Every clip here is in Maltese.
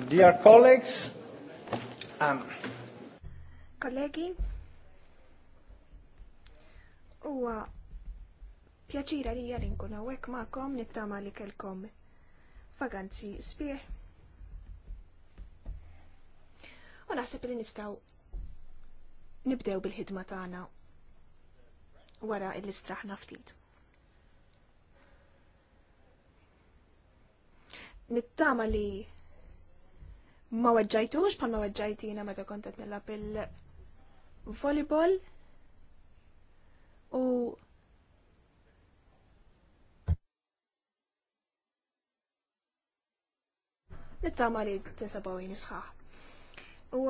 Dear colleagues, um, kollegi, huwa pjaċira li jgħal inkun hawnhekk magħkom nittama li kelkom vaganzi sbieħ. U naħseb li nistgħu nibdew bil-ħidma tagħna wara l-istraħna ftit. nittama li ma weġġajtux bħal ma weġġajtina meta kont qed nilab il-volleyball u nittama li tinsabaw isħaħ. U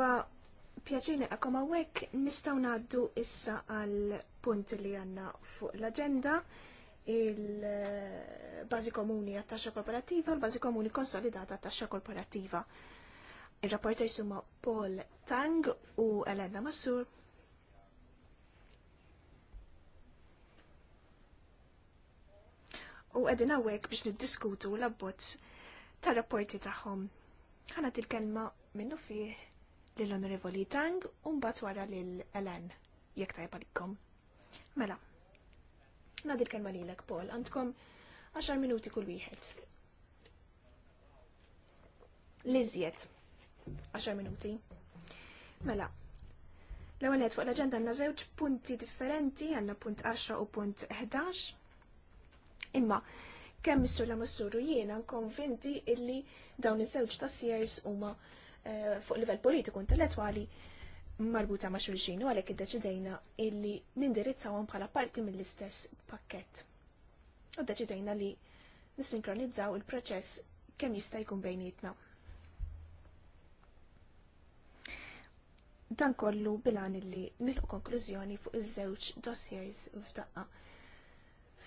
pjaċini għakom għawek nistaw naddu issa għal punt li għanna fuq l-agenda il-bazi komuni għat-taxxa korporativa, l-bazi komuni konsolidata għat-taxxa korporativa. Il-rapporter huma Paul Tang u Elena Massur. U għedin għawek biex niddiskutu l-abbozz ta' rapporti tagħhom. Ħana til kelma minnu fih lill-Onorevoli Tang u mbagħad wara lil Elen jekk tajba likkom. Mela, nadi l-kelma lilek Paul, għandkom 10 minuti kull wieħed. Liżjed 10 minuti. Mela, l-ewwel fuq l-aġenda għandna żewġ punti differenti, għandna punt 10 u punt 11. Imma kemm missur la missuru jiena konvinti illi dawn iż-żewġ tassijers huma eh, fuq livell politiku intellettwali marbuta ma' xulxin u għalhekk iddeċidejna illi nindirizzawhom bħala parti mill-istess pakkett. U deċidejna li nissinkronizzaw il-proċess kemm jista' jkun bejnietna. dan kollu bilan illi nilħu konklużjoni fuq iż-żewġ dossiers f'daqqa.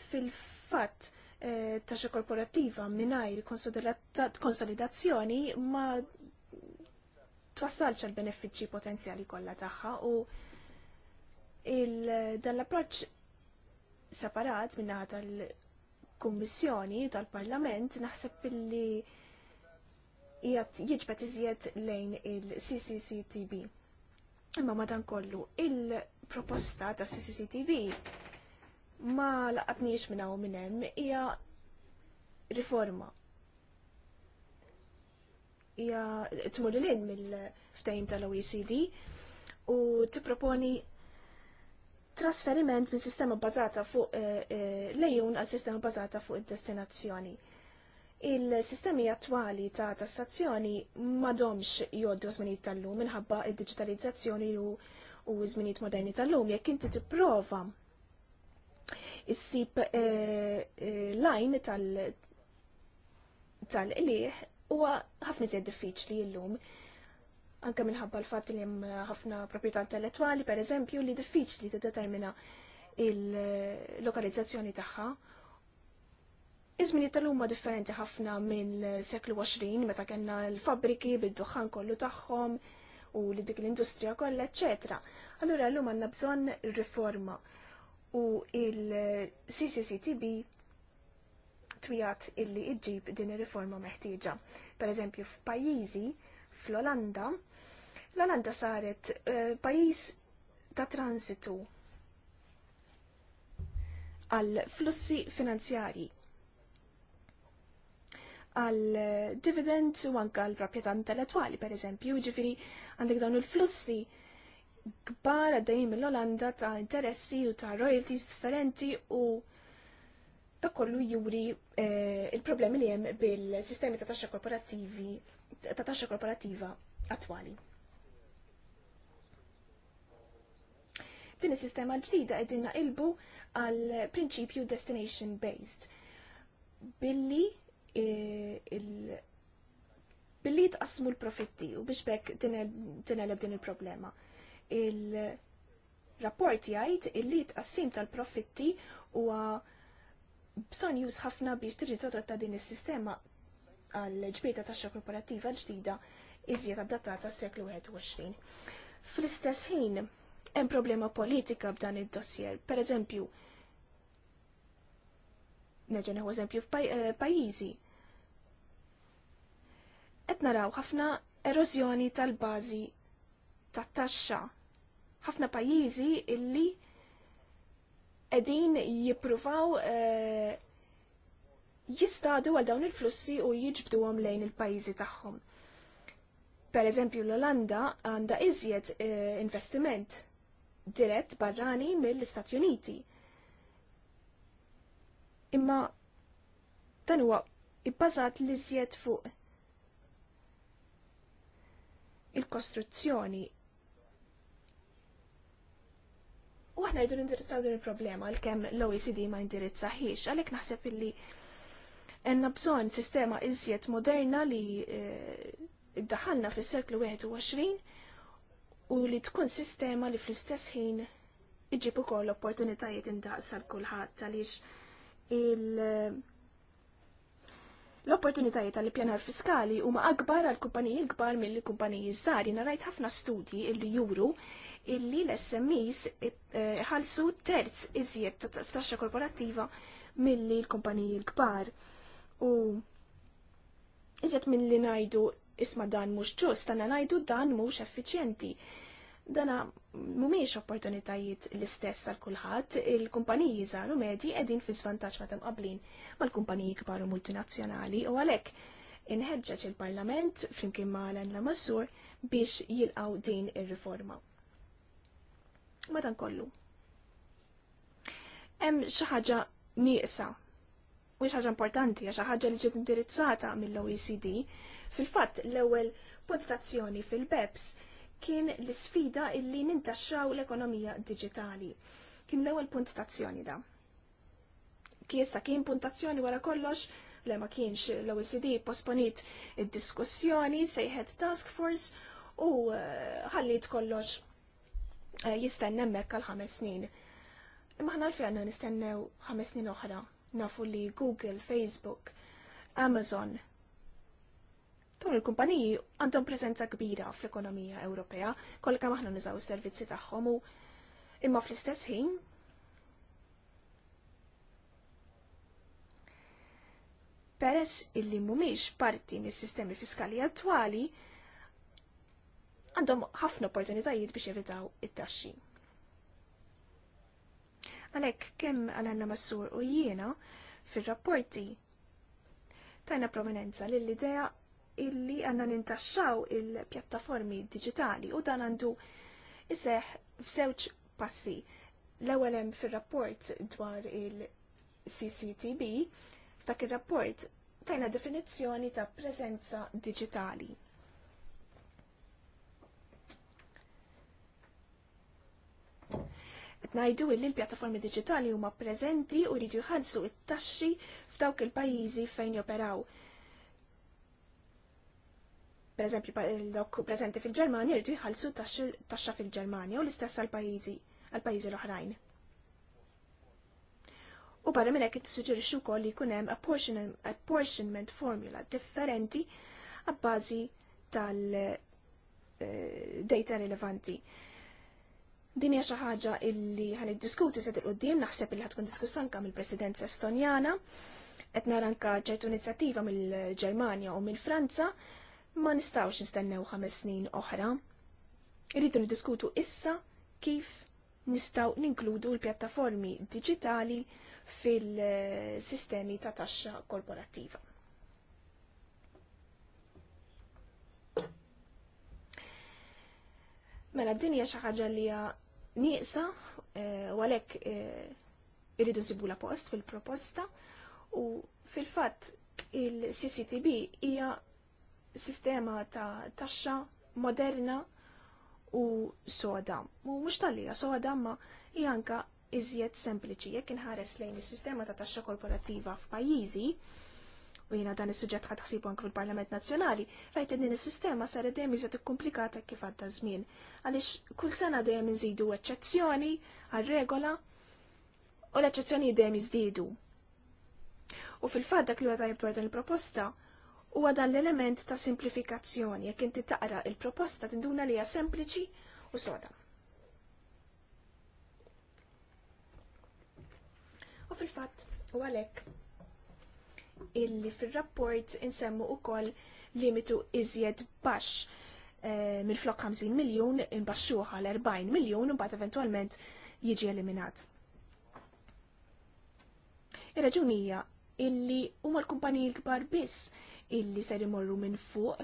Fil-fatt, eh, xi korporattiva minajr konsolidazzjoni ma twassalx għal benefiċċji potenzjali kollha tagħha u dan l-approċċ separat minnaħa tal-Kummissjoni tal-Parlament naħseb illi jgħat jieġbet iżjed lejn il-CCCTB. Imma madankollu, il-proposta ta' CCTV ma laqatniex minna u minnem hija riforma. Ija tmur l mill-ftehim tal-OECD u tipproponi trasferiment minn sistema bazata fuq eh, eh, lejun għal sistema bazata fuq id-destinazzjoni il-sistemi attwali ta' tassazzjoni madomx joddu żminijiet tal-lum minħabba id-digitalizzazzjoni u żminijiet moderni tal-lum jekk inti tipprova issib eh, eh, lajn tal-qliħ huwa ħafna iżjed diffiċli llum anke minħabba l-fatt li hemm ħafna proprjetà intellettwali pereżempju li diffiċli tiddetermina il-lokalizzazzjoni tagħha Iżmini tal-umma differenti ħafna minn seklu 20 meta kellna l-fabbriki bid-duħan kollu tagħhom u li dik l-industrija kollha, eċetera. Allura llum għandna bżonn riforma u il-CCCTB twijat illi iġġib din ir-riforma meħtieġa. Per eżempju f'pajjiżi fl-Olanda, l-Olanda saret uh, pajjiż ta' transitu għal flussi finanzjarji għal dividend u anka għal proprjetà intellettuali, per eżempju, ġifiri għandek dawn il-flussi kbar għaddejjim mill-Olanda ta' interessi u ta' royalties differenti u ta' kollu juri eh, il-problemi li hemm bil-sistemi ta' taxxa korporativi ta' taxxa korporattiva attwali. Din is-sistema ġdida qegħdin naqilbu għal prinċipju destination based billi Eh, billi jitqasmu l-profitti u biex bekk tineleb din il-problema. Il-rapport jgħid illi jitqassim tal-profitti huwa bżonn jus ħafna biex tiġi ta' din is-sistema għal ġbieta taxxa korporattiva ġdida iżjed adattata s-seklu 21. Fl-istess ħin, hemm problema politika b'dan id-dossier. Per eżempju, neġen eżempju f'pajjiżi eh, qed naraw ħafna erożjoni tal-bażi tat-taxxa. Ħafna pajjiżi illi qegħdin jippruvaw eh, jistadu għal dawn il-flussi u jiġbduhom lejn il-pajjiżi tagħhom. Per eżempju, l-Olanda għandha iżjed eh, investiment dirett barrani mill-Istati Uniti. Imma dan huwa ibbażat li iżjed fuq il-kostruzzjoni. U aħna rridu nindirizzaw din il-problema għalkemm l-OECD ma indirizzaħiex, għalhekk naħseb illi enna bżonn sistema iżjed moderna li eh, iddaħalna fis-seklu 21 u li tkun sistema li fl-istess ħin iġib ukoll opportunitajiet indaqsa l kulħadd għaliex il- L-opportunitajiet tal pjanar fiskali huma akbar għal kumpaniji kbar mill kumpaniji żgħar. Jiena rajt ħafna studji illi juru illi l-SMEs eh, ħalsu terz iżjed taxxa korporattiva milli l-kumpaniji kbar. U iżjed milli ngħidu isma' dan mhux ġust, għandna ngħidu dan mhux effiċjenti dana mumiex opportunitajiet l-istess għal kulħadd, il-kumpaniji żgħar medji qegħdin fi żvantaġġ meta mqablin mal-kumpaniji kbaru multinazzjonali u għalhekk inħeġġeġ il-Parlament flimkien ma' l Massur biex jilqaw din ir-riforma. Madankollu. Hemm xi ħaġa nieqsa u ħaġa importanti għax ħaġa li ġiet indirizzata mill-OECD fil-fatt l-ewwel postazzjoni fil-BEPS kien l-sfida illi nintaxxaw l-ekonomija digitali. Kien l-ewwel punt tazzjoni da. Kiesa kien puntazzjoni wara kollox le ma kienx l-OECD posponit id-diskussjoni sejħed task force u eh, ħallit kollox eh, jistenna hemmhekk għal ħames snin. Imma ħna l-fejna nistennew ħames snin oħra nafu li Google, Facebook, Amazon, Dawn il-kumpaniji għandhom preżenza kbira fl-ekonomija Ewropea, kolka aħna nużaw is-servizzi tagħhom u imma fl-istess ħin peress illi mhumiex parti mis-sistemi fiskali attwali għandhom ħafna opportunitajiet biex jevitaw it-taxxi. Għalhekk kemm għalanna massur u jiena fir-rapporti tajna prominenza lill idea illi għanna nintaxxaw il-pjattaformi digitali u dan għandu iseħ f'żewġ passi. L-ewwel hemm fir-rapport dwar il-CCTB dak ir-rapport tajna definizzjoni ta' preżenza digitali. Najdu illi l-pjattaformi digitali huma preżenti u jridu jħallsu it-taxxi f'dawk il-pajjiżi fejn joperaw Per eżempju, dok preżenti fil-Ġermanja jridu jħallsu taxxa fil-Ġermanja u l-istess għal-pajjiżi għal pajizi l-oħrajn. U barra minn hekk tissuġġerixxu wkoll li jkun hemm apportionment formula differenti għabbażi tal-data eh, rilevanti. Din hija xi ħaġa illi ħan iddiskuti se il-qudiem naħseb illi ħatkun diskuss anke mill-Presidenza Estonjana, qed nara anke ċertu inizjattiva mill-Ġermanja u mill-Franza ma nistawx nistennew ħames snin oħra. Irridu niddiskutu issa kif nistaw ninkludu l-pjattaformi digitali fil-sistemi ta' taxxa korporattiva. Mela d-dinja xi ħaġa li hija nieqsa eh, u għalhekk eh, irridu la post fil-proposta u fil-fatt il-CCTB hija sistema ta' taxxa moderna u soda. Mu mhux tal-lija soda ma hija iżjed sempliċi jekk inħares lejn is-sistema ta' taxxa korporattiva f'pajjiżi u jiena dan is-suġġett ħadd ħsibu anke fil-Parlament Nazzjonali, rajt din is-sistema sar dejjem iżjed ikkumplikata kif għadda żmien. Għaliex kull sena dejjem inżidu eċċezzjoni għar-regola u l-eċċezzjoni dejjem iżdiedu. U fil-fatt dak li huwa ta dwar il-proposta huwa dan l-element ta' simplifikazzjoni jekk inti taqra il-proposta tinduna li hija sempliċi u soda. U fil-fatt u għalhekk illi fil-rapport insemmu ukoll limitu iżjed baxx e, eh, mill-flok 50 miljun imbaxxuha l-40 miljun u bat eventwalment jiġi eliminat. Ir-raġunija illi huma l-kumpaniji l-kbar biss illi ser imorru minn fuq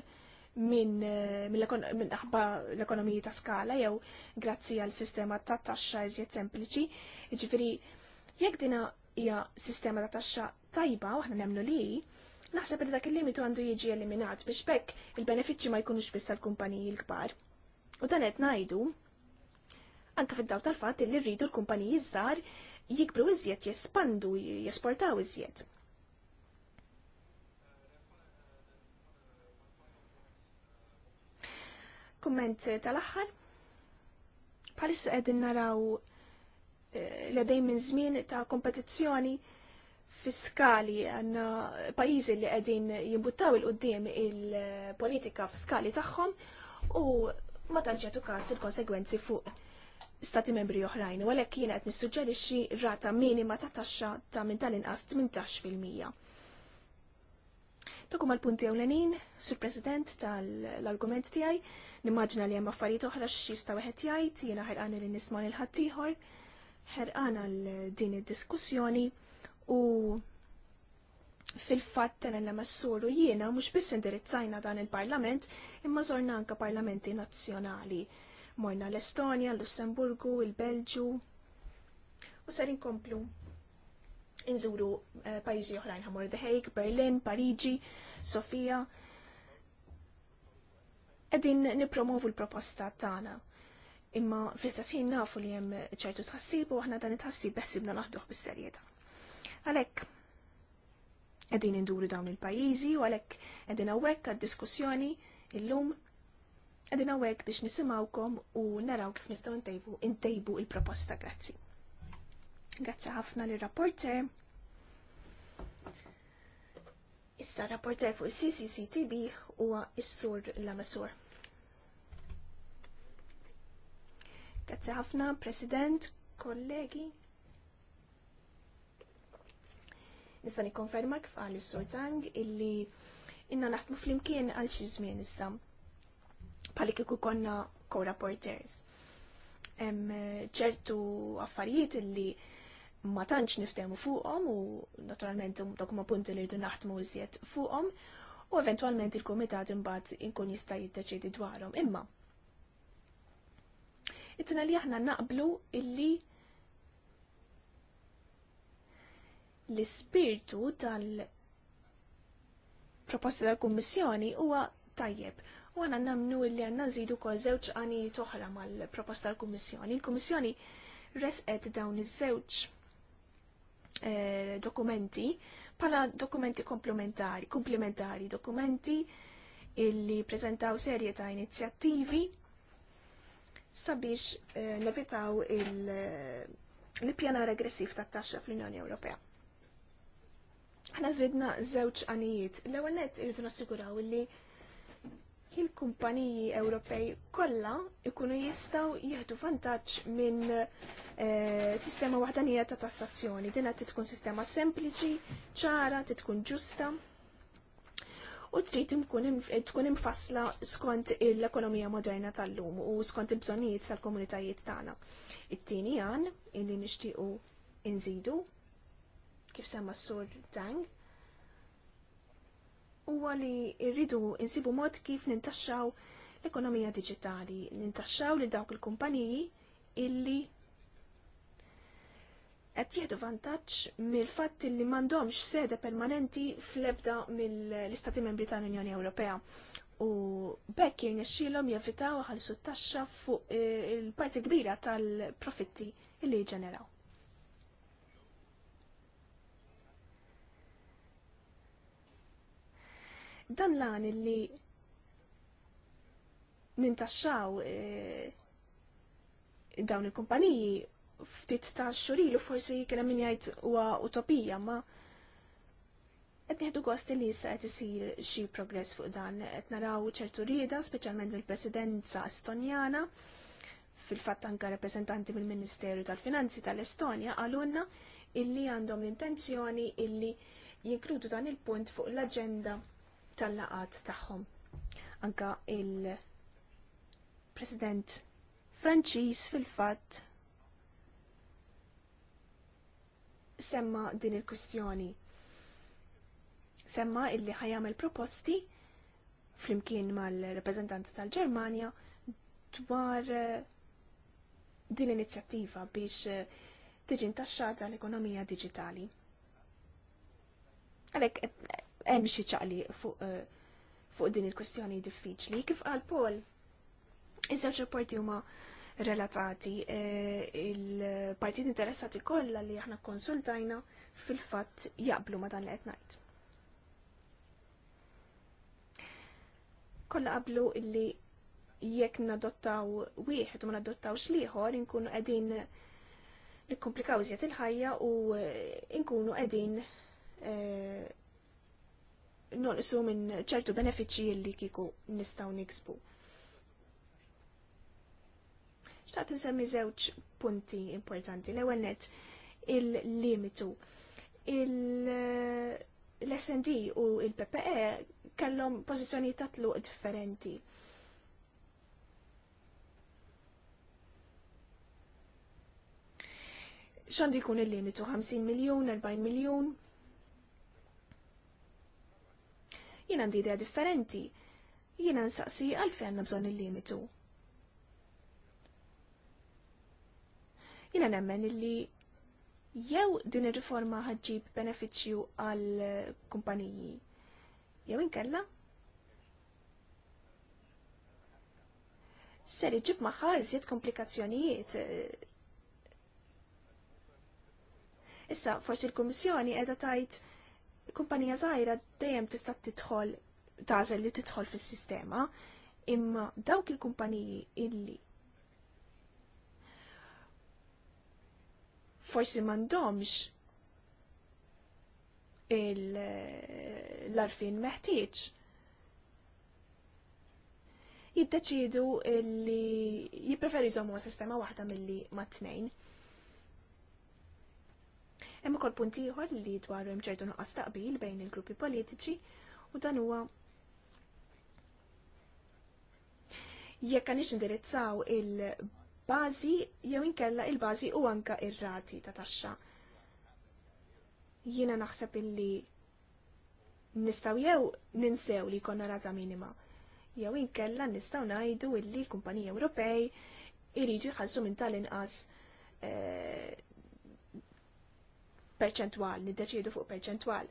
minn eh, min aħba l-ekonomiji ta' skala jew grazzi għal sistema ta' taxxa iżjed sempliċi. Ġifieri jekk dina hija sistema ta' taxxa tajba u aħna nemmnu li naħseb li dak il-limitu għandu jiġi eliminat biex bekk il-benefiċċji ma jkunux biss għall-kumpaniji l-kbar. U dan qed ngħidu anke fid-daw tal-fatt li rridu l-kumpaniji żgħar jikbru iżjed, jespandu, jesportaw iżjed. Kumment tal-aħħar. Palissa qegħdin naraw eh, l għedin minn żmien ta' kompetizzjoni fiskali għanna pajizi li għedin jimbuttaw il-qoddim il-politika fiskali tagħhom u ma tanċetu kas il-konsegwenzi fuq stati membri oħrajn, u għalek kiena għet nissuġġerixi rata minima ta' taxxa ta' minn tal-inqas 18%. Tukum għal-punti għawlenin, sur-president tal-argument tijaj, nimmaġna li hemm affarijiet oħra x'jista' wieħed jgħid, jiena ħerqan li nisma' lil ieħor, ħerqan għal din id-diskussjoni u fil-fatt l massuru jiena mhux biss indirizzajna dan il-Parlament imma żorna anke parlamenti nazzjonali. Morna l-Estonja, l-Lussemburgu, il-Belġu u ser inkomplu inżuru eh, pajjiżi oħrajn ħamur The Hague, Berlin, Pariġi, Sofia, edin nipromovu l-proposta tagħna. Imma fl-istess ħin nafu li hemm ċertu tħassib u aħna dan it-tħassib beħsibna naħduh bis-serjetà. Għalhekk qegħdin induru dawn il-pajjiżi u għalhekk qegħdin hawnhekk għad-diskussjoni illum qegħdin hawnhekk biex nisimgħukom u naraw kif nistgħu ntejbu intejbu il-proposta grazzi. Grazzi ħafna lir-rapporter. Issa rapporter fuq CCCTB huwa s sur la mesur. Grazie ħafna, President, kollegi. Nista' nikkonferma kif qal is-Sur Tang illi inna naħdmu flimkien għal xi żmien issa. Bħalik kieku konna co-rapporters. Hemm eh, ċertu affarijiet illi ma tantx niftehmu fuqhom u naturalment um, dok ma punti li rridu naħdmu iżjed fuqhom u eventwalment il-kumitat imbagħad inkun jista' jiddeċiedi dwarhom. Imma jittina li aħna naqblu illi l-ispirtu tal-proposta tal-Kummissjoni huwa tajjeb. U għana namnu illi għanna zidu kol zewċ għani toħra mal-proposta tal-Kummissjoni. Il-Kummissjoni resqet dawn iż-żewċ eh, dokumenti pala dokumenti komplementari, komplementari dokumenti illi prezentaw serje ta' inizjattivi sabiex eh, nevitaw l-pjana eh, regressiv tat taxxa fl-Unjoni Ewropea. Għana zidna żewġ għanijiet. L-ewwel nett irridu nassiguraw li il-kumpaniji Ewropej kollha ikunu jistgħu jieħdu vantaġġ minn eh, sistema waħdanija ta' tassazzjoni. Din qed sistema sempliċi, ċara, titkun ġusta u trid tkun imfassla skont l-ekonomija moderna tal-lum u skont il-bżonijiet tal-komunitajiet tagħna. It-tieni għan illi nixtiequ inżidu kif semma s-sur Tang huwa li rridu insibu mod kif nintaxxaw l-ekonomija diġitali, nintaxxaw li dawk il-kumpaniji illi qed jieħdu vantaġġ mill-fatt li m'għandhomx sede permanenti fl-ebda mill-Istati Membri tal-Unjoni Ewropea. U bekk jirnexxielhom jevitaw ħalsu taxxa fuq eh, il-parti kbira tal-profitti li jġeneraw. Dan lan li nintaxxaw eh, dawn il-kumpaniji ftit ta' xurilu forsi kena min jgħid huwa utopija, ma qed nieħdu gost li issa qed isir xi progress fuq dan qed naraw ċertu rieda, speċjalment mill-Presidenza Estonjana, fil-fatt anke rappreżentanti mill-Ministeru tal-Finanzi tal-Estonja għalunna illi għandhom l-intenzjoni illi jinkludu dan il-punt fuq l-aġenda tal-laqat tagħhom. Anka il-President Franċiż fil-fatt semma din il-kwistjoni. Semma illi il proposti flimkien mal-reprezentanti tal-Ġermanja dwar eh, din l-inizjattiva biex eh, tiġi ntaxxata l-ekonomija digitali. Għalek, hemm xi ċaqli fuq eh, din il-kwestjoni diffiċli. Kif qal Pol, iż-żewġ rapporti huma relatati e, il-partit interessati kollha li aħna konsultajna fil-fatt jaqblu ma dan li qed ngħid. Kollha qablu illi jekk nadottaw wieħed u ma nadottawx liħor inkunu qegħdin nikkomplikaw iżjed il-ħajja u e, nkunu qegħdin e, nolqsu minn ċertu benefiċċji li kiku nistgħu niksbu. Xtaqt nsemmi żewġ punti importanti. L-ewwel net il-limitu. L-SND u il-PPE kellhom pozizjoni ta' tluq differenti. xandu jkun il-limitu 50 miljon, 40 miljon. Jina għandi idea differenti. Jien nsaqsi għalfejn għanna bżon il-limitu. Jina nemmen illi jew din ir-riforma ħadġib benefiċċju għal kumpaniji jew inkella Seri ġib maħħa iżjed komplikazzjonijiet. Issa, forsi l-Kummissjoni edha tgħid kumpanija żgħira dejjem tista' tidħol tażel li tidħol fis-sistema, imma dawk il-kumpaniji illi forsi mandomx l-arfin meħtieġ. Jiddeċidu li jippreferi zomu sistema waħda milli ma' tnejn. Hemm ukoll punt ieħor li dwar hemm ċertu nuqqas taqbil bejn il-gruppi politiċi u dan huwa jekk għandix indirizzaw il il-bażi jew inkella il-bażi u anka ir-rati ta' taxxa. Jiena naħseb illi nistgħu jew ninsew li jkollna rata minima. Jew inkella nistgħu ngħidu illi l-kumpaniji Ewropej iridu jħallsu minn tal-inqas eh, perċentwal, niddeċiedu fuq perċentwal.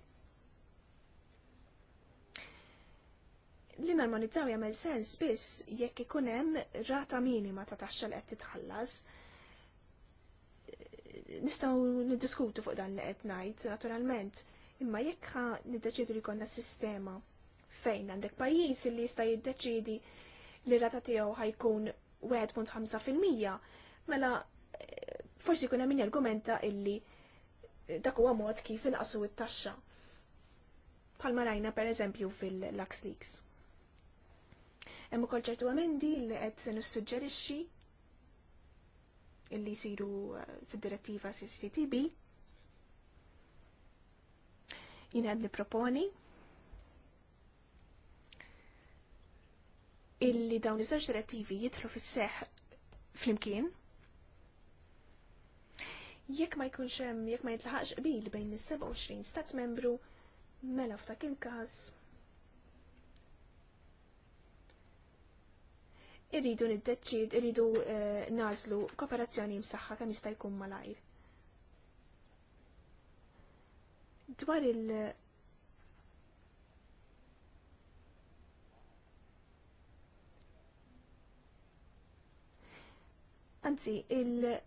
li narmonizzaw jagħmel sens biss jekk ikun hemm rata minima ta' taxxa li qed titħallas. Nistgħu niddiskutu fuq dan li qed ngħid naturalment, imma jekk ħa niddeċidu li jkollna sistema fejn għandek pajjiż li jista' jiddeċidi li rata tiegħu ħajkun 1.5% mela forsi jkun hemm min argumenta illi dak huwa mod kif inqasu it-taxxa. Palma rajna per eżempju fil-Lux Leaks. Hemm ukoll ċertu emendi li qed se nissuġġerixxi illi jsiru eh, fid-direttiva CCTB. Jien qed nipproponi illi dawn iż-żewġ direttivi jidħlu fis-seħ flimkien jekk ma jkunx hemm jekk ma jitlaħaqx qbil bejn is-27 stat membru mela f'dak il-każ irridu niddeċid, irridu eh, nazlu kooperazzjoni msaħħa kemm jista' jkun malajr. Dwar il- Anzi, il-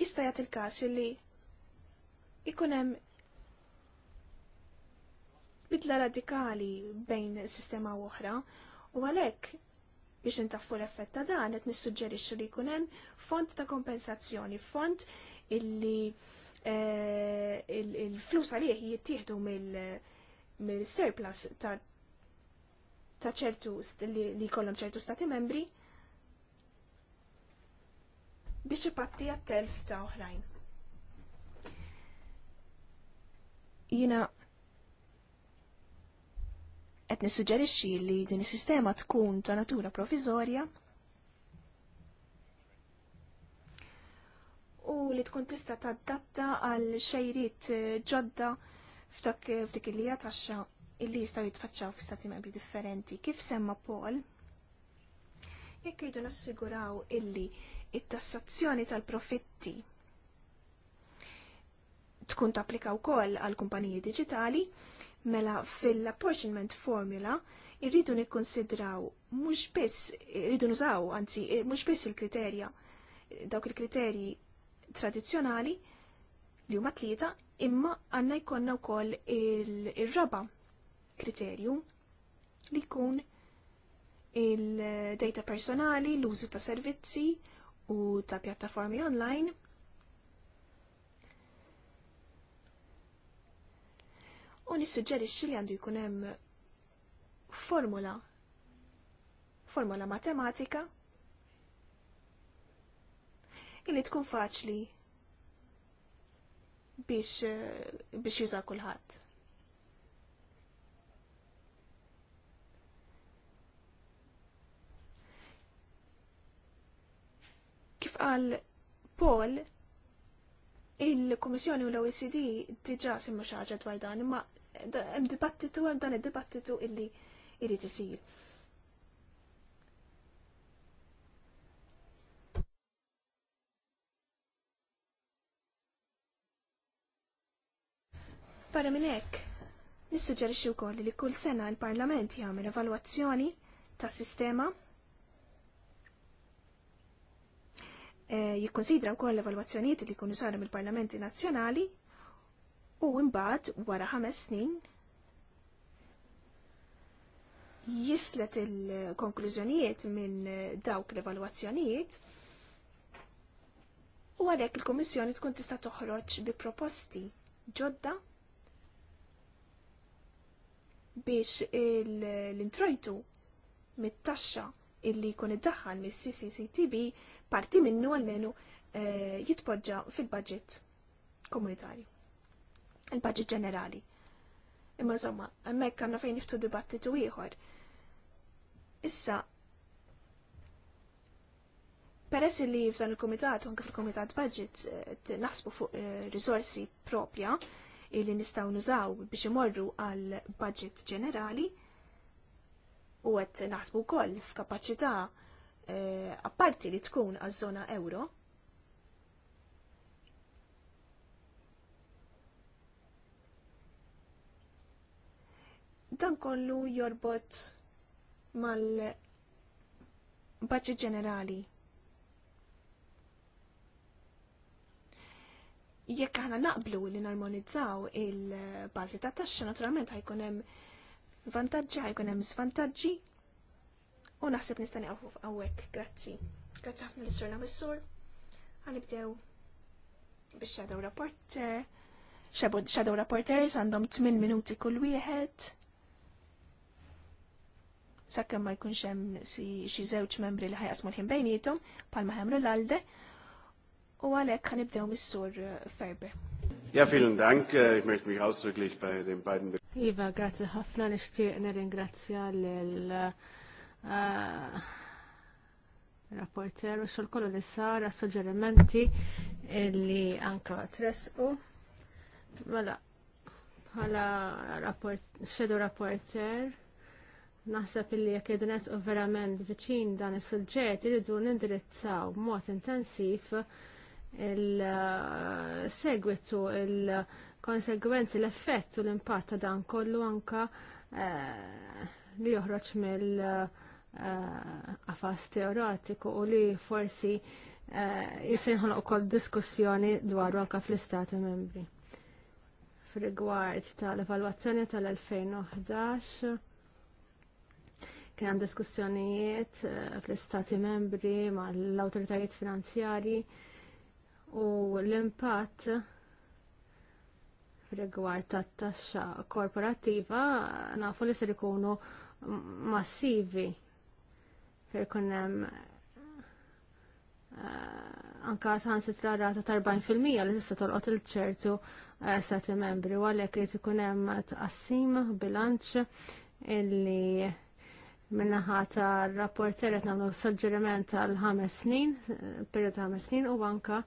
jista' jagħti il-każ li ikun hemm bidla radikali bejn sistema u oħra u għalhekk biex intaffu l-effett ta' dan qed nissuġġerixxu li jkun hemm font ta' kompensazzjoni, font illi eh, il-flus għalih jittieħdu mill-surplus ta' ċertu li jkollhom ċertu stati membri biex ipatti għat-telf ta' oħrajn. Jina qed nissuġġerixxi li din is-sistema tkun ta' natura provizorja u li tkun tista' tadatta għal xejriet ġodda f'dik il lija taxxa illi jistgħu jitfaċċaw f'stati membri differenti. Kif semma Paul, jekk irridu nassiguraw illi it-tassazzjoni tal-profitti tkun tapplika wkoll għal kumpaniji diġitali, Mela fil-apportionment formula irridu nikkonsidraw mhux biss irridu nużaw anzi eh, mhux biss il-kriterja dawk il-kriterji tradizzjonali li huma tlieta imma għandna jkollna wkoll ir-raba kriterju li jkun il-data personali, l-użu ta' servizzi u ta' pjattaformi online u nissuġġerixxi li għandu jkun hemm formula formula matematika illi tkun faċli biex eh, biex juża kulħadd. Kif qal Paul Il-Kummissjoni u l-OECD diġa simma xaġa dwar dan, imma hemm dibattitu hemm dan id-dibattitu illi irid isir. Para minn hekk, nissuġġerixxi wkoll li kull sena l-Parlament jagħmel evalwazzjoni tas-sistema Eh, jikkonsidra wkoll l-evalwazzjonijiet li jkunu saru mill-Parlamenti Nazzjonali u mbagħad wara ħames snin jislet il-konklużjonijiet minn eh, dawk l-evalwazzjonijiet u għalhekk il-Kummissjoni tkun tista' toħroġ bi proposti ġodda biex l-introjtu mit-taxxa illi jkun iddaħħal mis-CCCTB parti minnu għalmenu eh, jitpoġġa fil-budget komunitarju, il-budget ġenerali. Imma zomma, hemmhekk għandna fejn niftu dibattitu ieħor. Issa, peress li f'dan il-komitat, anke fil-komitat budget, eh, naħsbu fuq eh, risorsi propja li nistaw nużaw biex imorru għal budget ġenerali u għet naħsbu koll f'kapacità Eh, apparti li tkun għaż-żona euro, dan kollu jorbot mal-budget ġenerali. Jekk aħna naqblu li narmonizzaw il-bażi ta' taxxa, naturalment ħajkun hemm vantaġġi, ħajkun hemm svantaġġi, U naħseb nistani għawek, grazzi. Grazzi ħafna l-sur namissur. Għanibdew biex shadow reporter. Shadow reporters għandhom 8 minuti kull wieħed. Sakke ma jkunx hemm xi żewġ membri li ħajqasmu l-ħin bejnietom bħalma ħemru l-alde. U għalhekk ħanibdew mis-sur uh, Ferber. Ja, vielen Dank. Äh, ich möchte mich ausdrücklich bei den beiden. Iva, grazie ħafna nixtieq nirringrazzja lil Eh, rapporter u xol kollu li sara suġġerimenti li anka tresqu. Mela, bħala xedu rapporter, naħseb illi jek id u verament viċin dan is-suġġett iridu nindirizzaw mod intensiv il-segwitu, il-konsegwenzi, l-effett u l-impatt ta' dan kollu anka eh, li joħroġ mill- uh, għafas eh, teoretiku u li forsi eh, jisinħon u kol diskussjoni dwaru għalka fl-istati membri. F'rigward tal-evaluazzjoni tal-2011 kien hemm diskussjonijiet eh, fl-istati membri mal-awtoritajiet finanzjarji u l-impatt f'rigward tat-taxxa korporattiva nafu li ser ikunu massivi fir kunnem eh, anka sitra rata ta' 40% li tista' tolqot il-ċertu eh, stati membri, u għalhekk irid ikun hemm tqassim bilanċ illi minnaħa ta' rapporter qed nagħmlu suġġeriment għal ħames snin, eh, perjodu ta' ħames snin u anka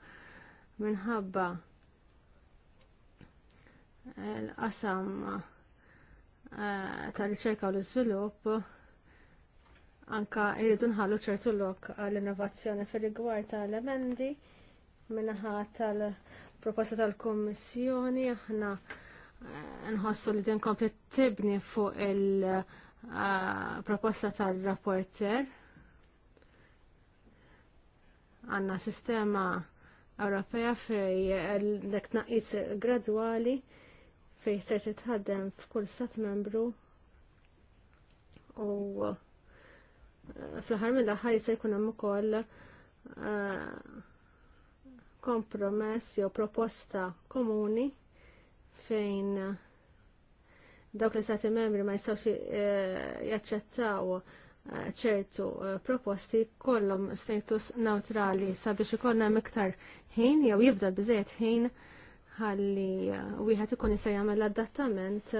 minħabba l-qasam ta' riċerka u l-iżvilupp anka jridu nħallu ċertu lok għall-innovazzjoni fil-rigward tal-emendi minnaħa tal-proposta tal-Kommissjoni aħna eh, nħossu li din tibni fuq il-proposta eh, tal-rapporter għanna sistema Ewropea fej dek naqis gradwali fej se titħaddem f'kull stat membru u fl-ħar mill ħar jista' jkun hemm ukoll eh, kompromess jew proposta komuni fejn dawk li stati membri ma jistgħux eh, jaċċettaw eh, ċertu proposti kollhom status neutrali sabiex ikollna iktar ħin jew jibda biżejjed ħin ħalli wieħed ikun jista' jagħmel l-adattament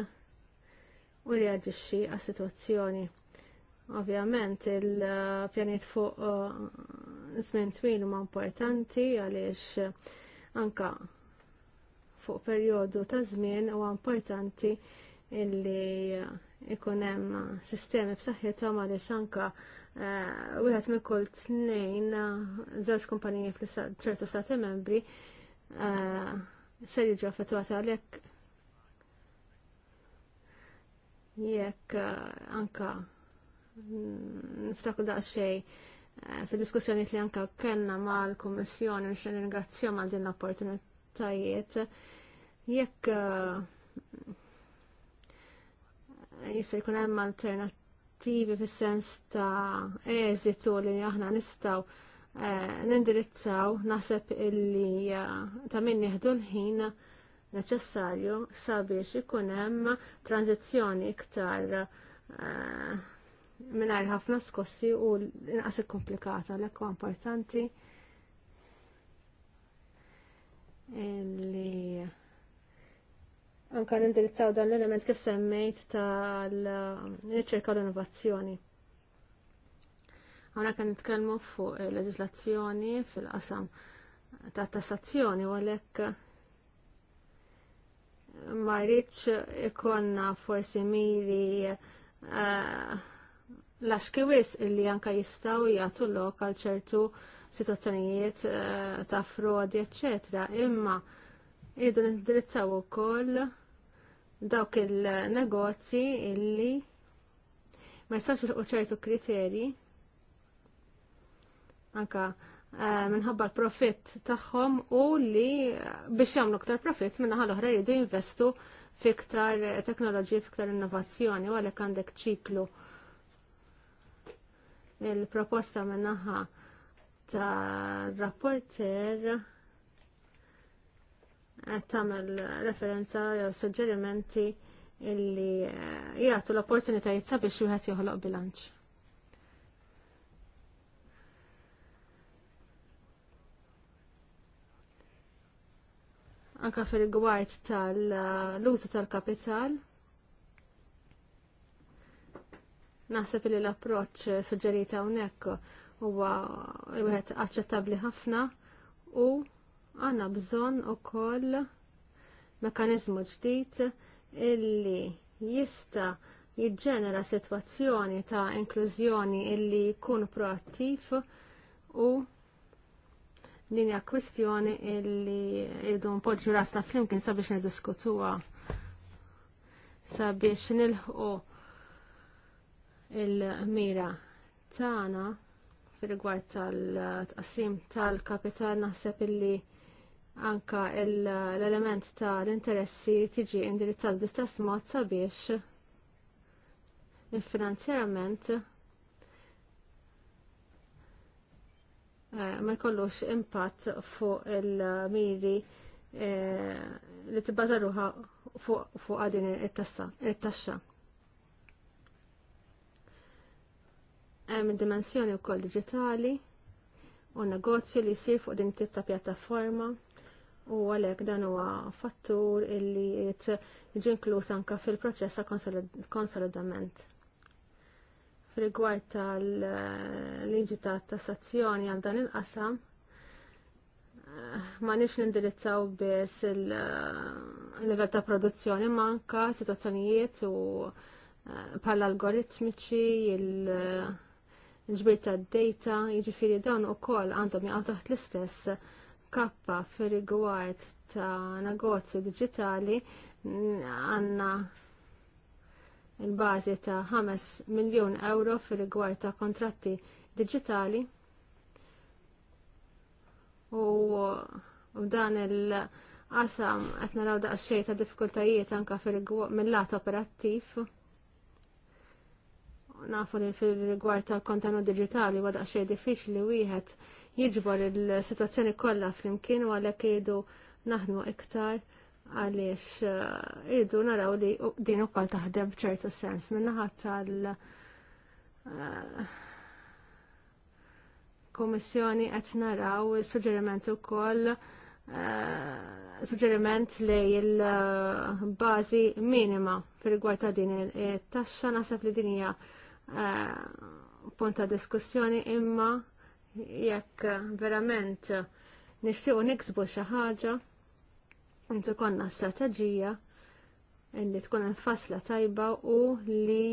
u reaġixxi għas-sitwazzjoni. Ovvjament il-pjanet fuq uh, żmien twil huma importanti għaliex uh, anka fuq perjodu ta' żmien huwa importanti illi uh, ikun hemm sistemi b'saħħithom għaliex anka wieħed minn kull tnejn żewġ kumpaniji fl-ċertu stati membri ser jiġu affettwati għalhekk jekk anka niftakru xej eh, fi diskussjoni li anka kellna mal-Kummissjoni biex ringrazzjom għal din l-opportunitajiet. Jekk eh, jista' jkun hemm alternattivi fis-sens ta' eżitu li aħna nistgħu eh, nindirizzaw naħseb illi ta' min jieħdu l-ħin neċessarju sabiex ikun hemm tranzizzjoni iktar mingħajr ħafna skossi u inqas komplikata, l huwa importanti li anka nindirizzaw dan l-element kif semmejt tal-riċerka l-innovazzjoni. Għana kan nitkellmu fuq leġislazzjoni fil-qasam ta' tassazzjoni u għalek ma rridx ikonna forsi miri uh, laxki wis illi anka jistaw jgħatu lok għal ċertu situazzjonijiet eh, ta' frodi, eccetera. Imma jidu nindirizzaw ukoll dawk il-negozji illi ma jistawx ilqu ċertu kriteri anka eh, minħabba l-profitt tagħhom u li biex jagħmlu aktar profitt minnaħa l-oħra jridu jinvestu fiktar teknoloġi, fiktar innovazzjoni u għalhekk għandek ċiklu il-proposta minnaħa ta' rapporter eh, tamel referenza jew suġġerimenti illi eh, jgħatu l-opportunitajiet sabiex wieħed joħloq bilanċ. Anka fil rigward tal-użu tal-kapital, Naħseb li l-approċ suġġerita hawnhekk huwa wieħed aċċettabbli ħafna u għandna bżonn ukoll mekkaniżmu ġdid illi jista' jiġġenera sitwazzjoni ta' inklużjoni illi jkun proattiv u dinja kwistjoni illi irdu npoġġu rasna flimkien sabiex niddiskutuha sabiex nilħqu il-mira tagħna fil-rigward tal qassim tal-kapital naħseb illi anka l-element tal-interessi tiġi indirizzat bl mod sabiex il-finanzjerament eh, ma jkollux impatt fuq il-miri eh, li tibbażaruha fuq għadin it-taxxa. Hemm dimensjoni wkoll diġitali u negozju li jsir fuq din tip ta' pjattaforma u għalhekk dan huwa fattur illi jiġi inkluż anke fil-proċess ta' konsolidament. Rigward tal-liġi ta' tassazzjoni għal dan il-qasam, eh, ma nix nindirizzaw biss eh, il-level ta' produzzjoni manka, situazzjonijiet u pal-algoritmiċi, eh, il- ġbirt ta' data, jiġifieri dawn ukoll għandhom jaqgħu taħt l-istess kappa fir-rigward ta' negozju diġitali għandna il-bażi ta' 5 miljun euro fir-rigward ta' kontratti diġitali u, u dan il- qasam qed raw daqsxejn ta' diffikultajiet anke mill-lat operattiv nafu li fil-rigward tal kontenut digitali wada xej diffiċli wieħed jiġbor il-situazzjoni kollha flimkien u għalhekk jridu naħdmu iktar għaliex eh, iridu naraw li din ukoll taħdem b'ċertu sens minnaħa tal- eh, Kummissjoni qed naraw suġġeriment ukoll eh, suġġeriment li l-bażi minima fir rigward ta' din it-taxxa naħseb li din hija Eh, punt ta' diskussjoni imma jekk verament nixtiequ niksbu xi ħaġa intu konna strateġija li tkun infasla tajba u li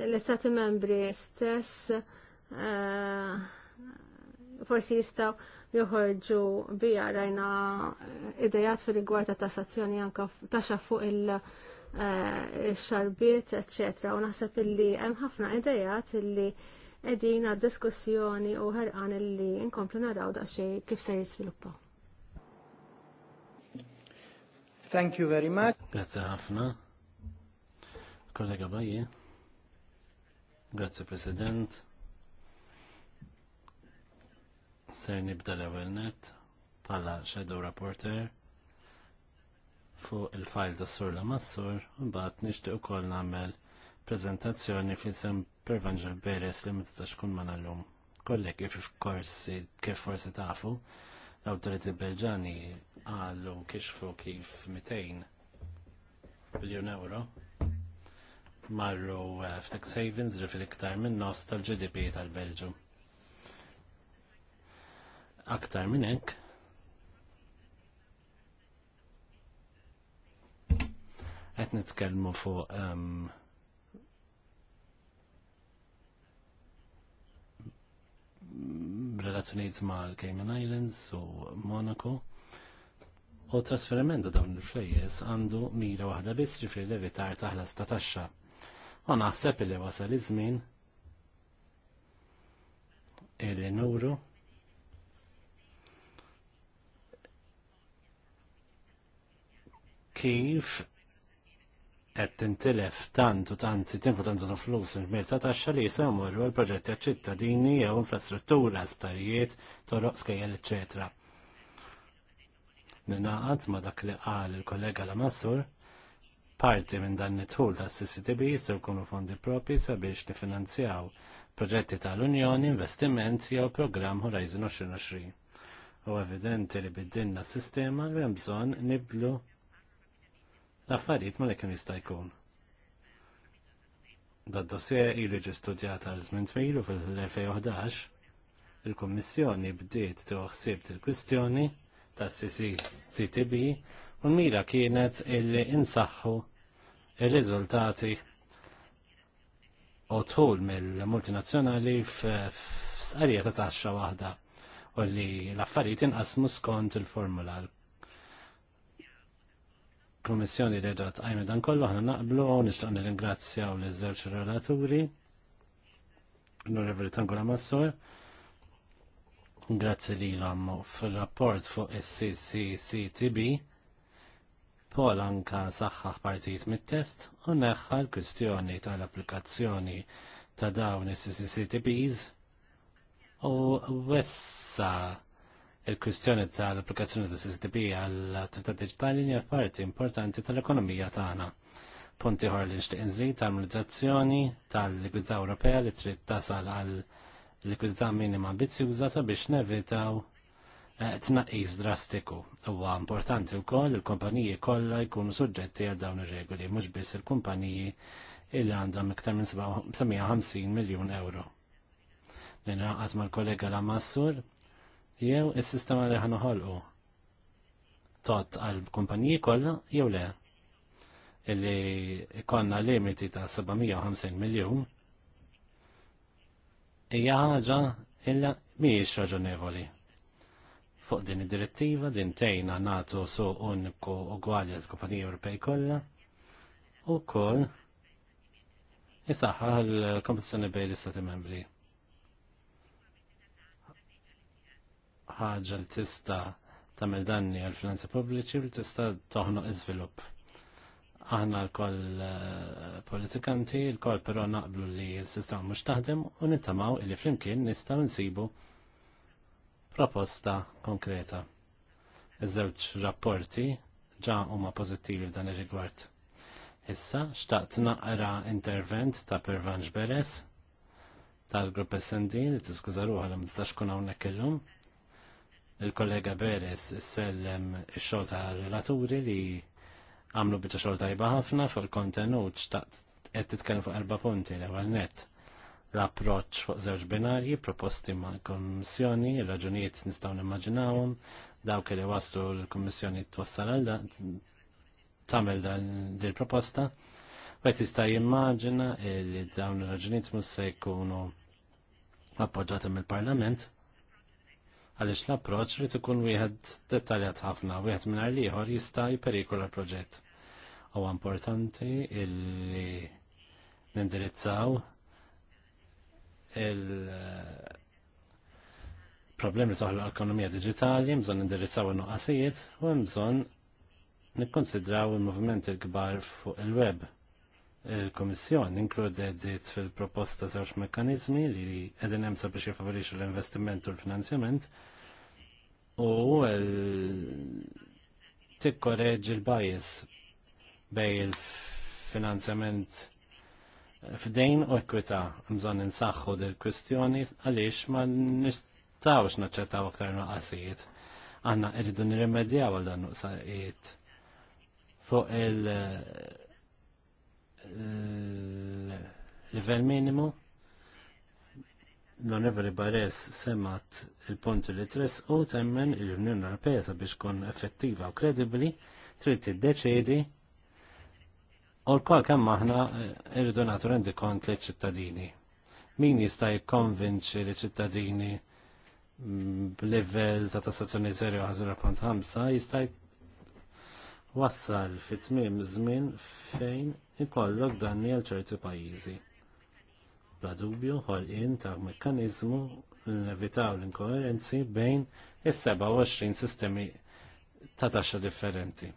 l-istati membri stess uh, forsi jistaw joħorġu bija rajna idejat fil-rigward ta' tassazzjoni anka taxa fuq il- Eh, xarbiet, etc. U naħseb illi hemm ħafna idejat illi qegħdin għad diskussjoni u ħerqan illi nkomplu naraw daqsxejn kif se jiżviluppa. Thank you very much. Grazie ħafna. Kollega Bajje. Grazie President. Ser nibda l-ewwel net bħala Shadow Rapporter fuq il-fajl ta' sur la massur, mbagħad nixtieq ukoll nagħmel prezentazzjoni fl-isem Pervangel Beres li ma tistax tkun ma llum. Kollek kif korsi kif forsi tafu, l-awtoriti Belġani għallu kixfu kif 200 biljon euro marru eh, f'tax havens ġifir iktar minn nos tal-GDP tal-Belġu. Aktar minn hekk, qed nitkellmu fuq um, relazzjonijiet mal Cayman Islands u Monaco. U trasferiment dawn il-flejjes għandu mira waħda biss ġifri levitar taħlas ta' taxxa. U naħseb li wasal iż-żmien illi nuru kif qed tintilef tant u tant tinfu tant u flus il-mir ta' taxxa li jisamurru għal-proġetti għal-ċittadini jew infrastruttura, sparijiet, toroq skejjel, eccetera ninaqat ma dak li qal il-kollega la Massur, parti minn dan it-tħul ta' CCTB se kunu fondi propi sabiex nifinanzjaw proġetti tal-Unjoni, investiment jew programm Horizon 2020. U evidenti li biddinna s sistema li hemm bżonn niblu l-affarijiet ma li kien jista' jkun. Dad dossier ilu ġi studjata għal żmien twilu fil-2011 il-Kummissjoni bdiet tiħsieb il-kwistjoni tas-CCTB u l-mira kienet illi insaħħu il-riżultati u tħul mill-multinazzjonali f'sqarija ta' taxxa waħda u li l-affarijiet inqasmu skont il-formula l kummissjoni reġa tqajmi dan kollu ħana naqblu u nixtaq nirringrazzjaw li żewġ relaturi l-Onorevoli Tangola Massur. Grazzi li l għammu fil-rapport fuq il Pol anka saħħaħ partijiet mit-test u neħħa l kustjoni tal-applikazzjoni ta' dawn is-CCCTBs u wessa il-kwistjoni tal-applikazzjoni ta' CCTB għal attività digitali hija parti importanti tal-ekonomija tagħna. Punti ħor li nixtieq inżid tal-armonizzazzjoni tal-likwidità Ewropea li trid tasal għal likwidità minima ambizzjuża sabiex nevitaw eh, tnaqqis drastiku. Huwa importanti wkoll il-kumpaniji kollha jkunu suġġetti għal dawn ir-regoli, mhux biss il-kumpaniji illi għandhom iktar minn 750 miljun euro. Ninraqat mal-kollega Lamassur jew is-sistema li ħanoħolqu tot għal kumpaniji kollha jew le illi ikonna limiti ta' 750 miljon hija ħaġa illa mhijiex raġonevoli. Fuq din id-direttiva din tejna natu su uniku ugwali għal kumpaniji Ewropej kollha u koll Isaħħa l-kompetizzjoni bejn l-Istati membri. ħaġa li tista' tagħmel danni għal finanzi pubbliċi li tista' toħno iżvilupp. Aħna l-koll eh, politikanti, l-koll però naqblu li l sistema mhux taħdem u nittamaw li flimkien nistgħu nsibu proposta konkreta. Iż-żewġ rapporti ġa huma pożittivi f'dan ir-rigward. Issa, xtaqt naqra intervent ta' Pervanġ Beres, tal-grupp SND li tiskuża ruħa li ma tistax kun hawnhekk illum il-kollega Beres sellem ix xol ta' relaturi li għamlu bieċa xol tajba ħafna fuq il-kontenut xtaqt qed titkellem fuq erba' punti l-ewwel net. L-approċċ fuq żewġ binarji proposti ma' kommissjoni, raġunijiet nistgħu nimmaġinawhom, dawk li waslu l-Kummissjoni twassal għal tagħmel dan il-proposta. Wet jista' jimmaġina li dawn ir-raġunijiet mhux se jkunu appoġġjati mill-Parlament għaliex l-approċ rrid ikun wieħed dettaljat ħafna, wieħed mingħajr ieħor jista' jperikola l-proġett. Huwa importanti illi nindirizzaw il- eh, problemi toħlu l-ekonomija digitali, mżon nindirizzaw il-nuqqasijiet u mżon nikkonsidraw il-movimenti l-kbar fuq il-web il-Komissjoni inkludet fil-proposta żewġ mekkaniżmi li qegħdin hemm sabiex jifavorixxu l-investiment u l-finanzjament u tikkoreġ il-bajis bej il-finanzjament f'dejn u ekwita mżon insaħħu dil-kwistjoni għaliex ma nistawx naċċettaw aktar nuqqasijiet. Għanna irridu nirrimedjaw għal dan nuqqasijiet fuq il- l-level minimu l-Onorevoli Bares semat il-punti li tres u temmen l-Unjoni Ewropea sabiex kon effettiva u kredibli trid tiddeċiedi u l-kol kemm aħna eh, irridu nagħtu rendi kont liċ ċittadini. Min jista' jikkonvinċi li ċittadini mm, b'livell ta' tassazzjoni 0.5 jista' wassal fi tmiem żmien fejn ikollok danni għal ċerti pajjiżi. Bla dubju ħolqien ta' mekkaniżmu l-evitaw l-inkoerenzi bejn is-27 sistemi ta' taxxa differenti.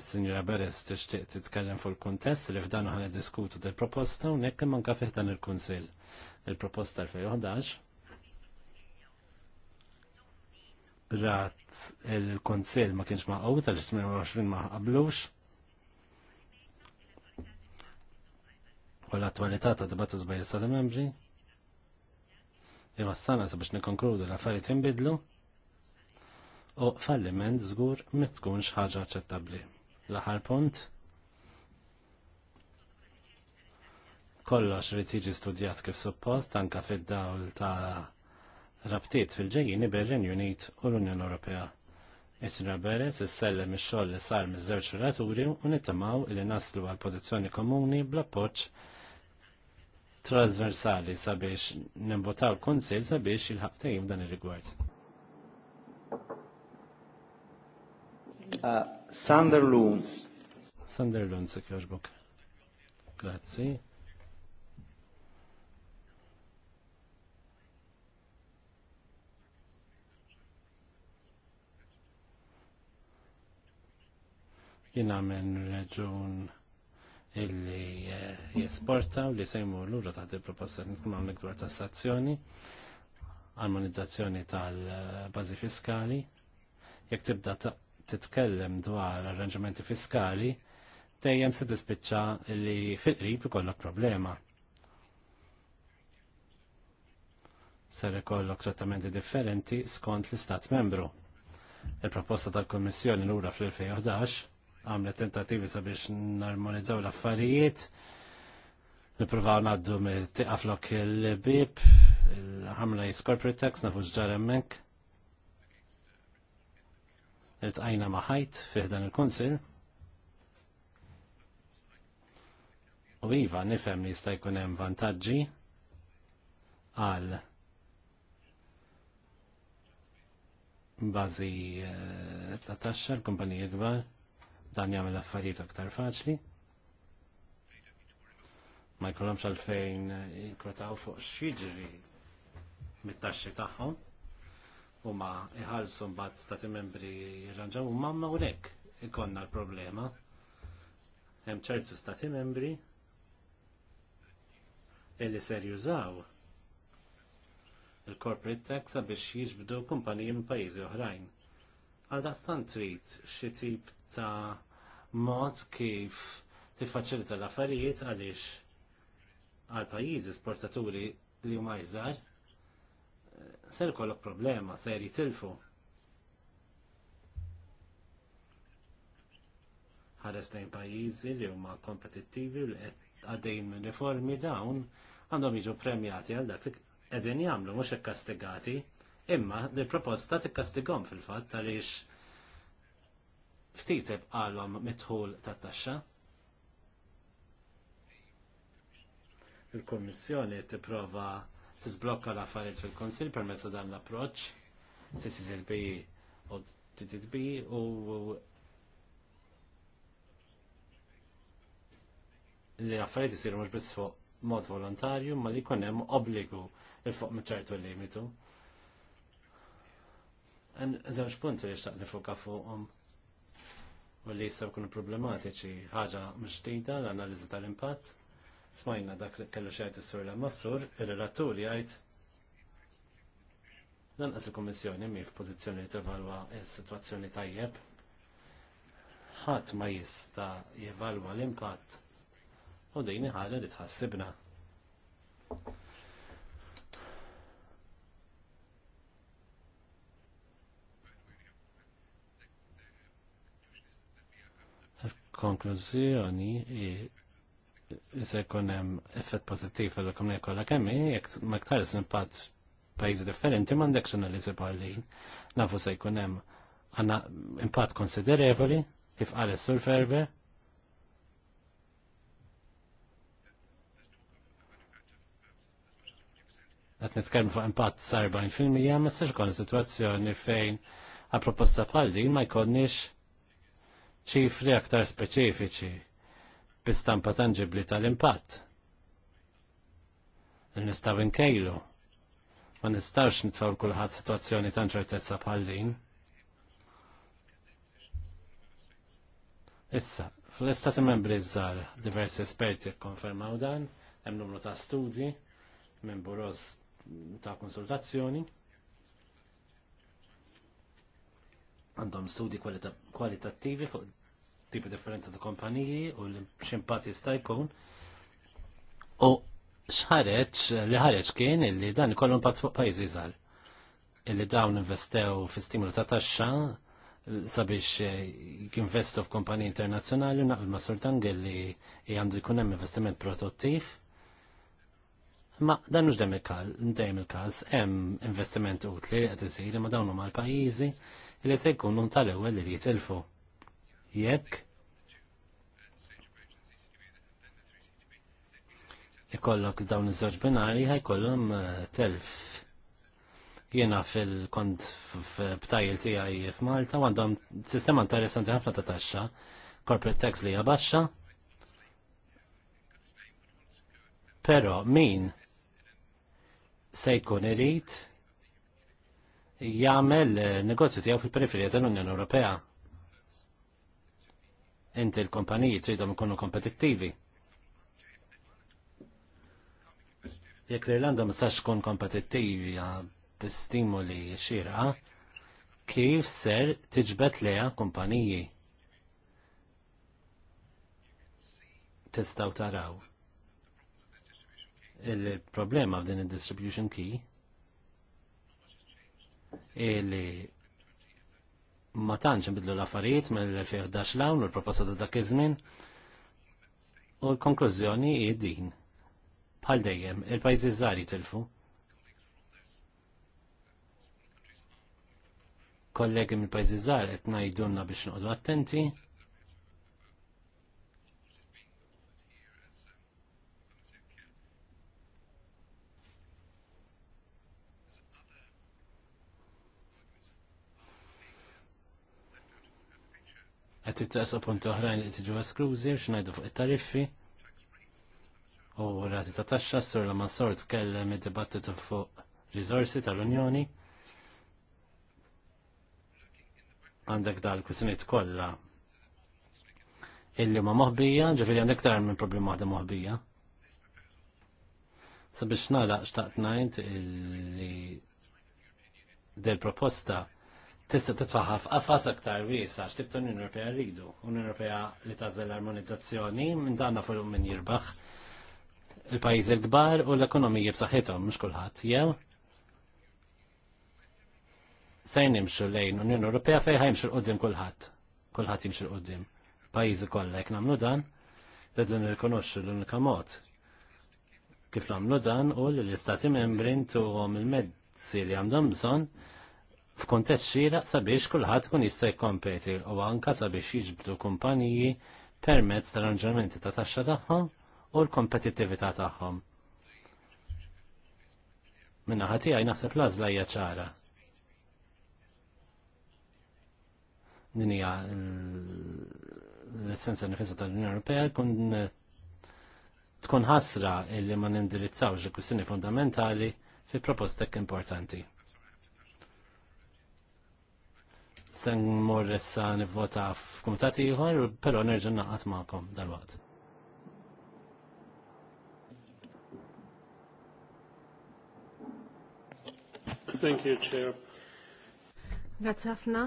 Is-Sinjura Beres tixtieq titkellem fuq il-kuntest li f'dan ħana diskutu del proposta u nekk manka fih dan il-Kunsill. Il-proposta 2011 rat il-konsil ma kienx ma' tal-28 ma' qablux. U l-attualità ta' dibattu zbajja sa' membri. Iva s-sana sabiex nikonkludu l-affarijiet jinbidlu. U falliment zgur mitkunx ħaġa aċċettabbli. L-aħħar punt. Kollox rid jiġi studjat kif suppost anke fid-dawl ta' rabtiet fil-ġejjini bil renju Unit u l-Unjoni Ewropea. Isra Beres issellem ix-xogħol li sar miż-żewġ relaturi u nittamaw li naslu għal pożizzjoni komuni bl-appoġġ trasversali sabiex nimbotaw konsil sabiex il-ħabtajim dan ir rigward Uh, Sander Loons. Sander Loons, kjoġbok. Grazzi. Jina minn reġun illi eh, jesporta u li sejmu l-ura ta' di proposta niskum għamlek dwar tassazzjoni, armonizzazzjoni tal-bazi fiskali. Jek tibda titkellem dwar arranġamenti fiskali, dejjem se tispiċċa li fil-qrib ikollok problema. Ser ikollok trattamenti differenti skont l-Istat membru. Il-proposta tal-Kommissjoni l-ura fl-2011 għamlet tentativi sabiex narmonizzaw l-affarijiet. Nipruvaw naddu me tiqaflok il-bib, il-ħamla jis-corporate tax, nafu ġaremmek. il tajna maħajt fiħdan il-konsil. U iva, nifem li jista' jkun hemm vantaġġi għal bażi eh, ta' taxxa l-kumpanija kbar dan jagħmel affarijiet aktar faċli. Ma jkollhomx għalfejn jinkwetaw fuq x'jiġri mit-taxxi tagħhom huma iħallsu mbagħad stati membri jirranġaw u mamma hawnhekk ikonna l-problema. Hemm ċertu stati membri illi ser jużaw il-corporate tax biex jiġbdu kumpaniji minn pajjiżi oħrajn. Għal dastan trid xi tip ta' mod kif tiffaċilita l-affarijiet għaliex għal pajjiżi esportaturi li huma jżar eh, ser kollok problema, ser jitilfu. Ħares lejn pajjiżi li huma kompetittivi u li qed għaddejn minn riformi dawn għandhom jiġu premjati għal dak li qegħdin jagħmlu mhux ikkastigati, imma li proposta tikkastigom fil-fatt għaliex ftiseb għalhom mitħul tat-taxxa. Il-Kummissjoni tipprova tiżblokka l-affarijiet fil-Konsil permezz dan l-approċċ, CCCB u TTB u li affarijiet isiru mhux biss fuq mod volontarju, ma li jkun hemm obbligu il fuq ċertu limitu. Għan zewġ punti li xtaqni fuq fuqhom. Um u li jistaw kunu problematiċi ħaġa mġdida l-analizi tal-impatt. Smajna dak li kellu xajt is-sur la massur, ir-relatur jgħid lanqas il-Kummissjoni mi f'pożizzjoni li t-evalwa s-sitwazzjoni tajjeb. Ħadd ma jista' jevalwa l-impatt u din ħaġa li tħassibna. konklużjoni se jkun hemm effett pożittiv għal kom kollha kemm jekk ma iktar pat pajjiżi differenti m'għandekx analiżi bħal din. Nafu se jkun hemm għandna impatt konsiderevoli kif qal is-Sur Ferber. Qed nitkellmu fuq impatt sarba in fil-mija ma s-sġkon situazzjoni fejn għal proposta bħal din ma jkollniex ċifri aktar speċifiċi bistampa tangibli tal-impatt. Nistaw inkejlu. Ma nistawx nitfaw kulħadd situazzjoni ta' ċertezza bħal din. Issa, fl-istati membri żgħar diversi esperti konfermaw dan, hemm numru ta' studji minn buros ta' konsultazzjoni. għandhom studi kwalitattivi fuq tipi differenza ta' kompaniji u l-ximpat jista' jkun. U xħareċ li ħareċ kien illi dan ikollu pat fuq pajjiżi żgħar. Illi dawn investew fi stimulu ta' taxxa eh, sabiex eh, jinvestu f'kompaniji internazzjonali u naqbel ma' Sultan li għandu jkun hemm investiment produttiv. Ma dan mhux dejjem il-każ, hemm investiment utli qed isir, ma dawn huma l-pajjiżi Illi se jkunu tal-ewwel li jitilfu. Jekk ikollok dawn iż-żewġ binari ħajkollhom eh, telf. Jiena fil-kont f'tajl tiegħi f'Malta għandhom sistema interessanti ħafna ta' taxxa, corporate tax li hija baxxa. Però min se jkun irid jagħmel eh, negozju tiegħu fil-periferija tal-Unjoni Ewropea. Inti l-kumpaniji tridhom ikunu kompetittivi. Jekk l-Irlanda ma sax tkun kompetittivi bi-stimoli xira, kif ser tiġbed leja kumpaniji? Tistgħu taraw il-problema f'din id distribution key li ma tantx bidlu l-affarijiet mill-2011 l u l-proposta ta' dak iż-żmien u l-konklużjoni hi din. Bħal dejjem, il-pajjiżi żgħar jitilfu. Kollegi mill-pajjiżi żgħar qed ngħidulna biex noqogħdu attenti qed tittaqsu punti oħrajn li tiġu esklużi biex fuq it-tariffi. U rati ta' taxxa sur la t kellem id-dibattitu fuq rizorsi tal-Unjoni. Għandek dal-kwistjonijiet kollha illi ma moħbija, ġifiri għandek tar minn problema għada moħbija. Sabiex nalaq xtaqt najt illi del proposta tista' titfaħħa għafas aktar wiesa għax tibta l-Unjoni Ewropea rridu. Unjoni Ewropea li l armonizzazzjoni minn danna fuq min jirbaħ il pajiz il-kbar u l-ekonomija b'saħħithom mhux kulħadd jew se nimxu lejn Unjoni Ewropea fejn ħajmxu l-qudiem kulħadd. Kulħadd jimxu l-qudiem. Pajjiżi kollha jekk nagħmlu dan, rridu nirkonoxxu l-unika mod kif nagħmlu dan u l-istati membri ntuhom il-mezzi li għandhom bżonn f'kontest xieraq sabiex kulħadd kun jista' jikkompeti u anka sabiex jiġbdu kumpaniji permezz tal-arranġamenti ta' taxxa tagħhom u l-kompetittività tagħhom. Minna ħati għaj naħseb lażla hija ċara. Din hija eh, l-essenza nifisa tal-Unjoni Ewropea kun tkun ħasra illi ma nindirizzawx il-kwistjoni fundamentali fi proposta importanti. sen mmur issa nivvota f'kumitat pero però nerġa' naqgħad dal dalwaqt. Thank you, Chair. Grazie ħafna.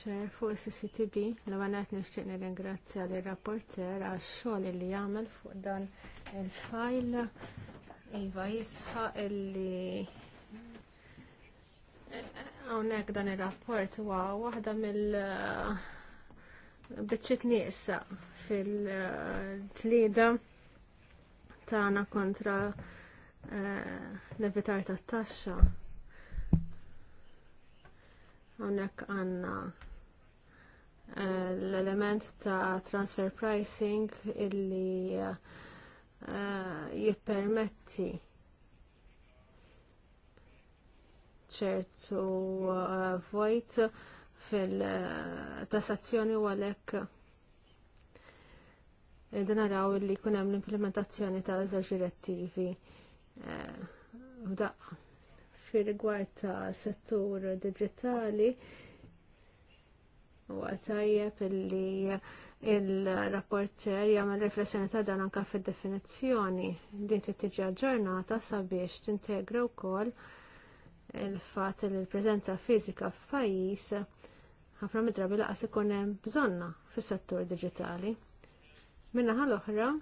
Chair, fuq CCTV, l-għanet nishtiq nir-ingrazzja li rapporter għax xogħol li jagħmel fuq dan il-fajl Iva jisħa illi Hawnhekk dan ir-rapport huwa waħda mill uh, biċċiet nisa fil tlida tagħna kontra uh, l-evitar tat-taxxa. Hawnhekk għandna uh, l-element ta' transfer pricing illi jippermetti ċertu eh, vojt fil-tassazzjoni u għalek din naraw li kun hemm l-implementazzjoni ta' żewġ direttivi eh, f'daqqa. Fi rigward ta' settur digitali huwa tajjeb li il-rapporter jagħmel riflessjoni ta' dan anke fid-definizzjoni din trid tiġi aġġornata sabiex tintegra wkoll il-fat li l-prezenza fizika f'pajjiż ħafna midrabi laqas ikun hemm bżonna fis-settur diġitali. Minnaħa l-oħra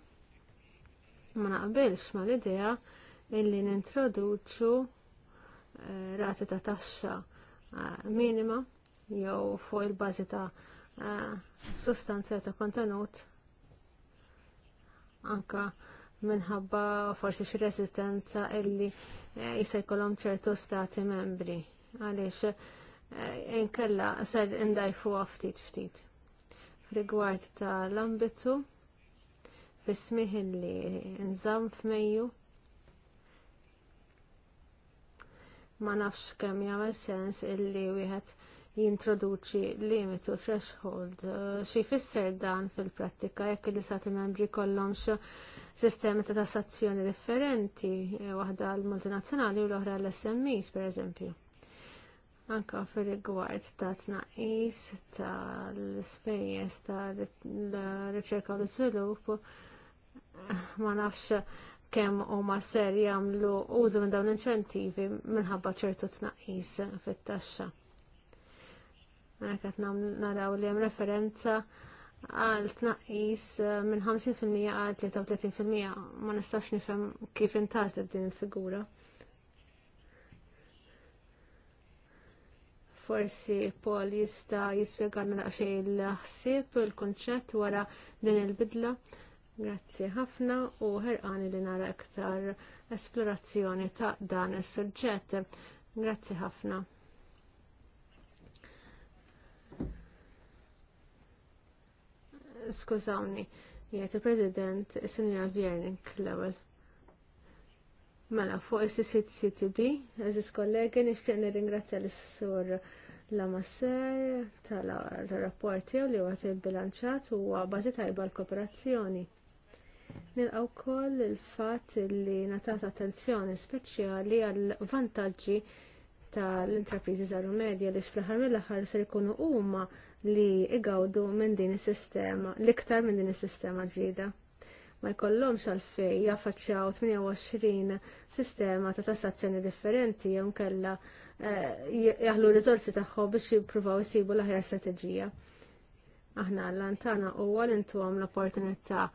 ma naqbilx mal idea illi nintroduċu eh, rati ta' taxxa eh, minima jew fuq il-bażi ta' eh, sostanza ta' kontenut anka minħabba forsi xi resistenza illi Eh, jisir kolom ċertu stati membri għaliex eh, inkella ser indajfu ftit ftit. Rigward tal-ambitu, fismih li nżamm f'Mejju, ma nafx kemm jagħmel sens illi wieħed jintroduċi limitu threshold. Eh, xi jfisser dan fil-prattika jekk li sati membri kollhomx sistemi ta' tassazzjoni differenti, eh, waħda għall multinazzjonali u l-oħra għall smes pereżempju. Anke fir rigward ta' tnaqqis tal-ispejjeż tal-riċerka u l-iżvilupp ma nafx kemm huma ser jagħmlu użu minn dawn l-inċentivi minħabba ċertu tnaqqis fit-taxxa. Għeket naraw li hemm referenza għal tnaqqis eh, minn 50% għal 33% ma nistax nifhem kif intażlet din il-figura. Forsi Paul jista jispjegana mela daqsxejn l-ħsib, l kunċett wara din il-bidla. Grazzi ħafna u ħerqani li nara iktar esplorazzjoni ta' dan is-suġġett. Grazzi ħafna. skużawni, jgħet il-President Sinjora Vjernik l ewel Mela, fuq il cctb għaziz kollegi, nixtieq nirringrazzja l-Sur Lamasser tal-rapporti u li huwa bilanċat u bażi tajba l-kooperazzjoni. Nilqaw wkoll il-fatt li natat attenzjoni speċjali għal vantaġġi tal-intrapriżi żaru medja li fl-aħħar mill-aħħar ser ikunu huma li igawdu minn din is-sistema, l-iktar minn din is-sistema ġdida. Ma jkollhomx fej jaffaċċjaw 28 sistema ta' tassazzjoni differenti jew kella eh, jaħlu riżorsi tagħhom biex jippruvaw isibu l-aħjar strateġija. Aħna l-antana huwa l-intuhom l-opportunità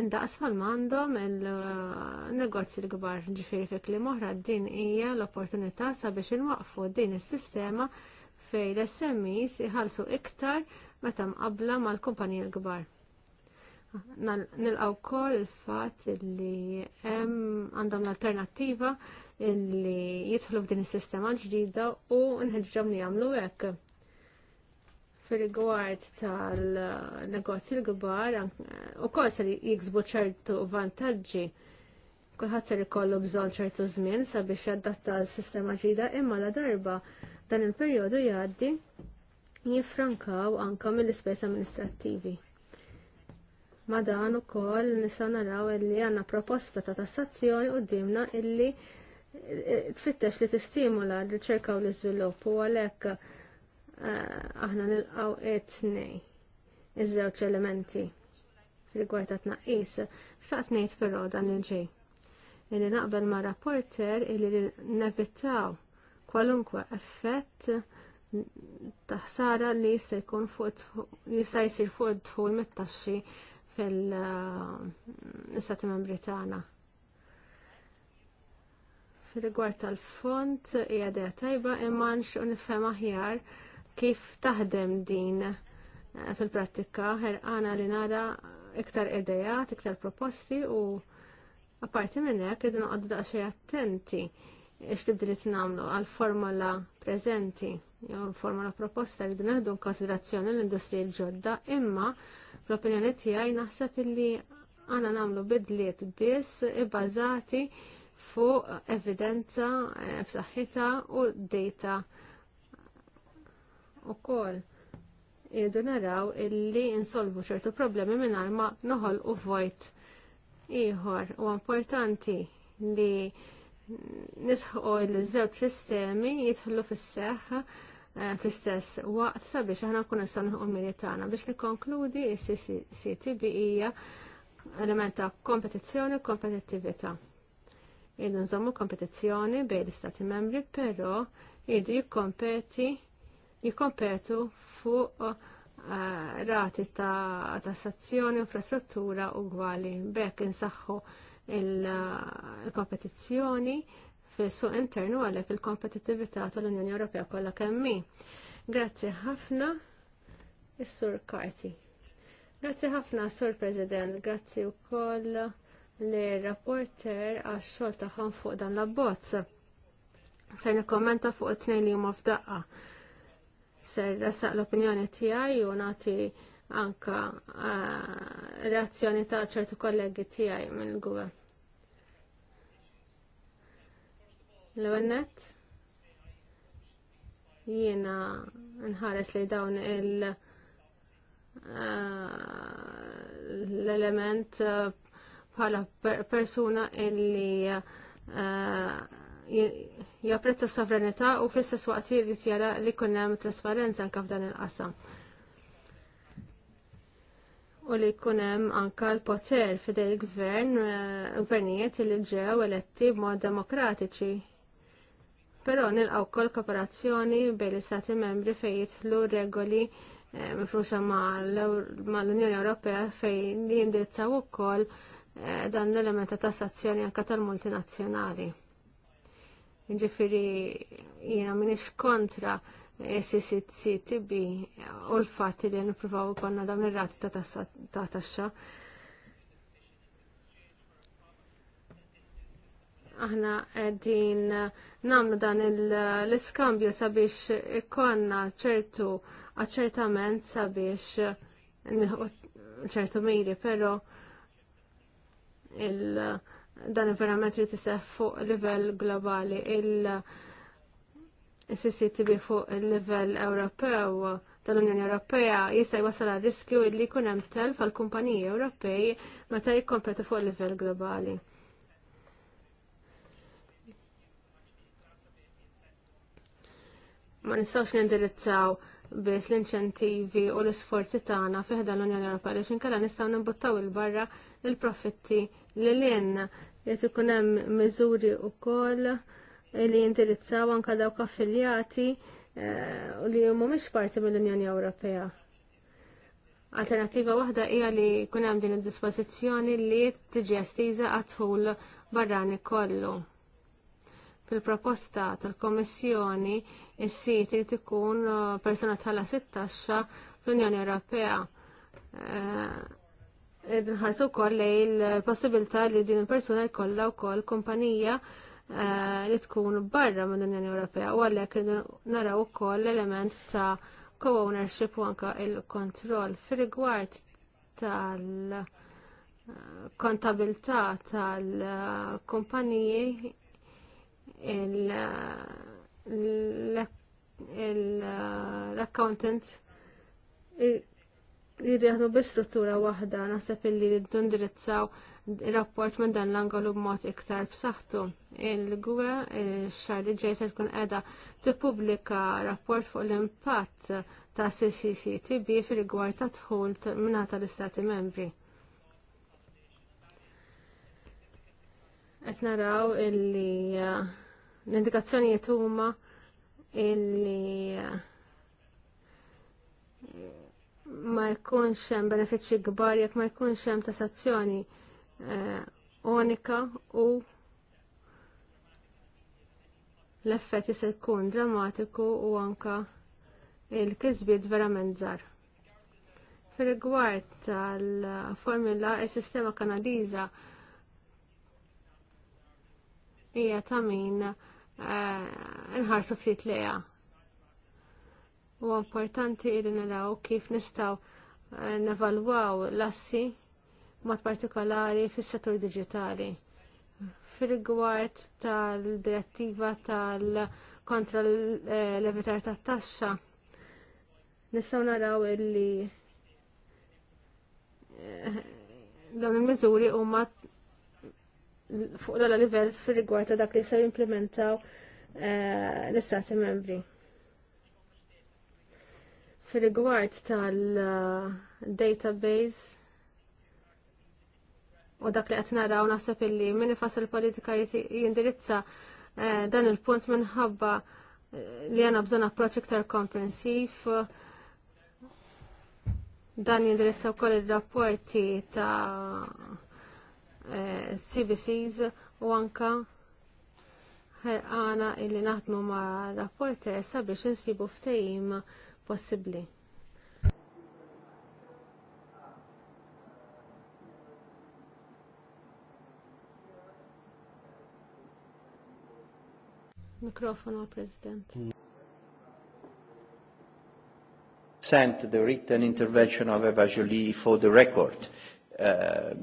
indaqs ma għandhom il-negozji l-gbar ġifiri fi klim oħra din hija l-opportunità sabiex inwaqfu din is-sistema fej l-SMEs iħalsu iktar meta mqabla mal kumpanija l-gbar. Nilqaw kol il-fat li hemm għandhom l-alternattiva li jidħlu f'din is-sistema l ġdida u nħeġġhom li jagħmlu hekk fil-rigward tal-negozji l-gbar u kol ser jiksbu ċertu vantaġġi kulħadd li kollu bżon ċertu żmien sabiex jaddatta s-sistema ġida, imma la darba dan il-perjodu jgħaddi jifrankaw anka mill-ispejs amministrattivi. Ma dan ukoll nistgħu naraw li għandna proposta ta' tassazzjoni dimna illi tfittex li tistimula r-riċerka u l-iżvilupp u għalhekk Eh, aħna nilqaw etnej iż-żewġ elementi rigward ta' tnaqqis. Xaqt ngħid però dan il-ġej. Illi naqbel ma' rapporter illi nevitaw kwalunkwe effett ta' ħsara li jista' jkun fuq jista' jsir fuq id-dħul mit-taxxi fil-Istati Membri tagħna. Fil-rigward tal-font hija dea tajba imma u nifhem aħjar kif taħdem din eh, fil-prattika ħerqana li nara iktar ideja, iktar proposti u apparti minn hekk rridu noqogħdu daqsxejn attenti x'tibdilit nagħmlu għal formola prezenti jew formola proposta li neħdu konsiderazzjoni l-industrija l-ġodda imma l-opinjoni tiegħi naħseb li għana namlu bidliet biss ibbażati fuq evidenza eh, b'saħħitha u data kol irridu naraw illi insolvu ċertu problemi mingħajr noħol u vojt ieħor. U importanti li nisħu l-żewġ sistemi jidħlu fis-seħħ eh, fl-istess waqt sabiex aħna nkunu nistgħu nħuq militana tagħna biex nikkonkludi is-CCTB hija element ta' kompetizzjoni u kompetittività. Jiddu nżommu kompetizzjoni bejn l-Istati membri, però jiddu jikkompeti jikompetu fuq uh, rati ta' tassazzjoni infrastruttura ugwali bekk insaħħu uh, il-kompetizzjoni fis-suq internu għalhekk il-kompetittività tal-Unjoni Ewropea kollha kemm hi. Grazzi ħafna is-Sur Karti. Grazzi ħafna Sur President, grazzi wkoll li rapporter għax xogħol tagħhom fuq dan l-abbozz. Ser kommenta fuq it-tnejn li huma f'daqqa ser rassaq l-opinjoni tiegħi u nagħti anka eh, reazzjoni ta' ċertu kollegi tiegħi mill-gwe. L-għennet jiena nħares li dawn il- eh, l-element eh, bħala persuna illi japprezza s-sovranità u fl-istess waqt jrid jara li jkun hemm trasparenza anke f'dan il-qasam. U li jkun hemm anke l-poter fidej il-gvern, eh, gvernijiet li ġew eletti b'mod demokratiċi. Però nilqgħu wkoll kooperazzjoni bejn l-Istati membri fejn jidħlu regoli eh, mifruxa mal-Unjoni Ewropea fejn jindirizzaw ukoll eh, dan l-element ta' tassazzjoni anke tal-multinazzjonali. Ġifiri, jena minn kontra SCCTB u l-fat li u konna dawn ir-rati ta' taxxa. aħna din namlu dan l-iskambju sabiex ikonna ċertu aċertament sabiex ċertu miri, pero il- dan verament li tisef fuq livell globali il-CCTV fuq il-livell Ewropew tal-Unjoni Ewropea jista' jwassal għal riskju li jkun hemm telf għal kumpaniji Ewropej meta jikkompetu fuq livell globali. Ma nistgħux nindirizzaw biss l-inċentivi u l-isforzi tagħna ħdan l-Unjoni Ewropea li xinkella nistgħu nimbuttaw il-barra il-profitti li l jgħet ikun hemm miżuri wkoll li jindirizzaw anke dawk affiljati u eh, li mhumiex parti mill-Unjoni Ewropea. Alternativa waħda hija li jkun hemm din id-dispożizzjoni li tiġi estiża għadħul barrani kollu. Fil-proposta tal-Kommissjoni is siti li tkun eh, persuna tħalla 16 fl-Unjoni Ewropea. Eh, nħarsu wkoll li l possibilta li din il-persuna jkollha wkoll kumpanija eh, li tkun barra minn l-Unjoni Ewropea u għalhekk naraw ukoll l-element ta' co-ownership u anka il-kontroll fir-rigward tal-kontabilità eh, tal-kumpaniji eh, l-accountant Jridu jaħdmu bi-struttura waħda, naħseb illi rridu ndirizzaw rapport minn dan l-angolu b'mod iktar b'saħħtu. Il-gwe xar li ġej se tkun qiegħda tippubblika rapport fuq l-impatt ta' CCCTB fil-rigward ta' dħul mingħata l-Istati Membri. Qed naraw illi eh, l-indikazzjonijiet huma illi eh, ma jkunx hemm benefiċċji kbar jekk ma jkunx hemm tassazzjoni onika eh, u l-effett jista' jkun drammatiku u anka il-kisbiet verament żgħar. fil rigward tal-formula, il sistema Kanadiża hija ta' min inħarsu eh, ftit lejha U importanti li naraw kif nistaw eh, nevalwaw l-assi mod partikolari fis-settur digitali. Fir-rigward tal-direttiva tal-kontra l-evitar tat-taxxa, nistaw naraw illi eh, dawn il-miżuri huma fuq l livell fir-rigward ta' dak li se jimplementaw eh, l-istati membri. Fil-rigward tal-database u dak li qed naraw naħseb illi min ifassal politika jindirizza eh, dan il-punt minħabba eh, li għana bżon approċ iktar komprensiv. Dan jindirizza wkoll ir-rapporti ta' eh, CBCs u anka ħerqana illi naħdmu ma' rapporter sabiex insibu ftehim possibbli. Mikrofonu President. Sent the written intervention of Eva Jolie for the record. Uh,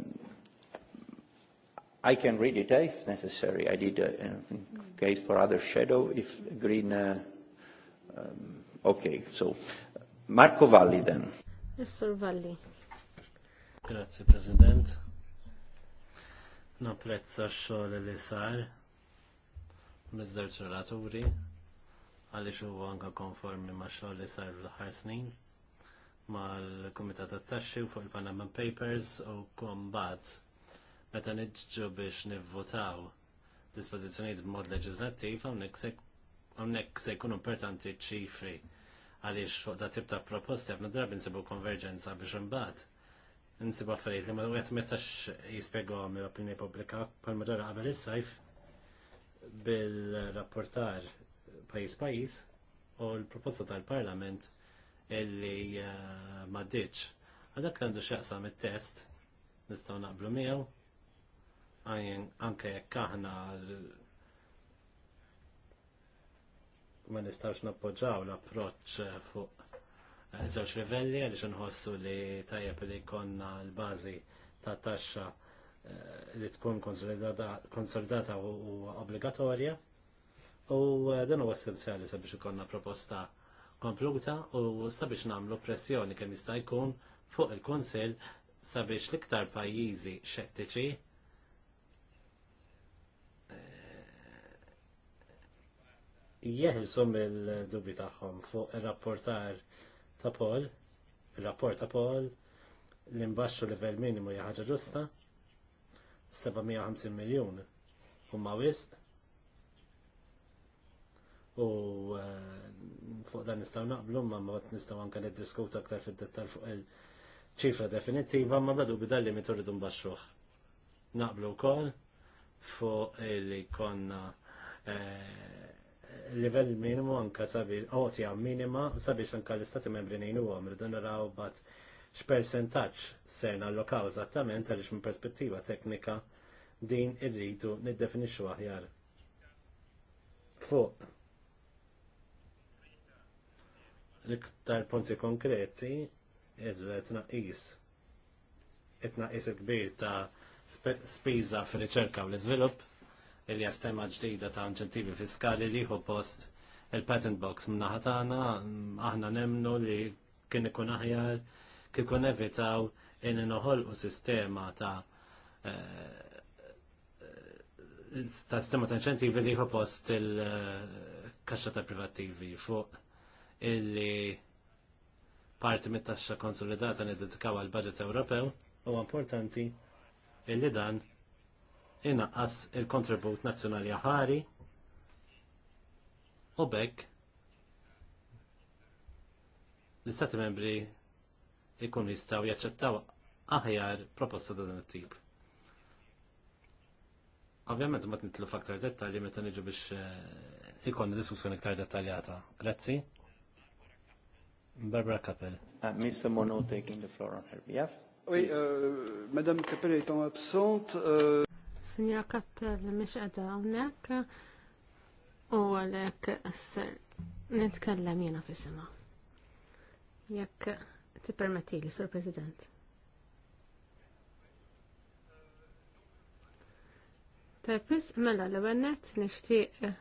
I can read it eh, if necessary. I did uh, in case for other shadow if Green uh, um, Okay, so Marco Valli then. Professor Valli. Grazie President. Naprezza x-xogħol li sar miż-żewġ relaturi għaliex huwa anke konformi ma' xogħol li sar l ħarsnin ma mal-Kumitat tat-Taxxi fuq il-Panama Papers u kombat meta niġġu biex nivvotaw dispożizzjonijiet b'mod leġislattiv hawnhekk se jkunu importanti ċifri għaliex fuq da tip ta' proposti għabna drabi nsibu konverġenza biex imbagħad. Nsibu affarijiet li ma għet messax jispjegaw mill-opinjoni pubblika pal madwar qabel is-sajf bil-rapportar pajjiż pajjiż u l-proposta tal-Parlament illi eh, ma ditx. Għadak għandu xaqsam it-test nistgħu naqblu miegħu anke jekk aħna ma nistawx nappoġġaw l-approċ fuq eh, żewġ livelli għaliex nħossu li tajjeb li konna l-bażi ta' taxxa eh, li tkun konsolidata u obbligatorja u eh, dan huwa essenzjali sabiex ikonna proposta kompluta u sabiex nagħmlu pressjoni kemm jista' jkun fuq il-Kunsill sabiex l-iktar pajjiżi xettiċi jeħilsu il dubi tagħhom fuq ir-rapportar ta' Paul, ir-rapport ta' Paul l-imbaxxu livell minimu hija ġusta 750 miljun huma wisq u eh, fuq dan nistgħu naqblu ma ma nistgħu anke diskut aktar fid dettal fuq il-ċifra definittiva ma badu bidalli mi turidu mbaxxuh. Naqblu wkoll fuq li konna eh, livell minimu anka sabiex, għotja minima sabiex anka l-istati membri nejnu għom, rridu naraw bat x'percentaġġ ser nallokaw zattament għaliex minn perspettiva teknika din irridu niddefinixxu aħjar. Fuq l-iktar punti konkreti il-tnaqis it-tnaqis il-kbir ta' spiża fil riċerka u l-iżvilupp il jastema ġdida ta' inċentivi fiskali li post il-patent box mnaħatana, aħna nemnu li kien ikun aħjar kikun evitaw in noħol u sistema ta' eh, ta' sistema ta' inċentivi li post il-kaxxa ta' privattivi fuq illi parti mit-taxxa konsolidata nidedikaw għal budget Ewropew u importanti illi dan inaqqas il-kontribut nazzjonali ħari u bekk l-istati membri ikun jistaw jaċċettaw aħjar proposta ta' dan it-tip. Ovvjament ma tnitlu faktar dettalji meta niġu biex eh, ikun diskussjoni iktar dettaljata. Grazzi. Barbara Kappel. Uh, Mr. Monod taking the floor on her behalf. Oui, euh, Madame est en absente, euh, Signora Kappel mish għada unnek u għalek s-sir nitkellem jena fissima. Jekk ti permetti li, Sur President. Tajpis, mela l għennet nishtiq eh,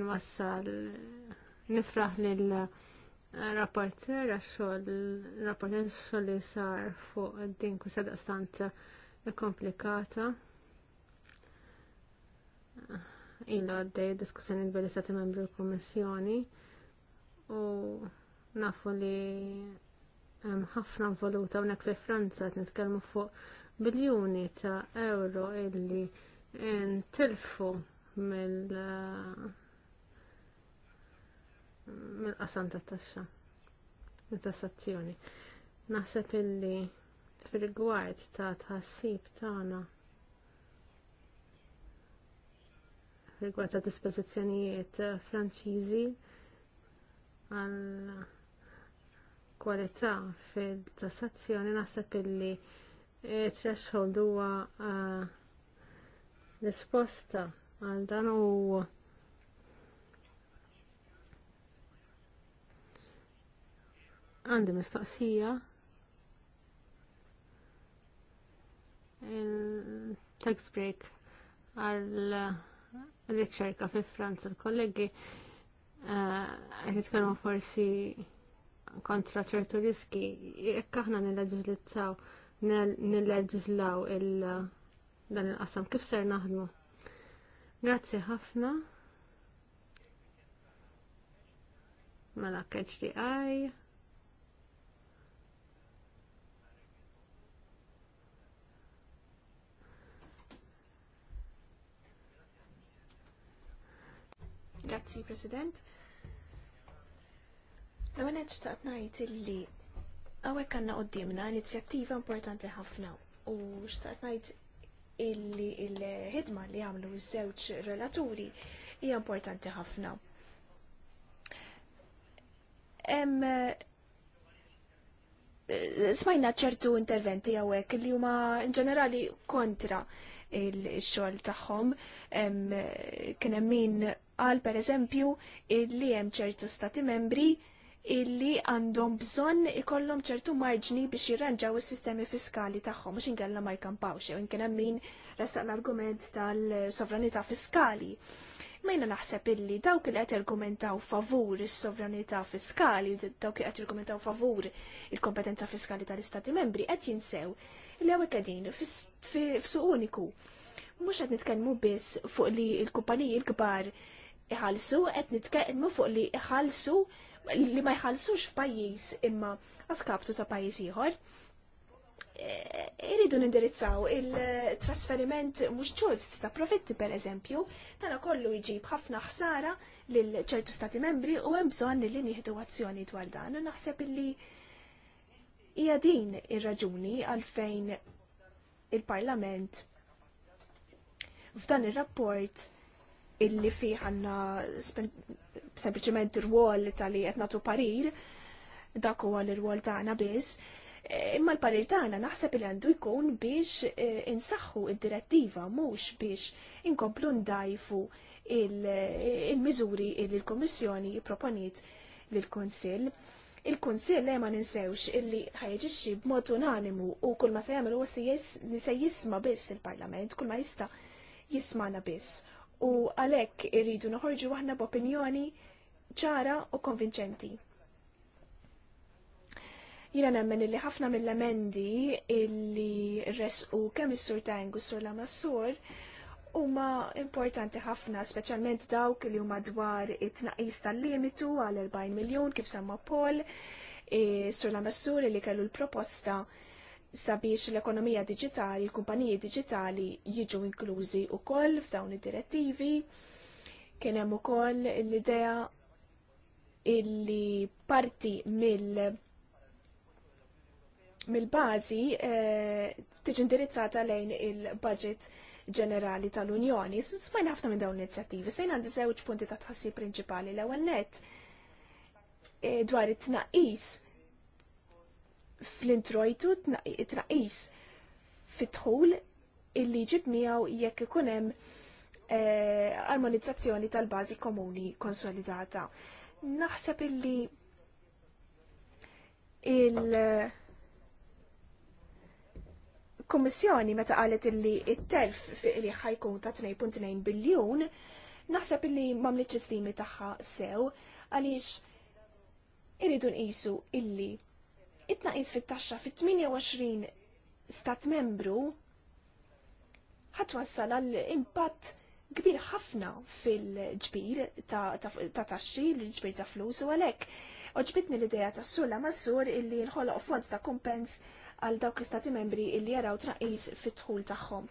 inwassal nifraħ lil eh, rapporter għaxol rapporter xol li sar fuq din kusadaq stant eh, komplikata ilha għaddej diskussjoni bil istati membri u kummissjoni u nafu li hemm ħafna voluta hawnhekk fi Franza qed nitkellmu fuq biljuni ta' euro illi n mill mill-qasam tat taxxa mill tassazzjoni Naħseb illi fil-rigward ta' tħassib tagħna rigward ta' dispożizzjonijiet eh, franċiżi għal kwalità fil-tassazzjoni naħseb illi eh, threshold huwa eh, risposta għal dan u għandi mistaqsija il-tax break għal riċerka fi Franza. L-kollegi qed eh, jitkellmu forsi kontra ċertu riski, jekk aħna nilleġislizzaw, nilleġislaw il dan il-qasam, kif ser naħdmu? Grazzi ħafna. Mela HDI. di Grazzi, President. ta' t najt illi għawek għanna għoddimna inizjattiva importanti ħafna u xtaqt najt illi il-ħidma li għamlu z żewġ relaturi hija importanti ħafna. Em, smajna ċertu interventi għawek li huma ġenerali kontra il-xogħol tagħhom kien hemm min għal per eżempju illi hemm ċertu stati membri illi għandhom bżonn ikollhom ċertu marġni biex jirranġaw is-sistemi fiskali tagħhom mhux inkella ma jkampawx jew inkien hemm min resaq l-argument tal-sovranità fiskali. Mejna naħseb illi dawk li qed argumentaw favur is-sovranità fiskali, dawk li qed argumentaw favur il-kompetenza fiskali tal-Istati membri qed jinsew li hawnhekk qegħdin f'suq uniku. Mhux qed nitkellmu biss fuq li l-kumpaniji l-kbar iħalsu, qed nitkellmu fuq li iħalsu li ma jħalsux f'pajjiż imma għaskabtu ta' pajjiż ieħor. E, iridu nindirizzaw il-trasferiment mhux ġust ta' profitti pereżempju, tara kollu jġib ħafna ħsara lil ċertu stati membri u hemm bżonn li nieħdu azzjoni dwar dan u naħseb illi hija din ir-raġuni għalfejn il-Parlament f'dan ir-rapport il illi fih għanna sempliciment rwol tal-li għetnatu parir, dak huwa l-rwol tagħna biss. E, imma l-parir tagħna naħseb li għandu jkun biex e, insaħħu id-direttiva mhux biex inkomplu ndajfu il-miżuri il il-Kommissjoni proponiet lill-Kunsill. Il-Kunsill ma ninsewx illi ħajġixxi b'mod unanimu u kull ma se jagħmel huwa se jisma' biss il-Parlament, kull ma jista' jismana biss u għalhekk irridu noħorġu għahna b'opinjoni ċara u konvinċenti. Jina nemmen illi ħafna mill-emendi illi resqu kemm is-sur tang u sur lamassur huma importanti ħafna, speċjalment dawk li huma dwar it-tnaqis tal-limitu għal 40 miljon kif semma Paul, e, sur mas-sur li kellu l-proposta sabiex l-ekonomija digitali, l-kumpaniji digitali jiġu inklużi u koll f'dawn id-direttivi. Kien hemm ukoll l-idea illi parti mill mill-bażi eh, tiġi indirizzata lejn il-budget ġenerali tal-Unjoni. Smajna ħafna minn dawn l-inizjattivi. Sejn għandi żewġ punti ta' tħassi prinċipali l-ewwel nett eh, dwar it-tnaqqis fl-introjtu tnaqis fit-tħul illi ġib miegħu jekk ikun hemm e, armonizzazzjoni tal-bażi komuni konsolidata. Naħseb illi il- Kommissjoni meta qalet illi it-telf fiq li ħajkun ta' 2.2 biljun, naħseb illi mamliċ istimi tagħha sew għaliex iridu nqisu illi it-naqis fit-taxxa fit-28 stat membru ħat wassal għall impatt kbir ħafna fil-ġbir ta' taxxi, l-ġbir ta' flus u għalek. Oġbitni l-ideja ta' sulla Massur illi nħoloq fond ta' kumpens għal dawk l-istati membri illi jaraw tnaqis fit-tħul tagħhom.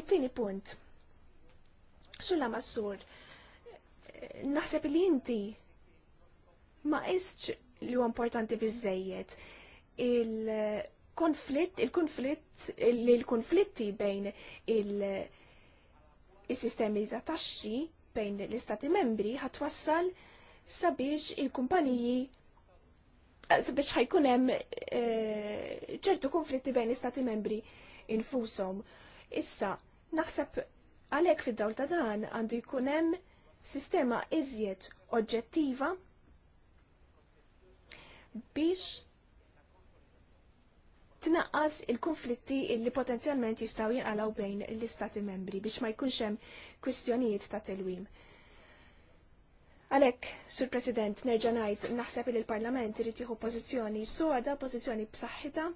It-tieni punt. Sulla Massur naħseb li inti ma isċ li huwa importanti biżejjed. Il-konflitt, il-konflitt, il-konflitti bejn il-sistemi ta' taxxi bejn l-istati membri ħatwassal sabiex il-kumpaniji sabiex ħajkun hemm eh, ċertu e, konflitti bejn l-istati membri infushom. Issa, naħseb għalhekk fid-dawl ta' dan għandu jkun hemm sistema iżjed oġġettiva biex tnaqqas il-konflitti li potenzjalment jistaw jinqalaw bejn l-istati membri biex ma jkunx hemm kwistjonijiet ta' telwim. Għalek, Sur President, nerġa' ngħid naħseb li l-Parlament irid jieħu pożizzjoni soda, pożizzjoni b'saħħitha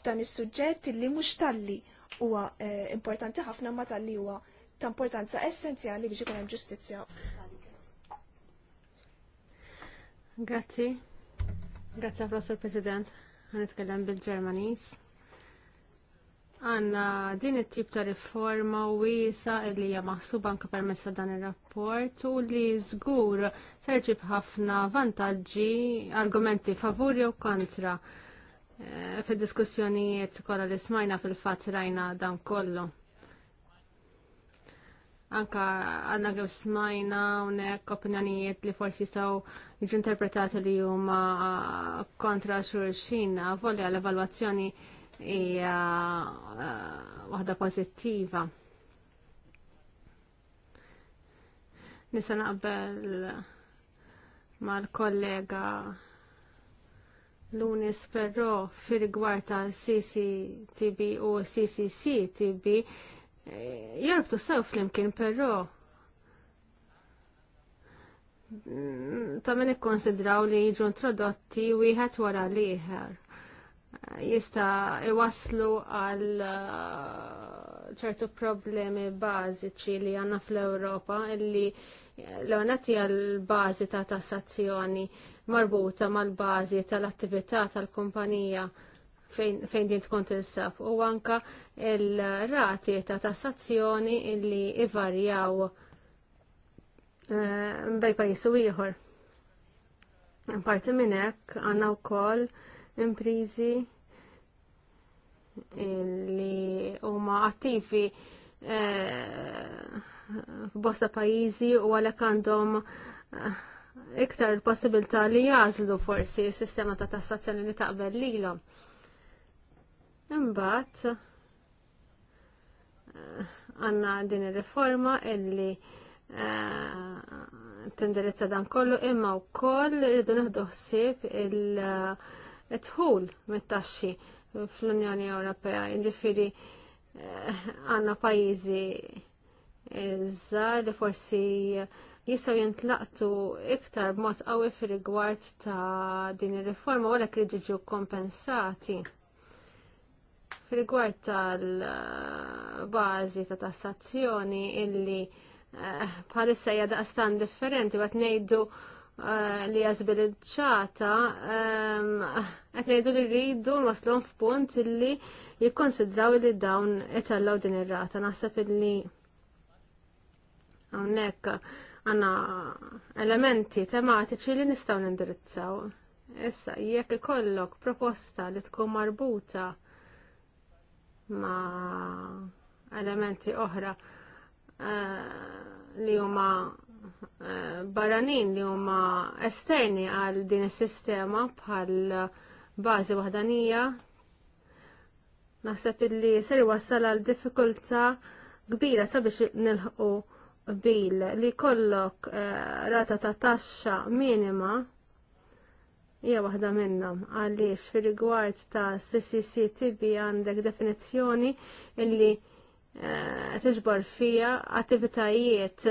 f'dan is-suġġett li mhux talli huwa eh, importanti ħafna ma talli huwa ta' importanza essenzjali biex ikun hemm ġustizzja. Grazzi. Grazie, Professor President. Għanitkellem bil germanis Għanna din it-tip ta' riforma u wisa li hija maħsuba anke permezz ta' dan ir-rapport u li żgur serġib ħafna vantaġġi, argumenti favuri u kontra. Eh, fid-diskussjonijiet kollha li smajna fil-fatt rajna dan kollu anka għanna għu smajna unek opinjonijiet li forsi jistaw jiġu interpretati li huma kontra xurxin, volja l-evaluazzjoni hija uh, waħda pozittiva. Nisa naqbel mal-kollega Lunis Ferro fil gwarta cctb u CCCTB Eh, jarbtu sew flimkien però mm, ta' minn ikkonsidraw li jiġu introdotti wieħed wara l eh, Jista' iwaslu għal eh, ċertu problemi bażiċi li għandna fl-Ewropa illi l għanati għal-bażi ta' tassazzjoni marbuta mal-bażi tal-attività tal-kumpanija. tal attività tal kumpanija fejn, fejn din tkun tinsab u anka il-rati ta' tassazzjoni illi ivarjaw eh, bej pajis u ieħor. Parti minn hekk għandna wkoll imprizi li huma attivi eh, f'bosta pajjiżi u għalhekk għandhom eh, iktar possibilità li jażlu forsi s sistema ta' tassazzjoni li taqbel lilhom. Imbagħad eh, għandna din ir-riforma illi eh, tindirizza dan kollu imma wkoll irridu neħdu ħsieb il-tħul mit-taxxi fl-Unjoni Ewropea. Jiġifieri eh, għandna pajjiżi iżżar li forsi jistaw jintlaqtu iktar b'mod qawwi fir-rigward ta' din ir-riforma wara kriġiġu kompensati fil-gwar tal-bazi ta' tassazzjoni illi bħalissa eh, hija daqstan differenti għat nejdu eh, li jazbilċata eh, qed ngħidu li rridu nwaslhom f'punt illi jikkonsidraw li dawn itallaw din ir-rata. Naħseb illi hawnhekk għandna elementi tematiċi li nistgħu nindirizzaw. Issa, jekk ikollok proposta li tkun marbuta ma' elementi oħra eh, li huma eh, barranin li huma esterni għal din is-sistema bħal bażi waħdanija naħseb illi ser wassal għal diffikultà kbira sabiex nilħqu bil li kollok eh, rata ta' taxxa minima hija waħda minnhom għaliex fir-rigward ta' CCCTB għandek definizzjoni illi eh, tiġbor fija attivitajiet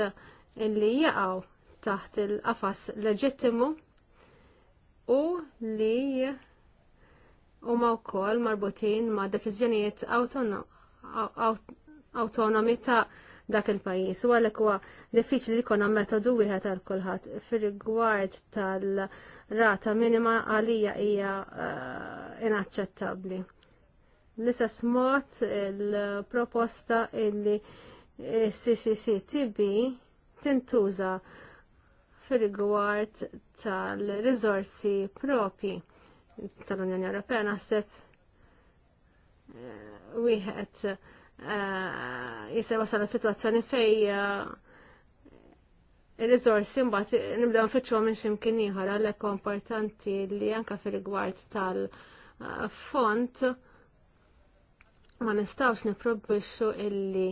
illi jaqgħu taħt il-qafas leġittimu u li huma wkoll marbutin ma' deċiżjonijiet autonomi ta' dak il-pajjiż. U għalhekk huwa diffiċli li jkun metodu wieħed għal kulħadd fir-rigward tal-rata minima għalija hija eh, inaċċettabbli. L-istess mod il-proposta illi CCCTB tintuża fir-rigward tal-riżorsi propi tal-Unjoni Ewropea naħseb eh, wieħed Eh, jista' wasal situazzjoni fej eh, il-rizorsi mbagħad nibdew nfittxuhom minn x'imkien ieħor għalhekk importanti li anke fir-rigward tal-font ma nistgħux nipprobbixxu illi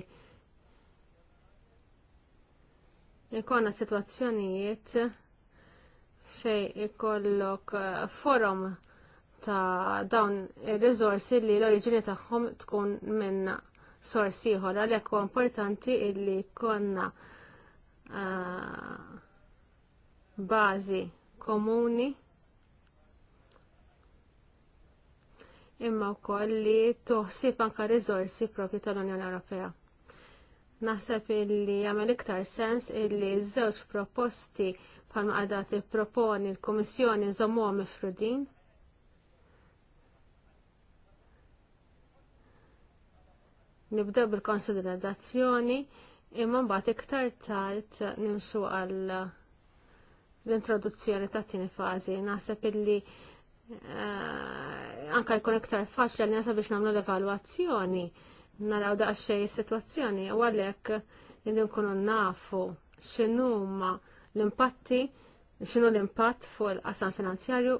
ikonna situazzjonijiet fej ikollok eh, forum ta' dawn ir-riżorsi li l-oriġini tagħhom tkun minna sors ieħor għalhekk importanti illi konna uh, bażi komuni imma wkoll li toħsib anka rizorsi propri tal-Unjoni Ewropea. Naħseb illi jagħmel iktar sens illi ż-żewġ proposti bħalma qadati proponi l-Kummissjoni żommuhom mifrudin Nibdew bil-konsiderazzjoni imma mbagħad iktar tard nimsu għal l-introduzzjoni ta' tieni fażi. Naħseb illi anke eh, anka jkun iktar faċli li nasa biex nagħmlu l-evalwazzjoni naraw daqsxejn is-sitwazzjoni u għalhekk li nkunu nafu x'inhuma l-impatti x'inhu l-impatt fuq il-qasam finanzjarju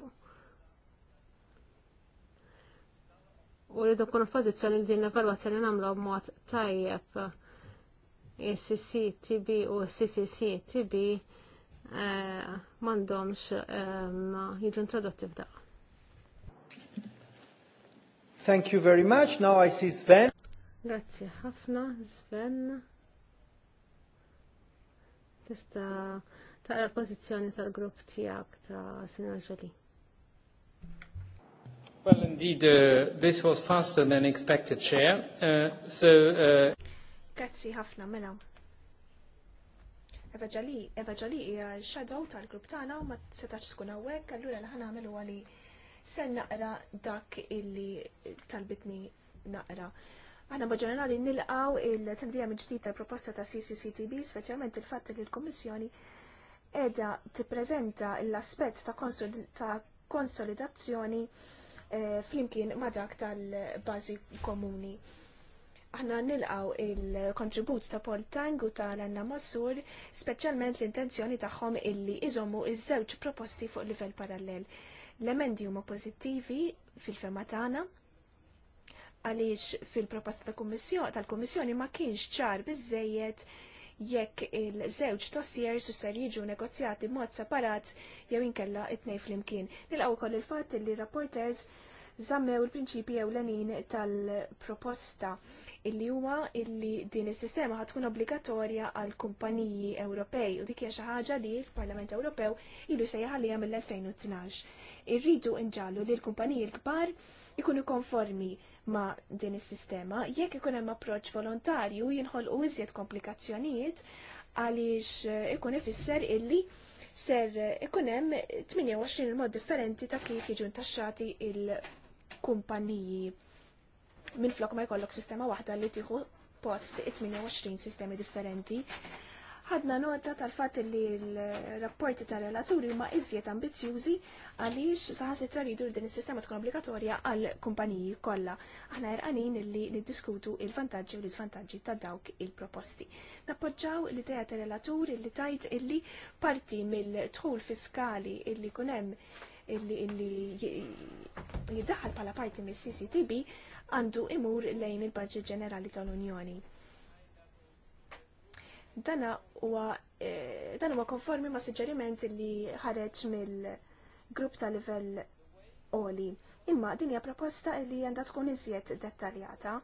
u rridu kun pożizzjoni li din l-evalwazzjoni nagħmlu b'mod tajjeb. Is-CCTB e u CCCTB eh, m'għandhomx eh, jiġu introdotti f'daq. Thank you very much. Now I see Sven. Grazie ħafna, Sven. Tista' taqra l-pożizzjoni tal-grupp tiegħek ta' Sinjor Jolie. Well, indeed, uh, this was faster than expected, Chair. Uh, so, uh... Grazzi ħafna, mela. Eva Ġali, Eva Ġali hija shadow tal-grupp tagħna ma setax tkun hawnhekk, allura li ħanagħmel huwa li se naqra dak illi talbitni naqra. Għana bħġenerali nilqaw il-tendija mġdita tal-proposta ta' CCCTB, speċjalment il-fatt li l-Kommissjoni edha tippreżenta l-aspett ta', konsol ta konsolidazzjoni Eh, flimkien ma' dak tal-bażi komuni. Aħna nilqaw il-kontribut ta' Paul Tang u tal-Anna Massur, speċjalment l-intenzjoni tagħhom illi iżommu iż-żewġ proposti fuq livell parallel. L-emendi huma pożittivi fil-fema tagħna, għaliex fil-proposta tal-Kummissjoni ma kienx ċar biżejjed jekk il-żewġ dossiers u ser jiġu negozjati mod separat jew inkella it-tnejn flimkien. Nilqgħu wkoll il-fatt li rapporters zammew il-prinċipi ewlenin tal-proposta illi huwa illi din is-sistema ħatkun obbligatorja għal kumpaniji Ewropej u dik hija xi ħaġa li l-Parlament Ewropew ilu se għalija mill-2012. Irridu nġallu li l-kumpaniji l-kbar ikunu konformi ma' din is-sistema jekk ikun hemm approċċ volontarju jinħolqu iżjed komplikazzjonijiet għaliex eh, ikun ifisser illi ser ikun hemm 28 mod differenti ta' kif jiġu ntaxxati il kumpaniji minn flok ma jkollok sistema waħda li tieħu post 28 sistemi differenti. Ħadna nota tal-fatt li l-rapporti tal-relaturi ma iżjed ambizjużi għaliex saħasitra rridu din is-sistema tkun obbligatorja għal kumpaniji kollha. Aħna irqanin li niddiskutu il-vantaġġi u l-iżvantaġġi ta' dawk il-proposti. Nappoġġaw l-idea tal relaturi li tajt illi parti mill-dħul fiskali illi kunem hemm illi jiddaħħal bħala parti mis cctb għandu imur lejn il-budget ġenerali tal-Unjoni. Dana huwa eh, dan huwa konformi ma' suġġerimenti li ħareġ mill-grupp ta' livell oli. Imma din hija proposta li għandha tkun iżjed dettaljata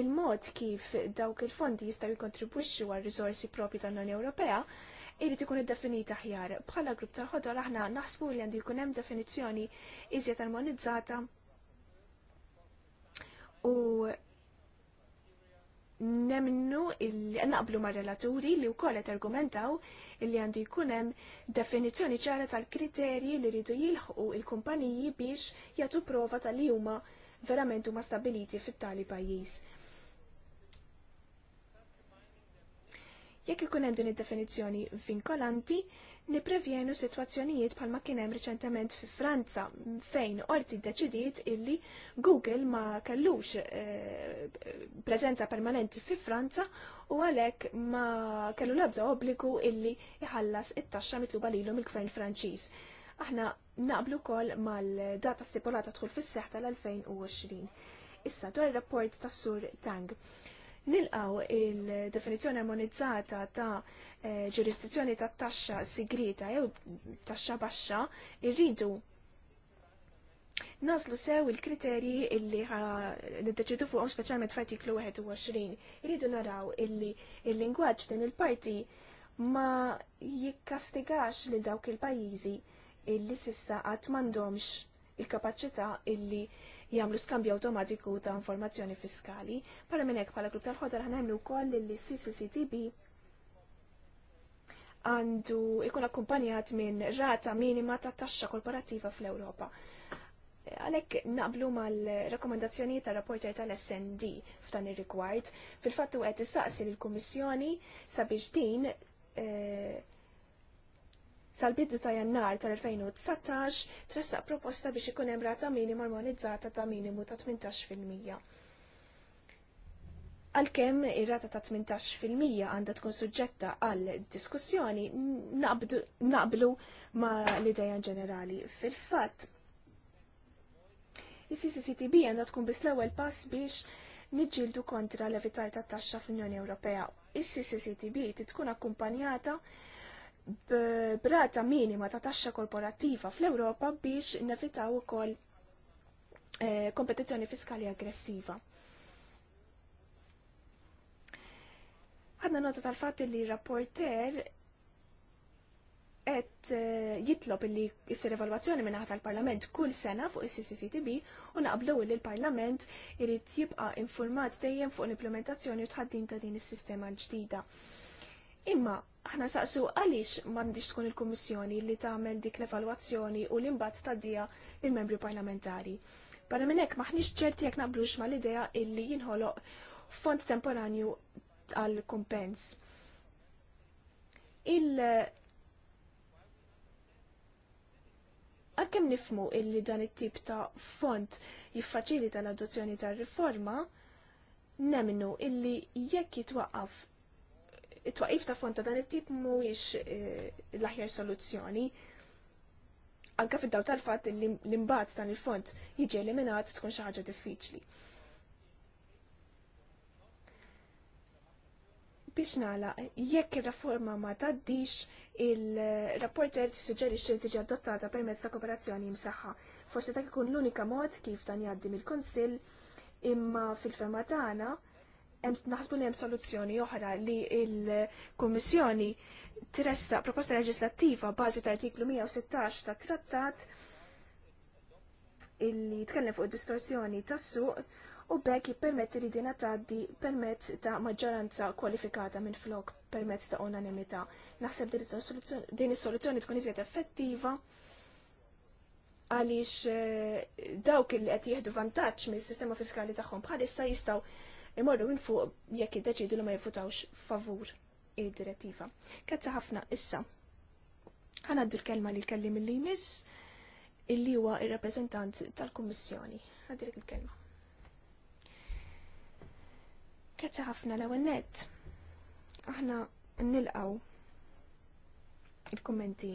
il-mod kif dawk il-fondi jistgħu jikkontribwixxu għal riżorsi propri tal-Unjoni Ewropea irid ikun iddefinita aħjar. Bħala grupp ta' ħodor aħna naħsbu li għandu jkun hemm definizzjoni iżjed armonizzata u nemnu illi naqblu ma' relaturi li wkoll qed argumentaw illi għandu jkun hemm definizzjoni ċara tal-kriterji li rridu jilħqu il-kumpaniji biex jagħtu prova tal-li huma verament huma stabiliti fit-tali pajjiż. Jekk ikun hemm din id-definizzjoni vinkolanti, niprevjenu sitwazzjonijiet bħalma kien hemm riċentement fi Franza fejn qorti ddeċidiet illi Google ma kellux eh, preżenza permanenti fi Franza u għalhekk ma kellu l-ebda obbligu illi iħallas it-taxxa mitluba lilhom il-Gvern Franċiż. Aħna naqblu kol mal-data stipulata tħul fis seħħ tal-2020. Issa dwar ir-rapport tas-sur Tang. Nilqaw il-definizjoni armonizzata ta' eh, ġurisdizzjoni ta' taxxa sigrita jew taxxa baxxa irridu naslu sew il-kriterji illi deċidu fuqhom speċjalment f'artiklu 21. Irridu naraw illi il-lingwaġġ din il-parti ma jikkastigax lil dawk il-pajjiżi illi sissa qatt m'għandhomx il-kapaċità illi jagħmlu skambju awtomatiku ta' informazzjoni fiskali. Para minn hekk bħala grupp tal-ħodar ħanajmlu wkoll li CCCTB għandu ikun akkumpanjat minn rata minima ta' taxxa korporattiva fl-Ewropa. Għalek naqblu mal-rekomendazzjoni ta' rapporter tal-SND f'dan ir-rigward, fil-fattu qed saqsi l-Kummissjoni sabiex din eh, Sal-biddu ta' jannar tal-2019 tressaq proposta biex ikun hemm rata minima armonizzata ta' minimu ta' 18%. Għalkemm ir-rata ta' 18% għandha tkun suġġetta għal diskussjoni naqblu ma' l-idea ġenerali. Fil-fatt, is-CCCTB għandha tkun biss l-ewwel pass biex niġġieldu kontra l-evitar ta' taxxa fl-Unjoni Ewropea. Is-CCCTB titkun akkumpanjata brata minima ta' taxxa korporattiva fl-Ewropa biex nevitaw ukoll eh, kompetizzjoni fiskali aggressiva. Għadna nota tal-fatt li rapporter et eh, jitlob li jisir evalwazzjoni minnaħat tal-Parlament kull sena fuq is-CCTB u naqblu li l-Parlament irid jibqa' informat dejjem fuq l-implementazzjoni u tħaddin ta' din is-sistema l-ġdida. Imma aħna saqsu għaliex m'għandix tkun il-Kummissjoni li tagħmel dik l-evalwazzjoni u li mbagħad tadija il-membri parlamentari. Para minn hekk maħniex ċerti jekk naqblux mal-idea illi jinħoloq fond temporanju għal kumpens. Il għalkemm nifmu illi dan it-tip ta' fond jiffaċilita l-adozzjoni tar-riforma, nemnu illi jekk jitwaqqaf it-twaqif ta' fonta dan it-tip mhuwiex eh, l-aħjar soluzzjoni. Anka fid-daw tal-fatt li l-imbagħad dan il-font jiġi eliminat tkun xi ħaġa diffiċli. Biex nagħla jekk ir-reforma ma tgħaddix, il-rapporter tissuġġerixxi li tiġi adottata permezz ta' kooperazzjoni msaħħa. Forsi dak ikun l-unika mod kif dan jgħaddi mill-Kunsill imma fil-fema tagħna naħsbu li hemm soluzzjoni oħra li il-Kummissjoni tressa proposta leġislattiva bażi ta' artiklu 116 ta' trattat illi tkellem fuq distorsjoni tas-suq u bekk jippermetti li din tgħaddi permezz ta' maġġoranza kwalifikata minn flok permezz ta' unanimità. Naħseb din is-soluzzjoni tkun iżjed effettiva għaliex eh, dawk li qed jieħdu vantaġġ mis-sistema fiskali tagħhom bħalissa jistgħu imorru minn fuq jekk deċidu li ma jifutawx favur id-direttiva. Grazzi ħafna issa. għaddu l-kelma li l-kellim li jmiss illi huwa il rappreżentant tal-Kummissjoni. Għaddu il-kelma. Grazzi ħafna l-ewwel nett. Aħna nilqaw il kommenti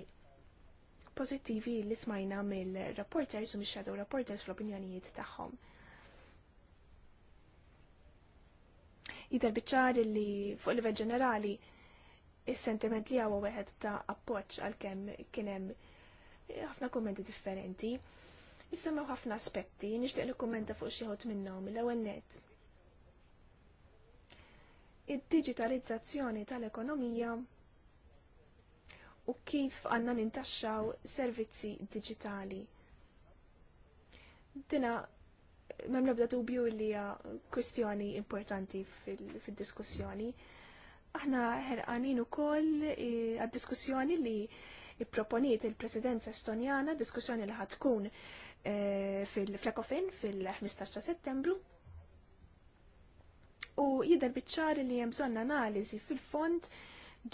pozittivi li smajna mill-reporters u mill-shadow reporters fl-opinjonijiet tagħhom. Jider biċċar li fuq livell ġenerali il sentiment li għawa weħed ta' appoċ għal-kem kienem ħafna kommenti differenti. Jissemmew ħafna aspetti, nixtieq kommenta fuq xi minnom, minnhom l-ewwel nett. Id-digitalizzazzjoni tal-ekonomija u kif għandna nintaxxaw servizzi digitali. Dina Mem nabda dubju li hija kwestjoni importanti fil-diskussjoni. Aħna ħerqanin ukoll eh, għad-diskussjoni li ipproponiet il-Presidenza Estonjana, diskussjoni li ħatkun eh, fil-Flekofin fil-15 settembru. U jidher biċċar li hemm bżonn analiżi fil-fond